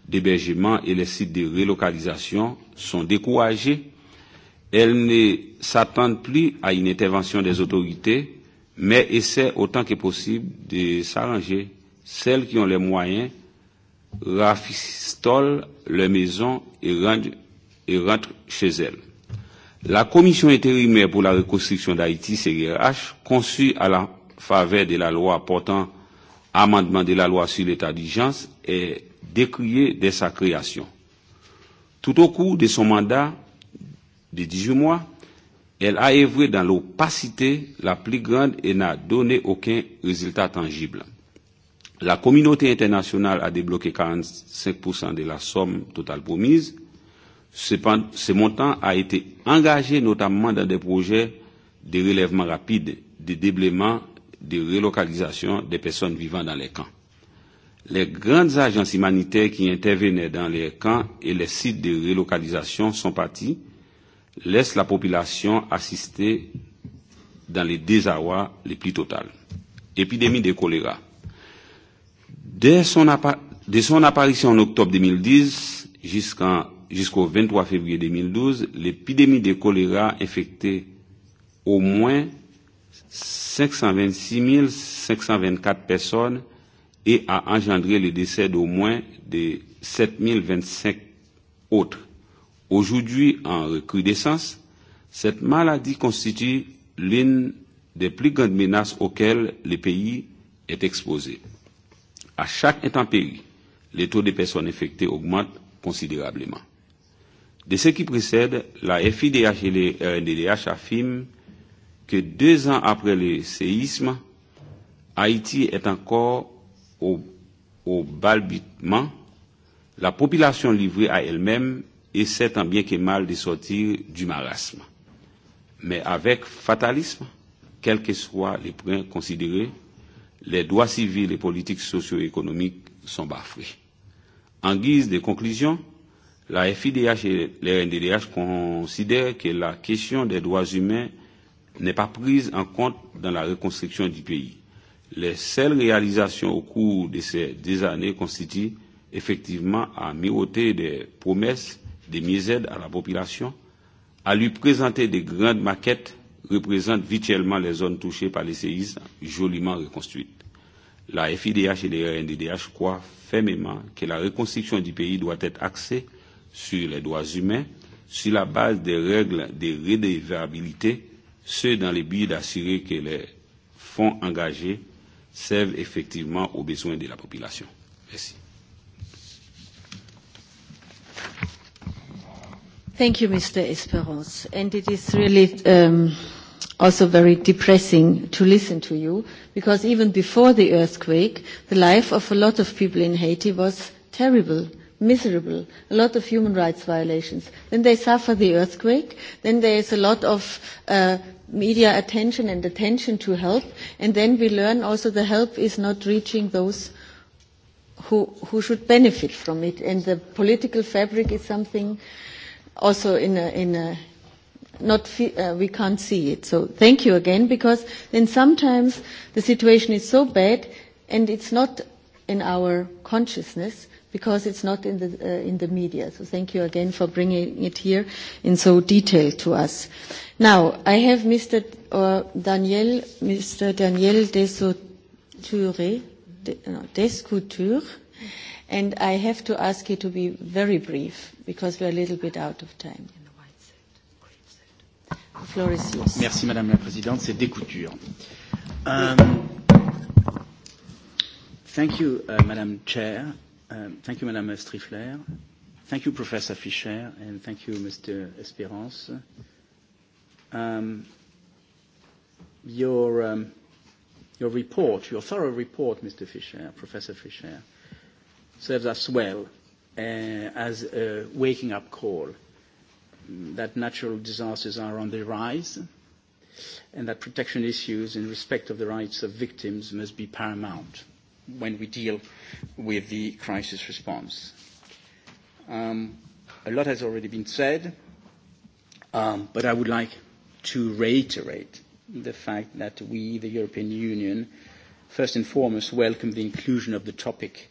d'hébergement et les sites de relocalisation sont découragées. Elles ne s'attendent plus à une intervention des autorités, mais essaient autant que possible de s'arranger. Celles qui ont les moyens rafistolent leurs maisons et rentrent, et rentrent chez elles. La Commission intérimaire pour la reconstruction d'Haïti, CRH, conçue à la faveur de la loi portant amendement de la loi sur l'état d'urgence est décrié dès sa création. Tout au cours de son mandat de 18 mois, elle a œuvré dans l'opacité la plus grande et n'a donné aucun résultat tangible. La communauté internationale a débloqué 45% de la somme totale promise. Ce montant a été engagé notamment dans des projets de relèvement rapide, de déblaiement de relocalisation des personnes vivant dans les camps. Les grandes agences humanitaires qui intervenaient dans les camps et les sites de relocalisation sont partis, laissent la population assister dans les désarrois les plus totaux. Épidémie de choléra. Dès son, appa dès son apparition en octobre 2010 jusqu'en jusqu'au 23 février 2012, l'épidémie de choléra infectait au moins 526 724 personnes et a engendré le décès d'au moins de 7025 autres. Aujourd'hui, en recrudescence, cette maladie constitue l'une des plus grandes menaces auxquelles le pays est exposé. À chaque intempérie, le taux de personnes infectées augmente considérablement. De ce qui précède, la FIDH et les RNDDH affirment que deux ans après le séisme, Haïti est encore au, au balbutement, la population livrée à elle-même essaie tant bien que mal de sortir du marasme. Mais avec fatalisme, quels que soient les points considérés, les droits civils et politiques socio-économiques sont bafoués. En guise de conclusion, la FIDH et les RNDDH considèrent que la question des droits humains n'est pas prise en compte dans la reconstruction du pays. Les seules réalisations au cours de ces deux années constituent effectivement à miroiter des promesses des mises-aides à la population, à lui présenter des grandes maquettes représentent virtuellement les zones touchées par les séismes joliment reconstruites. La FIDH et les RNDDH croient fermement que la reconstruction du pays doit être axée sur les droits humains, sur la base des règles de redevabilité ceux dans le but d'assurer que les fonds engagés servent effectivement aux besoins de la population. Merci. Thank you, Mr. Esperance. And it is really um, also very depressing to listen to you because even before the earthquake, the life of a lot of people in Haiti was terrible miserable, a lot of human rights violations. Then they suffer the earthquake, then there is a lot of uh, media attention and attention to help. And then we learn also the help is not reaching those who, who should benefit from it. And the political fabric is something also in a, in a not fe- uh, we can't see it. So thank you again, because then sometimes the situation is so bad and it's not in our consciousness because it's not in the, uh, in the media. So thank you again for bringing it here in so detail to us. Now, I have Mr. Uh, Daniel, Mr. Daniel Desouture, de, uh, no, Descouture, and I have to ask you to be very brief because we're a little bit out of time. The floor is yours. Merci Madame la Présidente, c'est Descouture. Um, thank you, uh, Madam Chair. Um, thank you, Madame Strifler. Thank you, Professor Fischer, and thank you, Mr. Esperance. Um, your, um, your report, your thorough report, Mr. Fischer, Professor Fischer, serves us well uh, as a waking up call mm, that natural disasters are on the rise and that protection issues in respect of the rights of victims must be paramount. Uh, when we deal with the crisis response. Um, a lot has already been said, um, but I would like to reiterate the fact that we, the European Union, first and foremost welcome the inclusion of the topic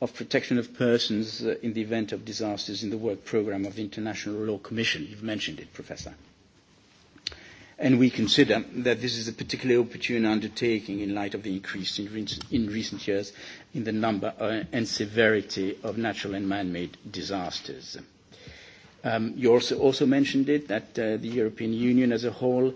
of protection of persons uh, in the event of disasters in the work program of the International Law Commission. You've mentioned it, Professor. Uh, and we consider that this is a particularly opportune undertaking in light of the increase in, re- in recent years in the number uh, and severity of natural and man-made disasters. Um, you also, also mentioned it, that uh, the European Union as a whole uh,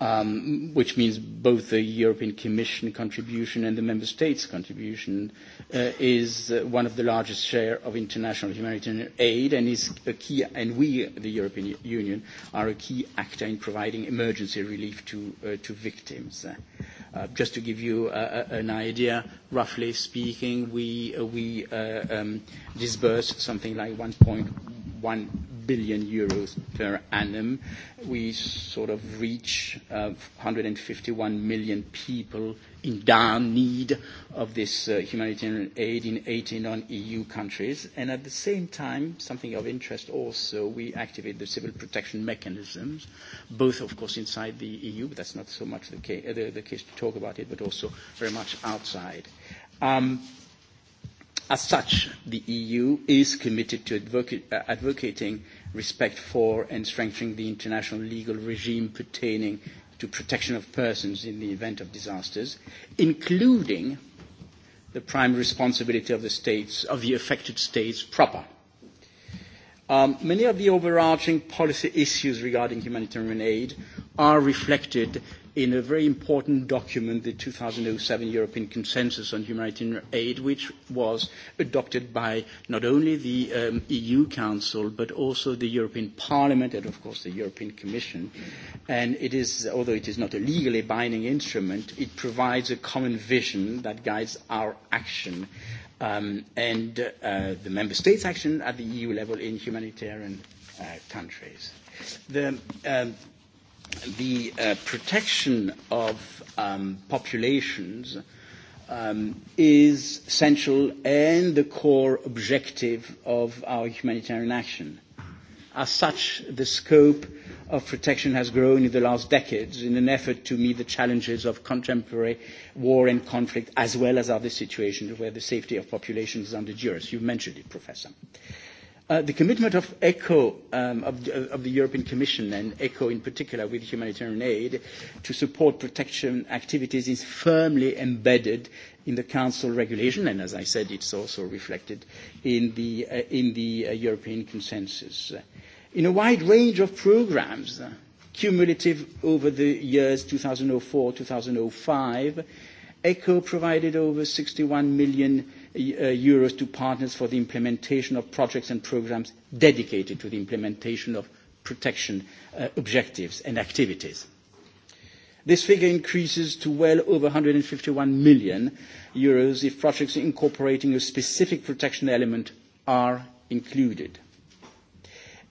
um, which means both the European Commission contribution and the Member States contribution, uh, is uh, one of the largest share of international humanitarian aid and is a key, and we, the European Union, are a key actor in providing emergency relief to, uh, to victims. Uh, just to give you uh, an idea, roughly speaking, we, uh, we uh, um, disburse something like 1.1 billion euros per annum. We sort of reach uh, 151 million people in dire need of this uh, humanitarian aid in 18 non-EU countries. And at the same time, something of interest also, we activate the civil protection mechanisms, both, of course, inside the EU, but that's not so much the case, uh, the, the case to talk about it, but also very much outside. Um, as such, the EU is committed to advocate, uh, advocating respect for and strengthening the international legal regime pertaining to protection of persons in the event of disasters, including the prime responsibility of the states, of the affected states proper. Um, many of the overarching policy issues regarding humanitarian aid are reflected in a very important document, the 2007 European Consensus on Humanitarian Aid, which was adopted by not only the um, EU Council, but also the European Parliament and, of course, the European Commission. And it is, although it is not a legally binding instrument, it provides a common vision that guides our action um, and uh, the member states' action at the EU level in humanitarian uh, countries. The, um, the uh, protection of um, populations um, is central and the core objective of our humanitarian action. As such, the scope of protection has grown in the last decades in an effort to meet the challenges of contemporary war and conflict, as well as other situations where the safety of populations is under duress. You mentioned it, Professor. Uh, Uh, the commitment of ECHO, um, of, of the European Commission and ECHO in particular with humanitarian aid to support protection activities is firmly embedded in the Council regulation, and as I said, it's also reflected in the, uh, in the uh, European consensus. In a wide range of programs, uh, cumulative over the years 2004-2005, ECHO provided over 61 million uh, euros to partners for the implementation of projects and programs dedicated to the implementation of protection uh, objectives and activities. This figure increases to well over 151 million euros if projects incorporating a specific protection element are included.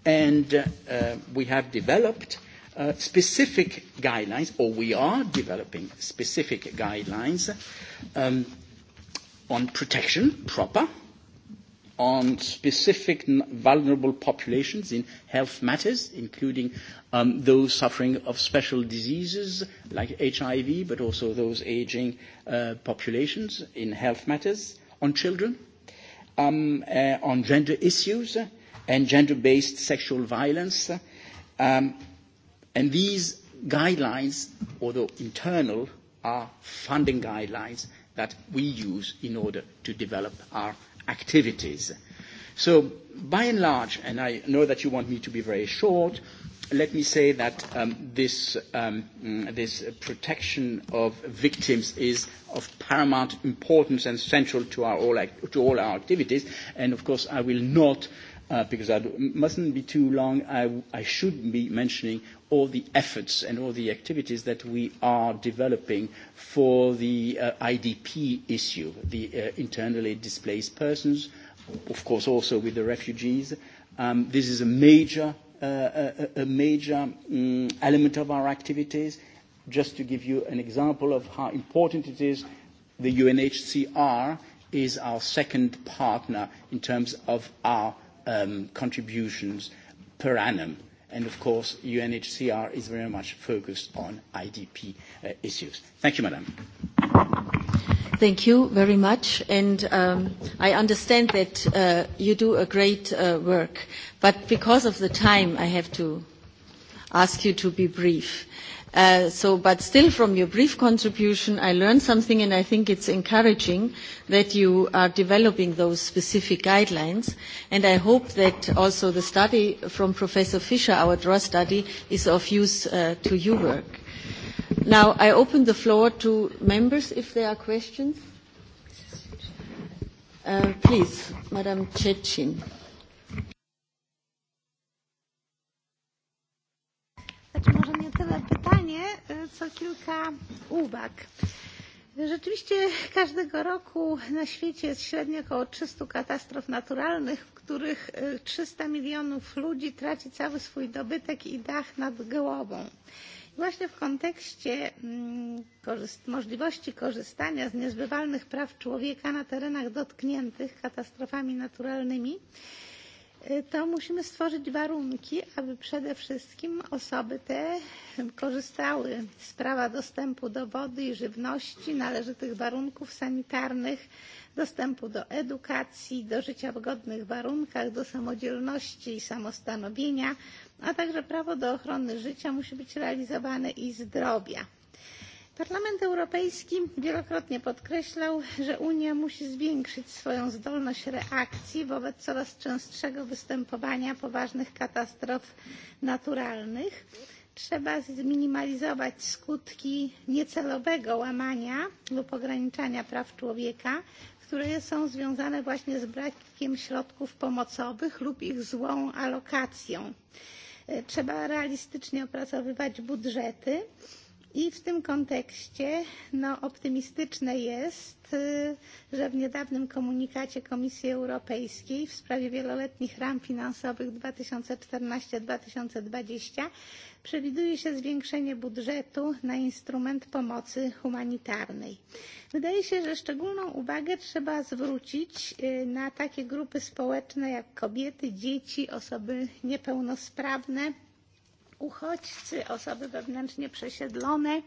And uh, uh, we have developed uh, specific guidelines, or we are developing specific guidelines um, on protection proper, on specific vulnerable populations in health matters, including um, those suffering of special diseases like HIV, but also those aging uh, populations in health matters, on children, um, uh, on gender issues and gender-based sexual violence, um, And these guidelines, although internal, are funding guidelines that we use in order to develop our activities. So by and large, and I know that you want me to be very short, let me say that um, this, um, mm, this protection of victims is of paramount importance and central to, our all, act- to all our activities. And of course, I will not uh, uh, because I do, mustn't be too long, I, I should be mentioning all the efforts and all the activities that we are developing for the uh, IDP issue, the uh, internally displaced persons, of course also with the refugees. Um, this is a major, uh, a, uh, a major um, element of our activities. Just to give you an example of how important it is, the UNHCR is our second partner in terms of our uh, um, contributions per annum. And of course, UNHCR is very much focused on IDP uh, issues. Thank you, Madam. Thank you very much. And um, I understand that uh, you do a great uh, work. But because of the time, I have to ask you to be brief. Uh, so, but still from your brief contribution, I learned something and I think it's encouraging that you are developing those specific guidelines. And I hope that also the study from Professor Fisher, our DRAW study, is of use uh, to your work. Now, I open the floor to members if there are questions. Uh, please, Madam Chechin. Znaczy może nie zadać pytanie, co kilka uwag. Rzeczywiście każdego roku na świecie jest średnio około 300 katastrof naturalnych, w których 300 milionów ludzi traci cały swój dobytek i dach nad głową. Właśnie w kontekście mm, korzyst możliwości korzystania z niezbywalnych praw człowieka na terenach dotkniętych katastrofami naturalnymi E, to musimy stworzyć warunki, aby przede wszystkim osoby te korzystały z prawa dostępu do wody i żywności, należytych warunków sanitarnych, dostępu do edukacji, do życia w godnych warunkach, do samodzielności i samostanowienia, a także prawo do ochrony życia musi być realizowane i zdrowia Parlament Europejski wielokrotnie podkreślał, że Unia musi zwiększyć swoją zdolność reakcji wobec coraz częstszego występowania poważnych katastrof naturalnych. Trzeba zminimalizować skutki niecelowego łamania lub ograniczania praw człowieka, które są związane właśnie z brakiem środków pomocowych lub ich złą alokacją. E, trzeba realistycznie opracowywać budżety, I w tym kontekście no, optymistyczne jest, że w niedawnym komunikacie Komisji Europejskiej w sprawie wieloletnich ram finansowych 2014-2020 przewiduje się zwiększenie budżetu na instrument pomocy humanitarnej. Wydaje się, że szczególną uwagę trzeba zwrócić na takie grupy społeczne jak kobiety, dzieci, osoby niepełnosprawne, uchodźcy, osoby wewnętrznie przesiedlone,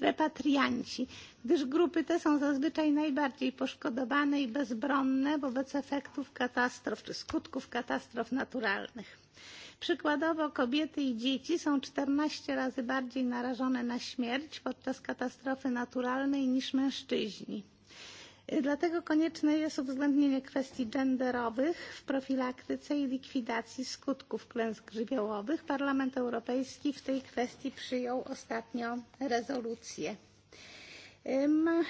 repatrianci, gdyż grupy te są zazwyczaj najbardziej poszkodowane i bezbronne wobec efektów katastrof czy skutków katastrof naturalnych. Przykładowo kobiety i dzieci są 14 razy bardziej narażone na śmierć podczas katastrofy naturalnej niż mężczyźni Dlatego konieczne jest uwzględnienie kwestii genderowych w profilaktyce i likwidacji skutków klęsk żywiołowych. Parlament Europejski w tej kwestii przyjął ostatnio rezolucję.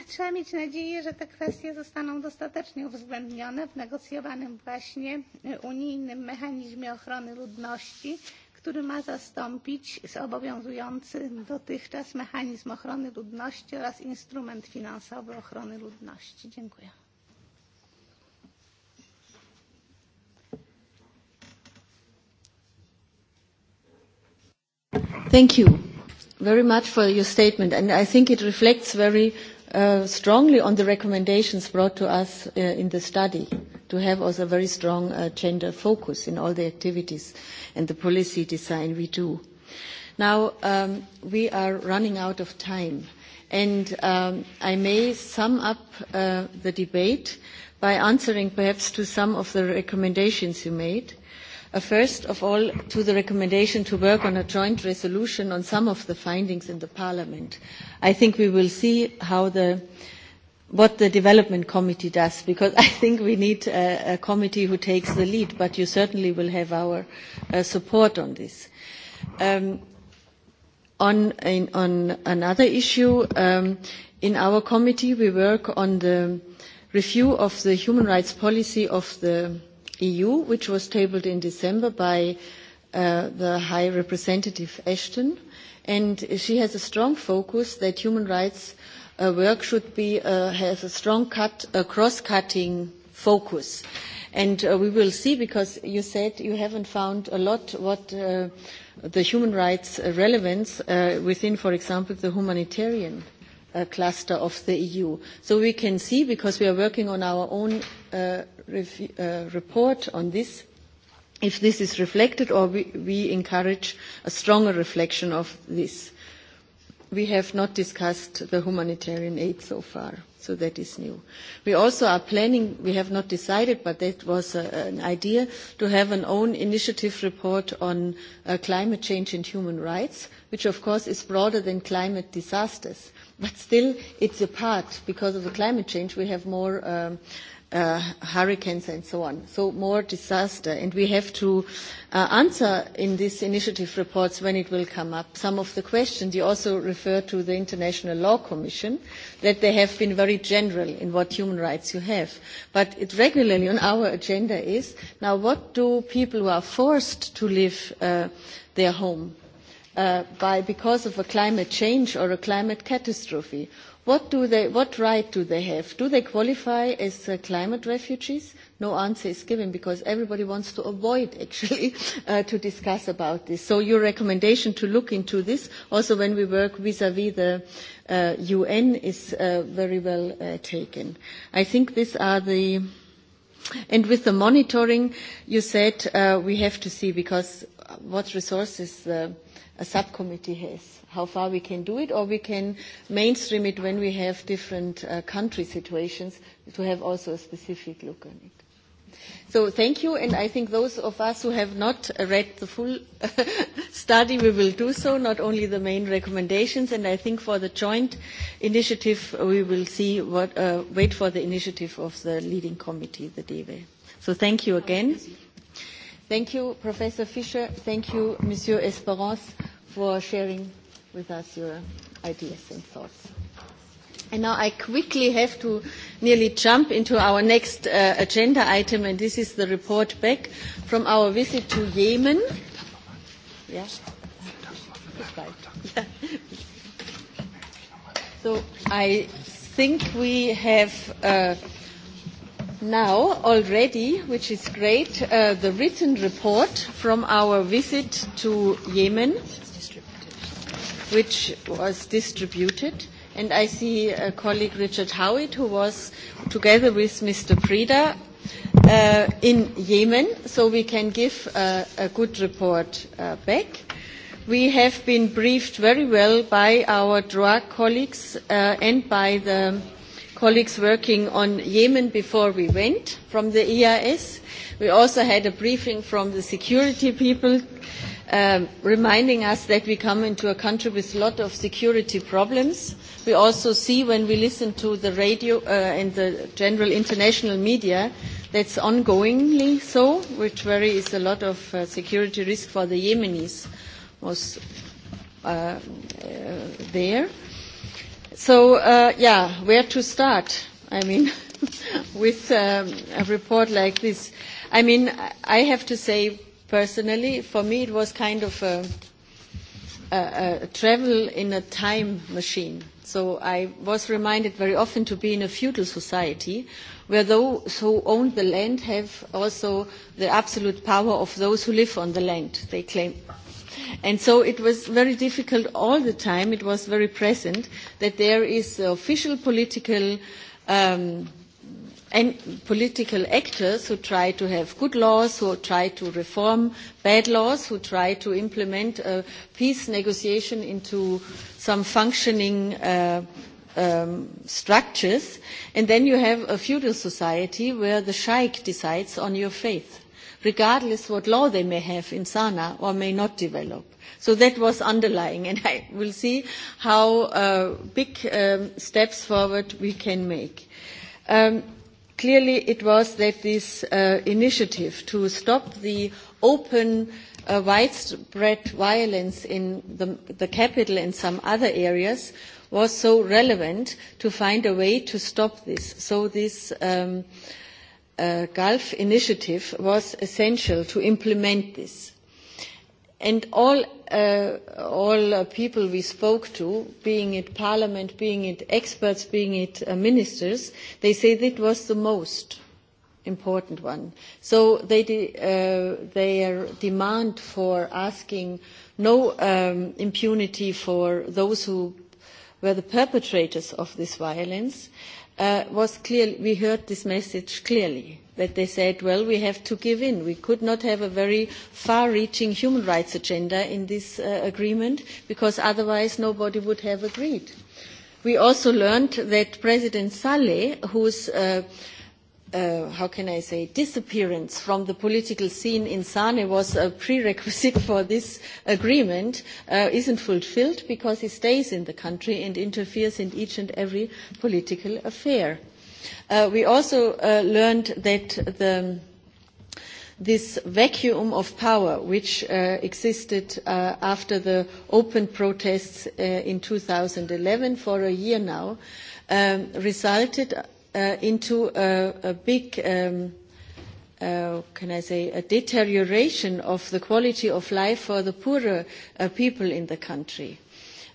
Trzeba mieć nadzieję, że te kwestie zostaną dostatecznie uwzględnione w negocjowanym właśnie unijnym mechanizmie ochrony ludności który ma zastąpić obowiązujący dotychczas mechanizm ochrony ludności oraz instrument finansowy ochrony ludności. Dziękuję. Thank you very much for your statement, and I think it reflects very uh, strongly on the recommendations brought to us uh, in the study. Uh, to have also a very strong uh, gender focus in all the activities and the policy design we do. Now, um, we are running out of time, and um, I may sum up uh, the debate by answering perhaps to some of the recommendations you made. Uh, first of all, to the recommendation to work on a joint resolution on some of the findings in the Parliament. I think we will see how the uh, what the development committee does, because I think we need a, a committee who takes the lead, but you certainly will have our uh, support on this. Um, on, in, on another issue, um, in our committee we work on the review of the human rights policy of the EU, which was tabled in December by uh, the High Representative Ashton. And she has a strong focus that human rights uh, uh, work should be uh, has a strong cut, uh, cross-cutting focus. And uh, we will see, because you said you haven't found a lot what uh, the human rights relevance uh, within, for example, the humanitarian uh, cluster of the EU. So we can see, because we are working on our own uh, review, uh, report on this, if this is reflected or we, we encourage a stronger reflection of this we have not discussed the humanitarian aid so far, so that is new. We also are planning, we have not decided, but that was a, an idea, to have an own initiative report on uh, climate change and human rights, which of course is broader than climate disasters. But still, it's a part, because of the climate change, we have more um, uh, uh, hurricanes and so on. So more disaster. And we have to uh, answer in these initiative reports when it will come up some of the questions. You also refer to the International Law Commission, that they have been very general in what human rights you have. But it regularly on our agenda is, now what do people who are forced to leave uh, their home uh, by, because of a climate change or a climate catastrophe What, do they, what right do they have? Do they qualify as uh, climate refugees? No answer is given because everybody wants to avoid actually uh, to discuss about this. So your recommendation to look into this also when we work vis-à-vis -vis the uh, UN is uh, very well uh, taken. I think these are the and with the monitoring, you said uh, we have to see because what resources uh, a subcommittee has how far we can do it, or we can mainstream it when we have different uh, country situations to have also a specific look on it. So thank you, and I think those of us who have not read the full study, we will do so, not only the main recommendations, and I think for the joint initiative, we will see what, uh, wait for the initiative of the leading committee, the DEWE. E. So thank you again. Thank you, Professor Fischer. Thank you, Monsieur Esperance, for sharing with us your ideas and thoughts. And now I quickly have to nearly jump into our next uh, agenda item, and this is the report back from our visit to Yemen. Yeah. yeah. So I think we have uh, now already, which is great, uh, the written report from our visit to Yemen. Uh, which was distributed. And I see a colleague, Richard Howitt, who was together with Mr. Prida uh, in Yemen, so we can give uh, a good report uh, back. We have been briefed very well by our DROA colleagues uh, and by the colleagues working on Yemen before we went from the EIS. We also had a briefing from the security people um, reminding us that we come into a country with a lot of security problems. We also see when we listen to the radio uh, and the general international media that's ongoingly so, which very is a lot of uh, security risk for the Yemenis was uh, uh, there. So, uh, yeah, where to start? I mean, with um, a report like this. I mean, I have to say personally, for me, it was kind of a, a, a travel in a time machine. So I was reminded very often to be in a feudal society where those who own the land have also the absolute power of those who live on the land, they claim. And so it was very difficult all the time, it was very present, that there is official political um, and political actors who try to have good laws, who try to reform bad laws, who try to implement a peace negotiation into some functioning uh, um, structures. And then you have a feudal society where the sheikh decides on your faith, regardless what law they may have in Sana or may not develop. So that was underlying, and I will see how uh, big um, steps forward we can make. Um, clearly it was that this uh, initiative to stop the open uh, widespread violence in the, the capital and some other areas was so relevant to find a way to stop this. So this um, uh, Gulf initiative was essential to implement this and all uh, all uh, people we spoke to, being it parliament, being it experts, being it uh, ministers, they say that was the most important one. So they de- uh, their demand for asking no um, impunity for those who were the perpetrators of this violence uh, was clear. We heard this message clearly that they said, well, we have to give in. We could not have a very far-reaching human rights agenda in this uh, agreement because otherwise nobody would have agreed. We also learned that President Saleh, whose uh, uh, how can I say, disappearance from the political scene in Sane was a prerequisite for this agreement, uh, isn't fulfilled because he stays in the country and interferes in each and every political affair. Uh, Uh, we also uh, learned that the, this vacuum of power, which uh, existed uh, after the open protests uh, in 2011 for a year now, um, resulted uh, into a, a big um, uh, can I say, a deterioration of the quality of life for the poorer uh, people in the country.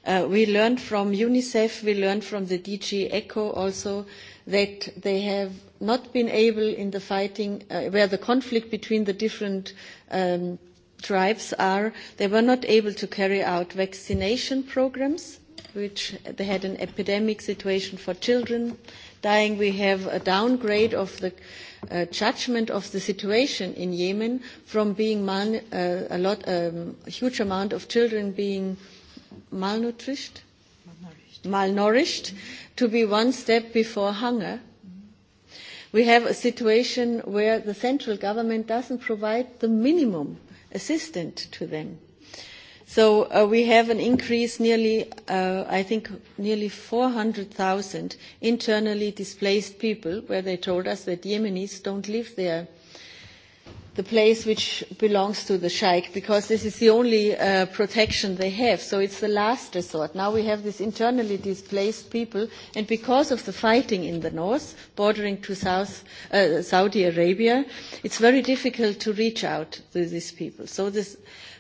Uh, we learned from UNICEF, we learned from the DG ECHO also that they have not been able in the fighting, uh, where the conflict between the different um, tribes are, they were not able to carry out vaccination programs, which they had an epidemic situation for children dying. We have a downgrade of the uh, judgment of the situation in Yemen from being mal- uh, a lot, um, a huge amount of children being malnourished malnourished to be one step before hunger. We have a situation where the central government doesn't provide the minimum assistance to them. So uh, we have an increase nearly, uh, I think, nearly 400,000 internally displaced people, where they told us that Yemenis don't live there the place which belongs to the sheikh because this is the only uh, protection they have. So it's the last resort. Now we have these internally displaced people, and because of the fighting in the north, bordering to South, uh, Saudi Arabia, it's very difficult to reach out to these people. So this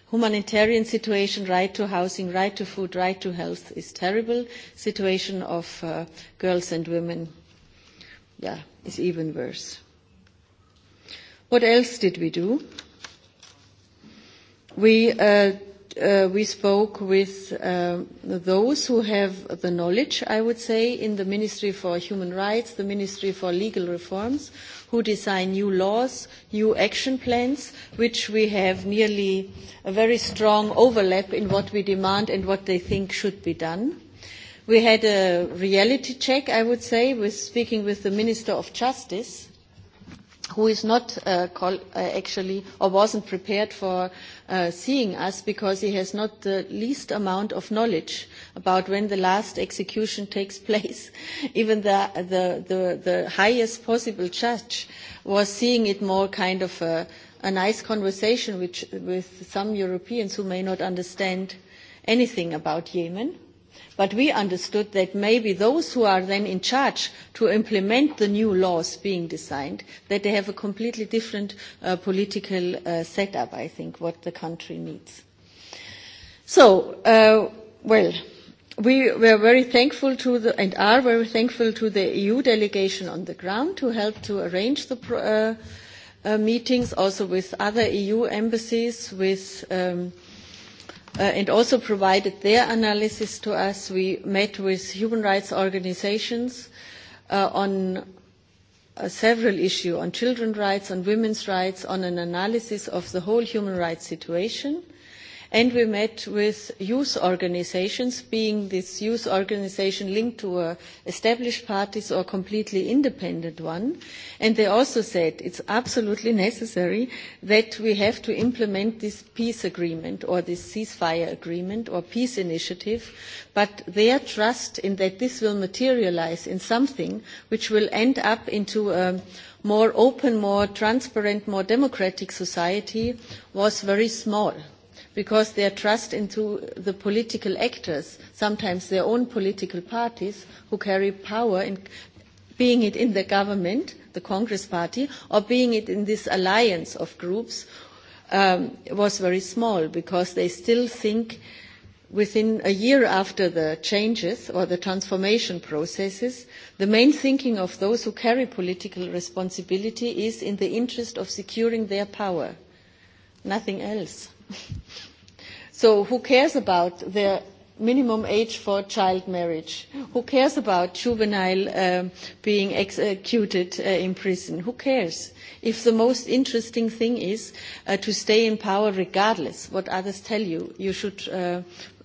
humanitarian situation, right to housing, right to food, right to health is terrible. Situation of uh, girls and women, yeah, is even worse. What else did we do? We, uh, uh, we spoke with uh, those who have the knowledge, I would say, in the Ministry for Human Rights, the Ministry for Legal Reforms, who design new laws, new action plans, which we have nearly a very strong overlap in what we demand and what they think should be done. We had a reality check, I would say, with speaking with the Minister of Justice, who is not uh, call, uh, actually or wasn't prepared for uh, seeing us because he has not the least amount of knowledge about when the last execution takes place. Even the, the, the, the highest possible judge was seeing it more kind of a, a nice conversation which, with some Europeans who may not understand anything about Yemen. Uh, But we understood that maybe those who are then in charge to implement the new laws being designed, that they have a completely different uh, political uh, setup, I think, what the country needs. So, uh, well, we were very thankful to the, and are very thankful to the EU delegation on the ground who helped to arrange the pro, uh, uh, meetings also with other EU embassies, with um, uh, and also provided their analysis to us. We met with human rights organizations uh, on uh, several issues, on children's rights, on women's rights, on an analysis of the whole human rights situation. Uh, and we met with youth organizations, being this youth organization linked to uh, established parties or completely independent one. And they also said it's absolutely necessary that we have to implement this peace agreement or this ceasefire agreement or peace initiative, but their trust in that this will materialize in something which will end up into a more open, more transparent, more democratic society was very small because their trust into the political actors, sometimes their own political parties who carry power, in, being it in the government, the Congress party, or being it in this alliance of groups, um, was very small because they still think within a year after the changes or the transformation processes, the main thinking of those who carry political responsibility is in the interest of securing their power, nothing else. So who cares about the minimum age for child marriage? Who cares about juvenile um, being executed uh, in prison? Who cares? If the most interesting thing is uh, to stay in power regardless what others tell you, you should uh,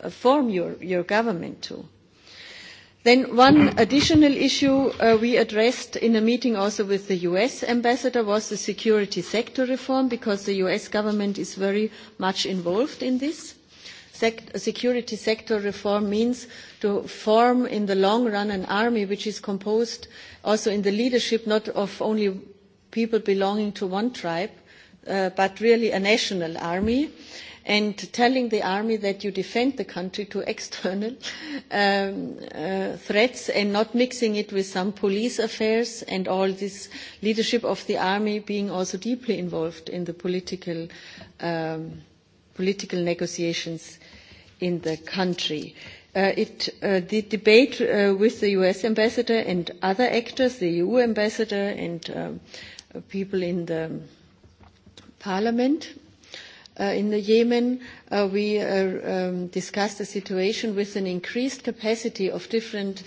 form your, your government to. Then one additional issue uh, we addressed in a meeting also with the US ambassador was the security sector reform because the US government is very much involved in this. Sec- security sector reform means to form in the long run an army which is composed also in the leadership not of only people belonging to one tribe uh, but really a national army. Uh, and telling the army that you defend the country to external um, uh, threats and not mixing it with some police affairs and all this leadership of the army being also deeply involved in the political, um, political negotiations in the country. Uh, it, uh, the debate uh, with the US ambassador and other actors, the EU ambassador and um, uh, people in the parliament Uh, in the Yemen, uh, we uh, um, discussed the situation with an increased capacity of different,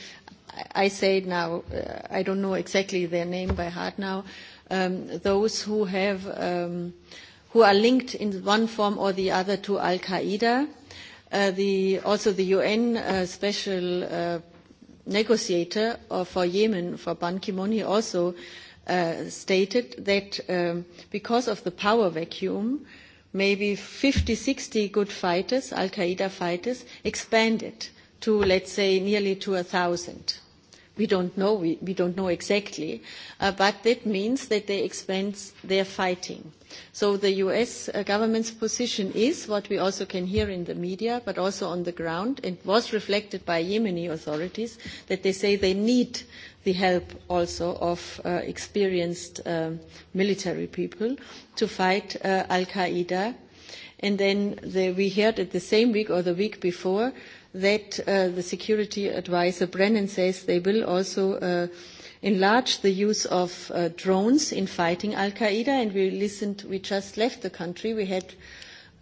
I, I say it now, uh, I don't know exactly their name by heart now, um, those who have, um, who are linked in one form or the other to Al-Qaeda. Uh, the, also the UN uh, special uh, negotiator uh, for Yemen, for Ban Ki-moon, he also uh, stated that um, because of the power vacuum, uh, maybe 50, 60 good fighters, Al-Qaeda fighters, expanded to, let's say, nearly to 1,000. We don't know, we, we don't know exactly, uh, but that means that they expand their fighting. So the US uh, government's position is what we also can hear in the media, but also on the ground, and was reflected by Yemeni authorities, that they say they need the help also of uh, experienced uh, military people to fight uh, Al-Qaeda. And then the, we heard at the same week or the week before that uh, the security advisor Brennan says they will also uh, enlarge the use of uh, drones in fighting Al-Qaeda. And we listened, we just left the country. We had uh,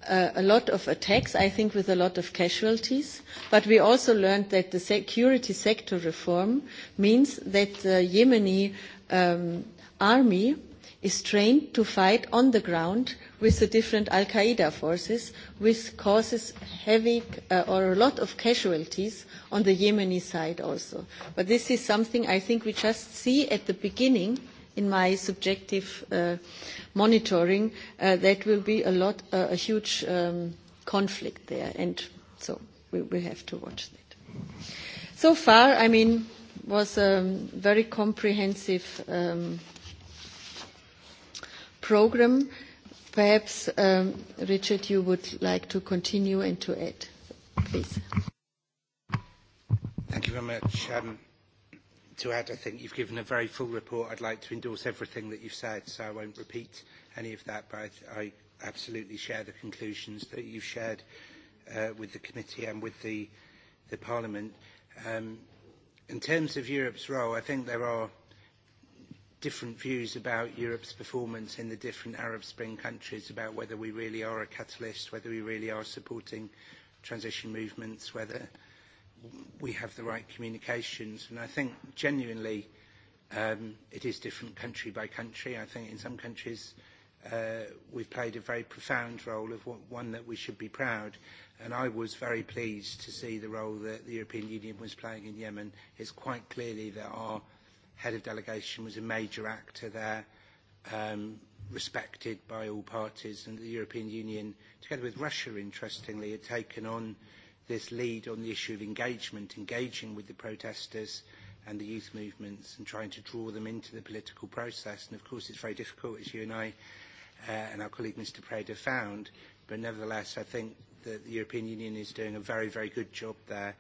uh, a lot of attacks, I think with a lot of casualties. But we also learned that the security sector reform means that the Yemeni um, army is trained to fight on the ground with the different Al Qaeda forces, which causes heavy uh, or a lot of casualties on the Yemeni side also. But this is something I think we just see at the beginning in my subjective uh, monitoring, uh, that will be a lot, uh, a huge um, conflict there. And so we, we have to watch that. So far, I mean, was a very comprehensive um, program. Perhaps, um, Richard, you would like to continue and to add, please. Thank you very much. Um, to add. I think you've given a very full report. I'd like to endorse everything that you've said, so I won't repeat any of that, but I, I absolutely share the conclusions that you've shared uh, with the committee and with the, the Parliament. Um, in terms of Europe's role, I think there are different views about Europe's performance in the different Arab Spring countries, about whether we really are a catalyst, whether we really are supporting transition movements, whether uh, we have the right communications. And I think genuinely um, it is different country by country. I think in some countries uh, we've played a very profound role of what, one that we should be proud. And I was very pleased to see the role that the European Union was playing in Yemen. It's quite clearly that our head of delegation was a major actor there, um, respected by all parties, and the European Union, together with Russia, interestingly, had taken on uh, this lead on the issue of engagement, engaging with the protesters and the youth movements and trying to draw them into the political process. And of course, it's very difficult, as you and I uh, and our colleague Mr. Preda found. But nevertheless, I think that the European Union is doing a very, very good job there.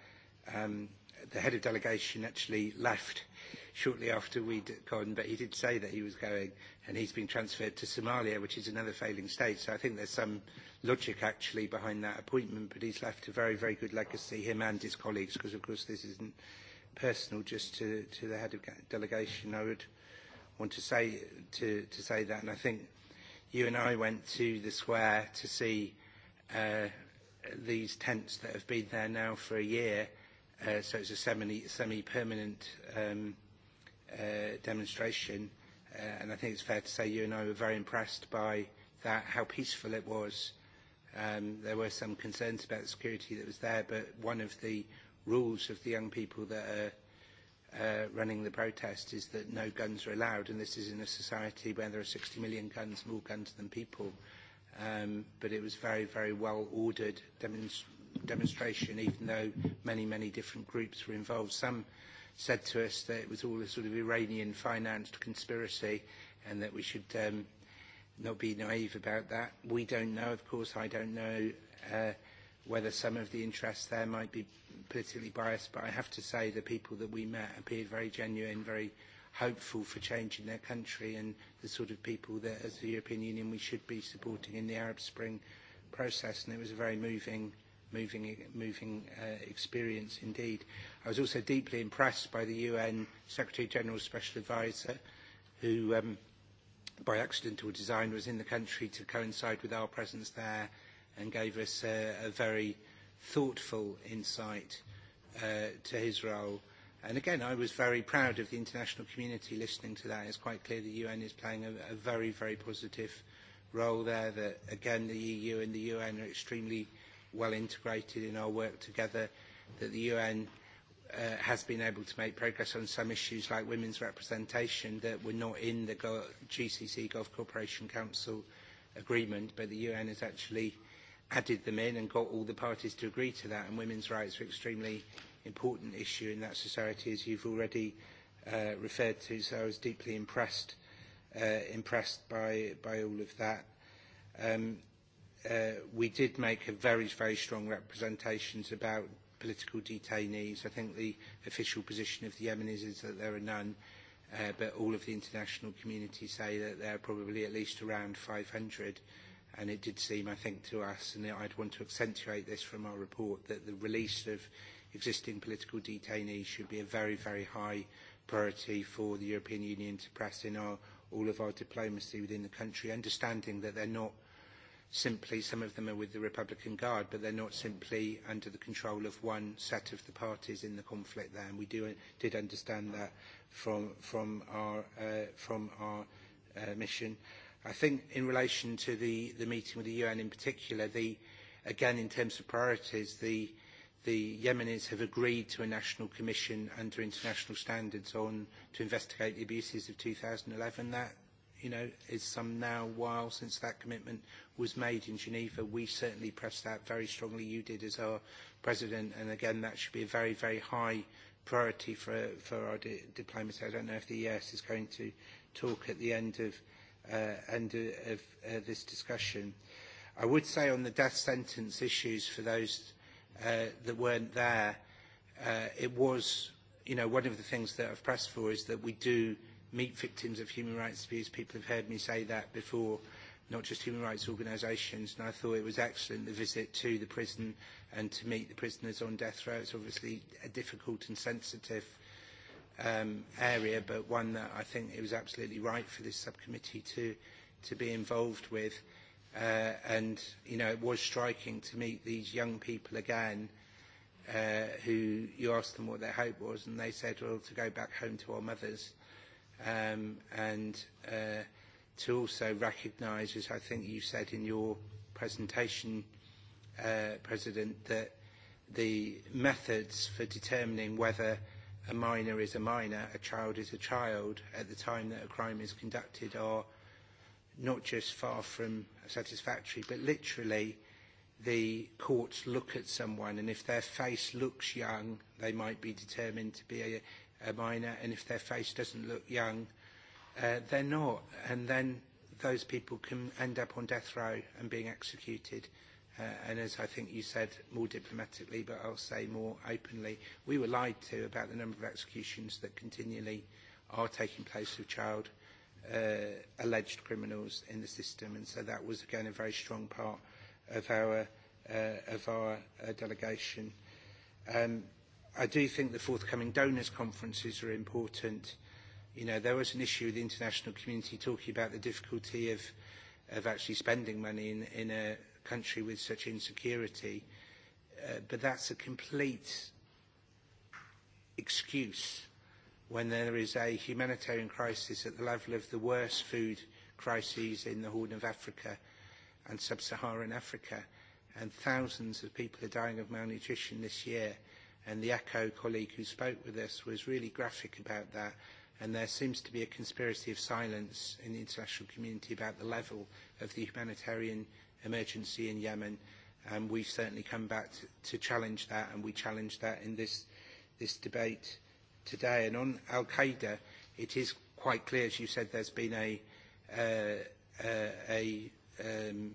Um, the head of delegation actually left shortly after we'd gone, but he did say that he was going, and he's been transferred to Somalia, which is another failing state. So I think there's some logic actually behind that appointment, but he's left a very, very good legacy, him and his colleagues, because of course this isn't personal just to, to the head of delegation. I would want to say, to, to say that, and I think you and I went to the square to see uh, these tents that have been there now for a year. Uh, so it's a semi, semi-permanent um, uh, demonstration, uh, and I think it's fair to say you and I were very impressed by that, how peaceful it was. Um, there were some concerns about the security that was there, but one of the rules of the young people that are uh, running the protest is that no guns are allowed, and this is in a society where there are 60 million guns, more guns than people. Um, but it was very, very well ordered demonst- demonstration, even though many, many different groups were involved. Some uh, said to us that it was all a sort of Iranian financed conspiracy and that we should um, not be naive about that. We don't know, of course, I don't know uh, whether some of the interests there might be politically biased, but I have to say the people that we met appeared very genuine, very hopeful for change in their country and the sort of people that, as the European Union, we should be supporting in the Arab Spring process. And it was a very moving moving, moving uh, experience indeed. I was also deeply impressed by the UN Secretary General's Special Advisor, who um, by accidental design was in the country to coincide with our presence there and gave us uh, a very thoughtful insight uh, to his role. And again, I was very proud of the international community listening to that. It's quite clear the UN is playing a, a very, very positive role there that, again, the EU and the UN are extremely well integrated in our work together, that the UN uh, has been able to make progress on some issues like women's representation that were not in the Go GCC Gulf Cooperation Council agreement, but the UN has actually added them in and got all the parties to agree to that. And women's rights are an extremely important issue in that society, as you've already uh, referred to. So I was deeply impressed, uh, impressed by, by all of that. Um, uh, we did make a very, very strong representations about political detainees. I think the official position of the Yemenis is that there are none, uh, but all of the international community say that there are probably at least around 500. And it did seem, I think, to us, and I'd want to accentuate this from our report, that the release of existing political detainees should be a very, very high priority for the European Union to press in our, all of our diplomacy within the country, understanding that they're not – simply, some of them are with the Republican Guard, but they're not simply under the control of one set of the parties in the conflict there. And we do, did understand that from, from our, uh, from our uh, mission. I think in relation to the, the meeting with the UN in particular, the, again, in terms of priorities, the, the Yemenis have agreed to a national commission under international standards on to investigate the abuses of 2011. That, you know, is some now while since that commitment was made in Geneva. We certainly pressed that very strongly. You did as our president, and again, that should be a very, very high priority for, for our di diplomacy. I don't know if the ES is going to talk at the end of, uh, end of uh, this discussion. I would say on the death sentence issues for those uh, that weren't there, uh, it was, you know, one of the things that I've pressed for is that we do meet victims of human rights abuse. People have heard me say that before, not just human rights organisations. And I thought it was excellent, the visit to the prison and to meet the prisoners on death row. It's obviously a difficult and sensitive um, area, but one that I think it was absolutely right for this subcommittee to, to be involved with. Uh, and, you know, it was striking to meet these young people again uh, who you asked them what their hope was, and they said, well, to go back home to our mothers. Uh, um, and uh, to also recognise, as I think you said in your presentation, uh, President, that the methods for determining whether a minor is a minor, a child is a child, at the time that a crime is conducted are not just far from satisfactory, but literally the courts look at someone and if their face looks young, they might be determined to be a, a minor, and if their face doesn't look young, uh, they're not. And then those people can end up on death row and being executed. Uh, and as I think you said more diplomatically, but I'll say more openly, we were lied to about the number of executions that continually are taking place of child uh, alleged criminals in the system. And so that was, again, a very strong part of our, uh, of our uh, delegation. Um, I do think the forthcoming donors conferences are important. You know, there was an issue with the international community talking about the difficulty of, of actually spending money in, in a country with such insecurity. Uh, but that's a complete excuse when there is a humanitarian crisis at the level of the worst food crises in the Horn of Africa and sub-Saharan Africa. And thousands of people are dying of malnutrition this year. Uh, and the ECHO colleague who spoke with us was really graphic about that. And there seems to be a conspiracy of silence in the international community about the level of the humanitarian emergency in Yemen. Um, we've certainly come back to, to challenge that, and we challenge that in this, this debate today. And on Al Qaeda, it is quite clear, as you said, there's been a, uh, uh, a um,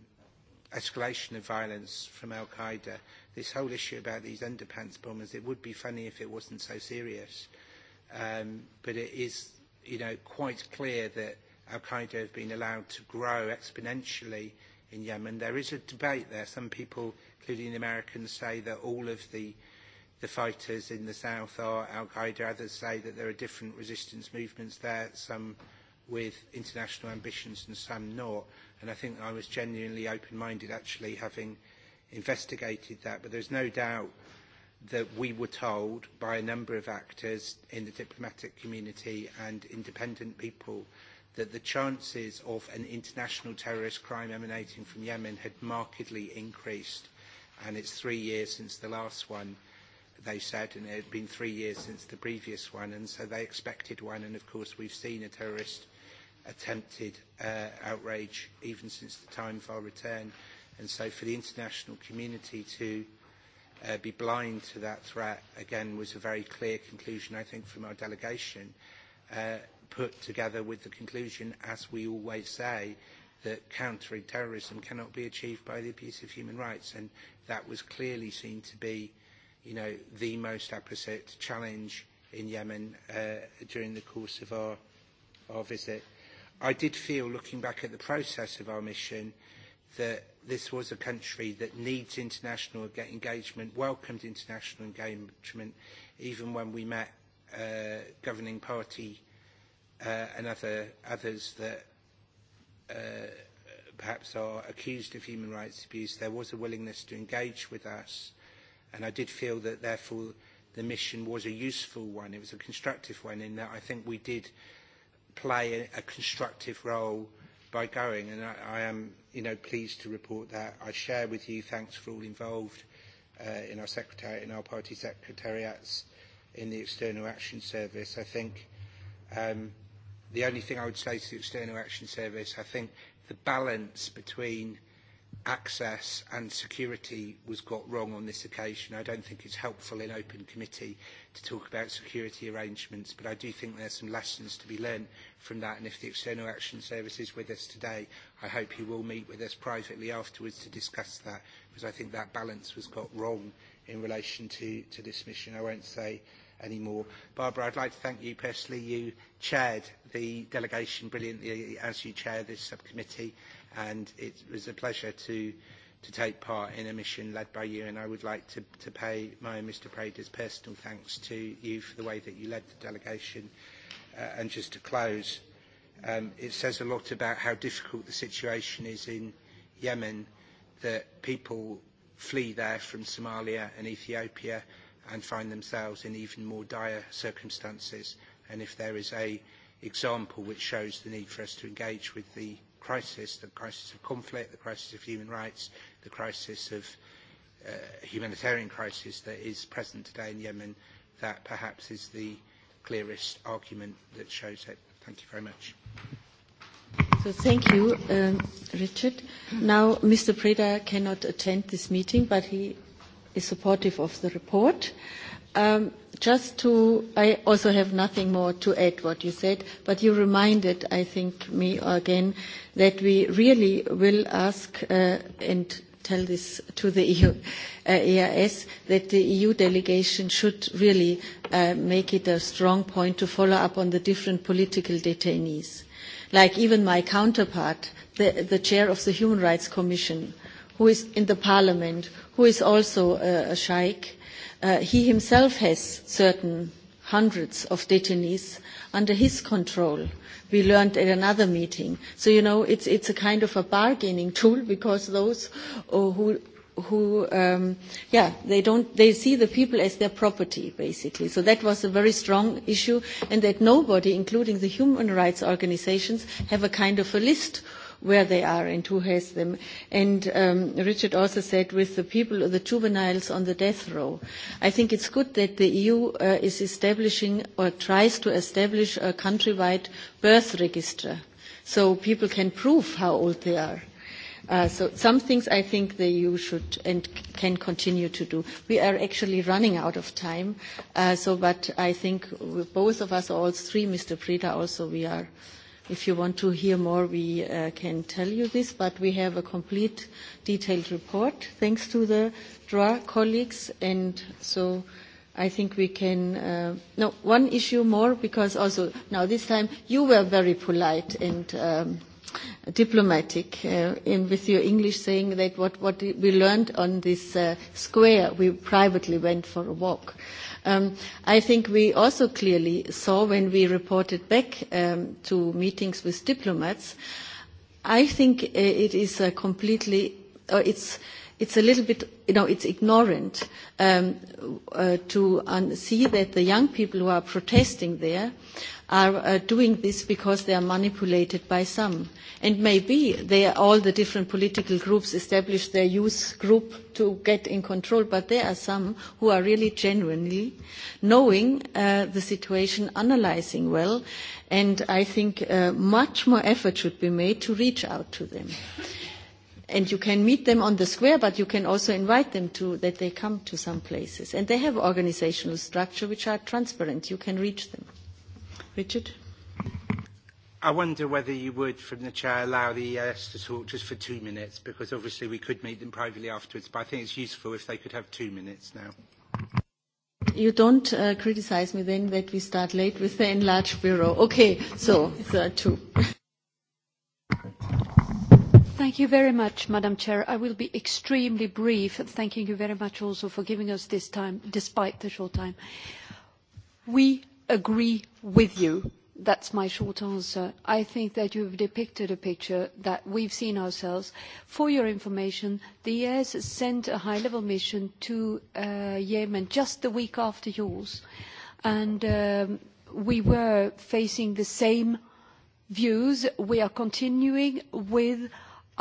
escalation of violence from Al Qaeda this whole issue about these underpants bombers, it would be funny if it wasn't so serious. Um, but it is, you know, quite clear that al-Qaeda have been allowed to grow exponentially in Yemen. There is a debate there. Some people, including the Americans, say that all of the, the fighters in the south are al-Qaeda. Others say that there are different resistance movements there, some with international ambitions and some not. And I think I was genuinely open-minded, actually, having – investigated that, but there's no doubt that we were told by a number of actors in the diplomatic community and independent people that the chances of an international terrorist crime emanating from Yemen had markedly increased. And it's three years since the last one, they said, and it had been three years since the previous one. And so they expected one. And of course, we've seen a terrorist attempted uh, outrage even since the time of our return. And so for the international community to uh, be blind to that threat, again, was a very clear conclusion, I think, from our delegation, uh, put together with the conclusion, as we always say, that countering terrorism cannot be achieved by the abuse of human rights. And that was clearly seen to be, you know, the most apposite challenge in Yemen uh, during the course of our, our visit. I did feel, looking back at the process of our mission, uh, that this was a country that needs international engagement, welcomed international engagement, even when we met uh, governing party uh, and other, others that uh, perhaps are accused of human rights abuse, there was a willingness to engage with us. And I did feel that, therefore, the mission was a useful one. It was a constructive one in that I think we did play a, a constructive role uh, by going, and I, I am, you know, pleased to report that. I share with you thanks for all involved uh, in our secretariat, in our party secretariats, in the External Action Service. I think um, the only thing I would say to the External Action Service, I think the balance between – access and security was got wrong on this occasion. I don't think it's helpful in open committee to talk about security arrangements, but I do think there's some lessons to be learned from that. And if the External Action Service is with us today, I hope he will meet with us privately afterwards to discuss that, because I think that balance was got wrong in relation to, to this mission. I won't say anymore. Barbara, I'd like to thank you personally. You chaired the delegation brilliantly as you chair this subcommittee and it was a pleasure to to take part in a mission led by you, and I would like to, to pay my and Mr. Prader's personal thanks to you for the way that you led the delegation. Uh, and just to close, um, it says a lot about how difficult the situation is in Yemen that people flee there from Somalia and Ethiopia and find themselves in even more dire circumstances. And if there is a example which shows the need for us to engage with the crisis, the crisis of conflict, the crisis of human rights, the crisis of uh, humanitarian crisis that is present today in Yemen, that perhaps is the clearest argument that shows it. Thank you very much. So thank you, um, Richard. Now, Mr. Preda cannot attend this meeting, but he is supportive of the report. Um, just to, I also have nothing more to add what you said, but you reminded, I think, me again that we really will ask uh, and tell this to the EU, uh, EIS that the EU delegation should really uh, make it a strong point to follow up on the different political detainees. Like even my counterpart, the, the chair of the Human Rights Commission, who is in the parliament, who is also uh, a sheikh, Uh, he himself has certain hundreds of detainees under his control. We learned at another meeting. So, you know, it's, it's a kind of a bargaining tool because those uh, who who um, yeah they don't they see the people as their property basically so that was a very strong issue and that nobody including the human rights organizations have a kind of a list uh, where they are and who has them. And um, Richard also said with the people, the juveniles on the death row. I think it's good that the EU uh, is establishing or tries to establish a countrywide birth register so people can prove how old they are. Uh, so some things I think the EU should and can continue to do. We are actually running out of time, uh, so but I think both of us, all three, Mr. Prida also, we are If you want to hear more, we uh, can tell you this, but we have a complete detailed report thanks to the DRA colleagues. And so I think we can. Uh, no, one issue more, because also now this time you were very polite and. Um, diplomatic uh, in with your English saying that what, what we learned on this uh, square, we privately went for a walk. Um, I think we also clearly saw when we reported back um, to meetings with diplomats, I think uh, it is a uh, completely, or it's, uh, it's a little bit, you know, it's ignorant um, uh, to un- see that the young people who are protesting there are uh, doing this because they are manipulated by some. And maybe they are all the different political groups establish their youth group to get in control, but there are some who are really genuinely knowing uh, the situation, analyzing well, and I think uh, much more effort should be made to reach out to them and you can meet them on the square, but you can also invite them to that they come to some places. And they have organizational structure which are transparent. You can reach them. Richard? I wonder whether you would, from the chair, allow the ES to talk just for two minutes, because obviously we could meet them privately afterwards, but I think it's useful if they could have two minutes now. You don't uh, criticize me then that we start late with the enlarged bureau. Okay, so, so uh, two. Thank you very much, Madam Chair. I will be extremely brief. Thanking you very much also for giving us this time, despite the short time. We agree with you. That's my short answer. I think that you've depicted a picture that we've seen ourselves. For your information, the ES sent a high-level mission to uh, Yemen just the week after yours, and um, we were facing the same views. We are continuing with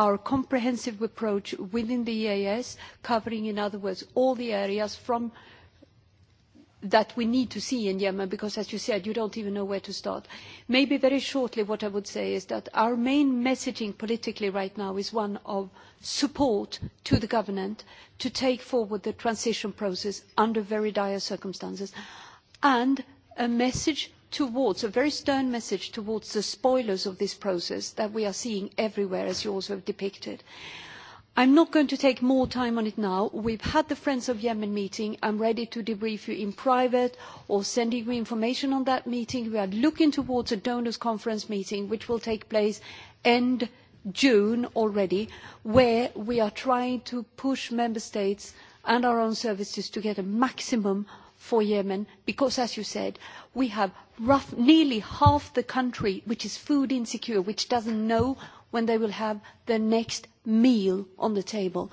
our comprehensive approach within the EAS, covering, in other words, all the areas from that we need to see in Yemen, because as you said, you don't even know where to start. Maybe very shortly, what I would say is that our main messaging politically right now is one of support to the government to take forward the transition process under very dire circumstances, and a message towards a very stern message towards the spoilers of this process that we are seeing everywhere, as you also have depicted. I'm not going to take more time on it now. We've had the Friends of Yemen meeting. I'm ready to debrief you in private or sending you information on that meeting. We are looking towards a donors conference meeting, which will take place end June already, where we are trying to push member states and our own services to get a maximum for Yemen because, as you said, we have rough, nearly half the country which is food insecure, which doesn't know when they will have their next meal on the table.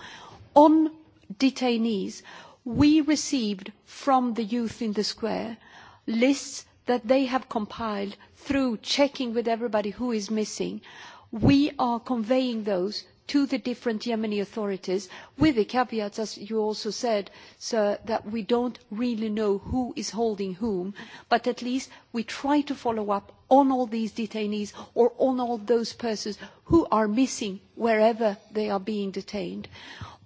On detainees, we received from the youth in the square lists that they have compiled through checking with everybody who is missing. We are conveying those to the different Yemeni authorities, with the caveat, as you also said, sir, that we don't really know who is holding whom, but at least we try to follow up on all these detainees or on all those persons who are missing wherever they are being detained.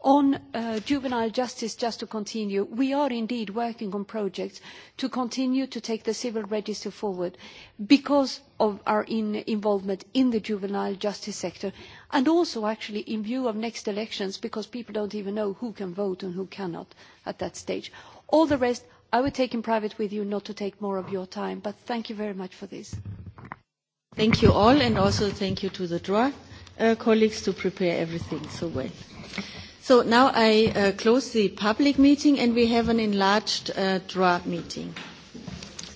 On uh, juvenile justice, just to continue, we are indeed working on projects to continue to take the civil register forward because of our in involvement in the juvenile justice sector and also actually in view of next elections because people don't even know who can vote and who cannot at that stage. All the rest I would take in private with you not to take more of your time, but thank you very much for this. Thank you all and also thank you to the DROA uh, colleagues to prepare everything so well. So now I uh, close the public meeting and we have an enlarged uh, draw meeting,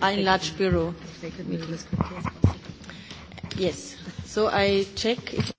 uh, enlarged bureau. Meeting. Yes. So I check. If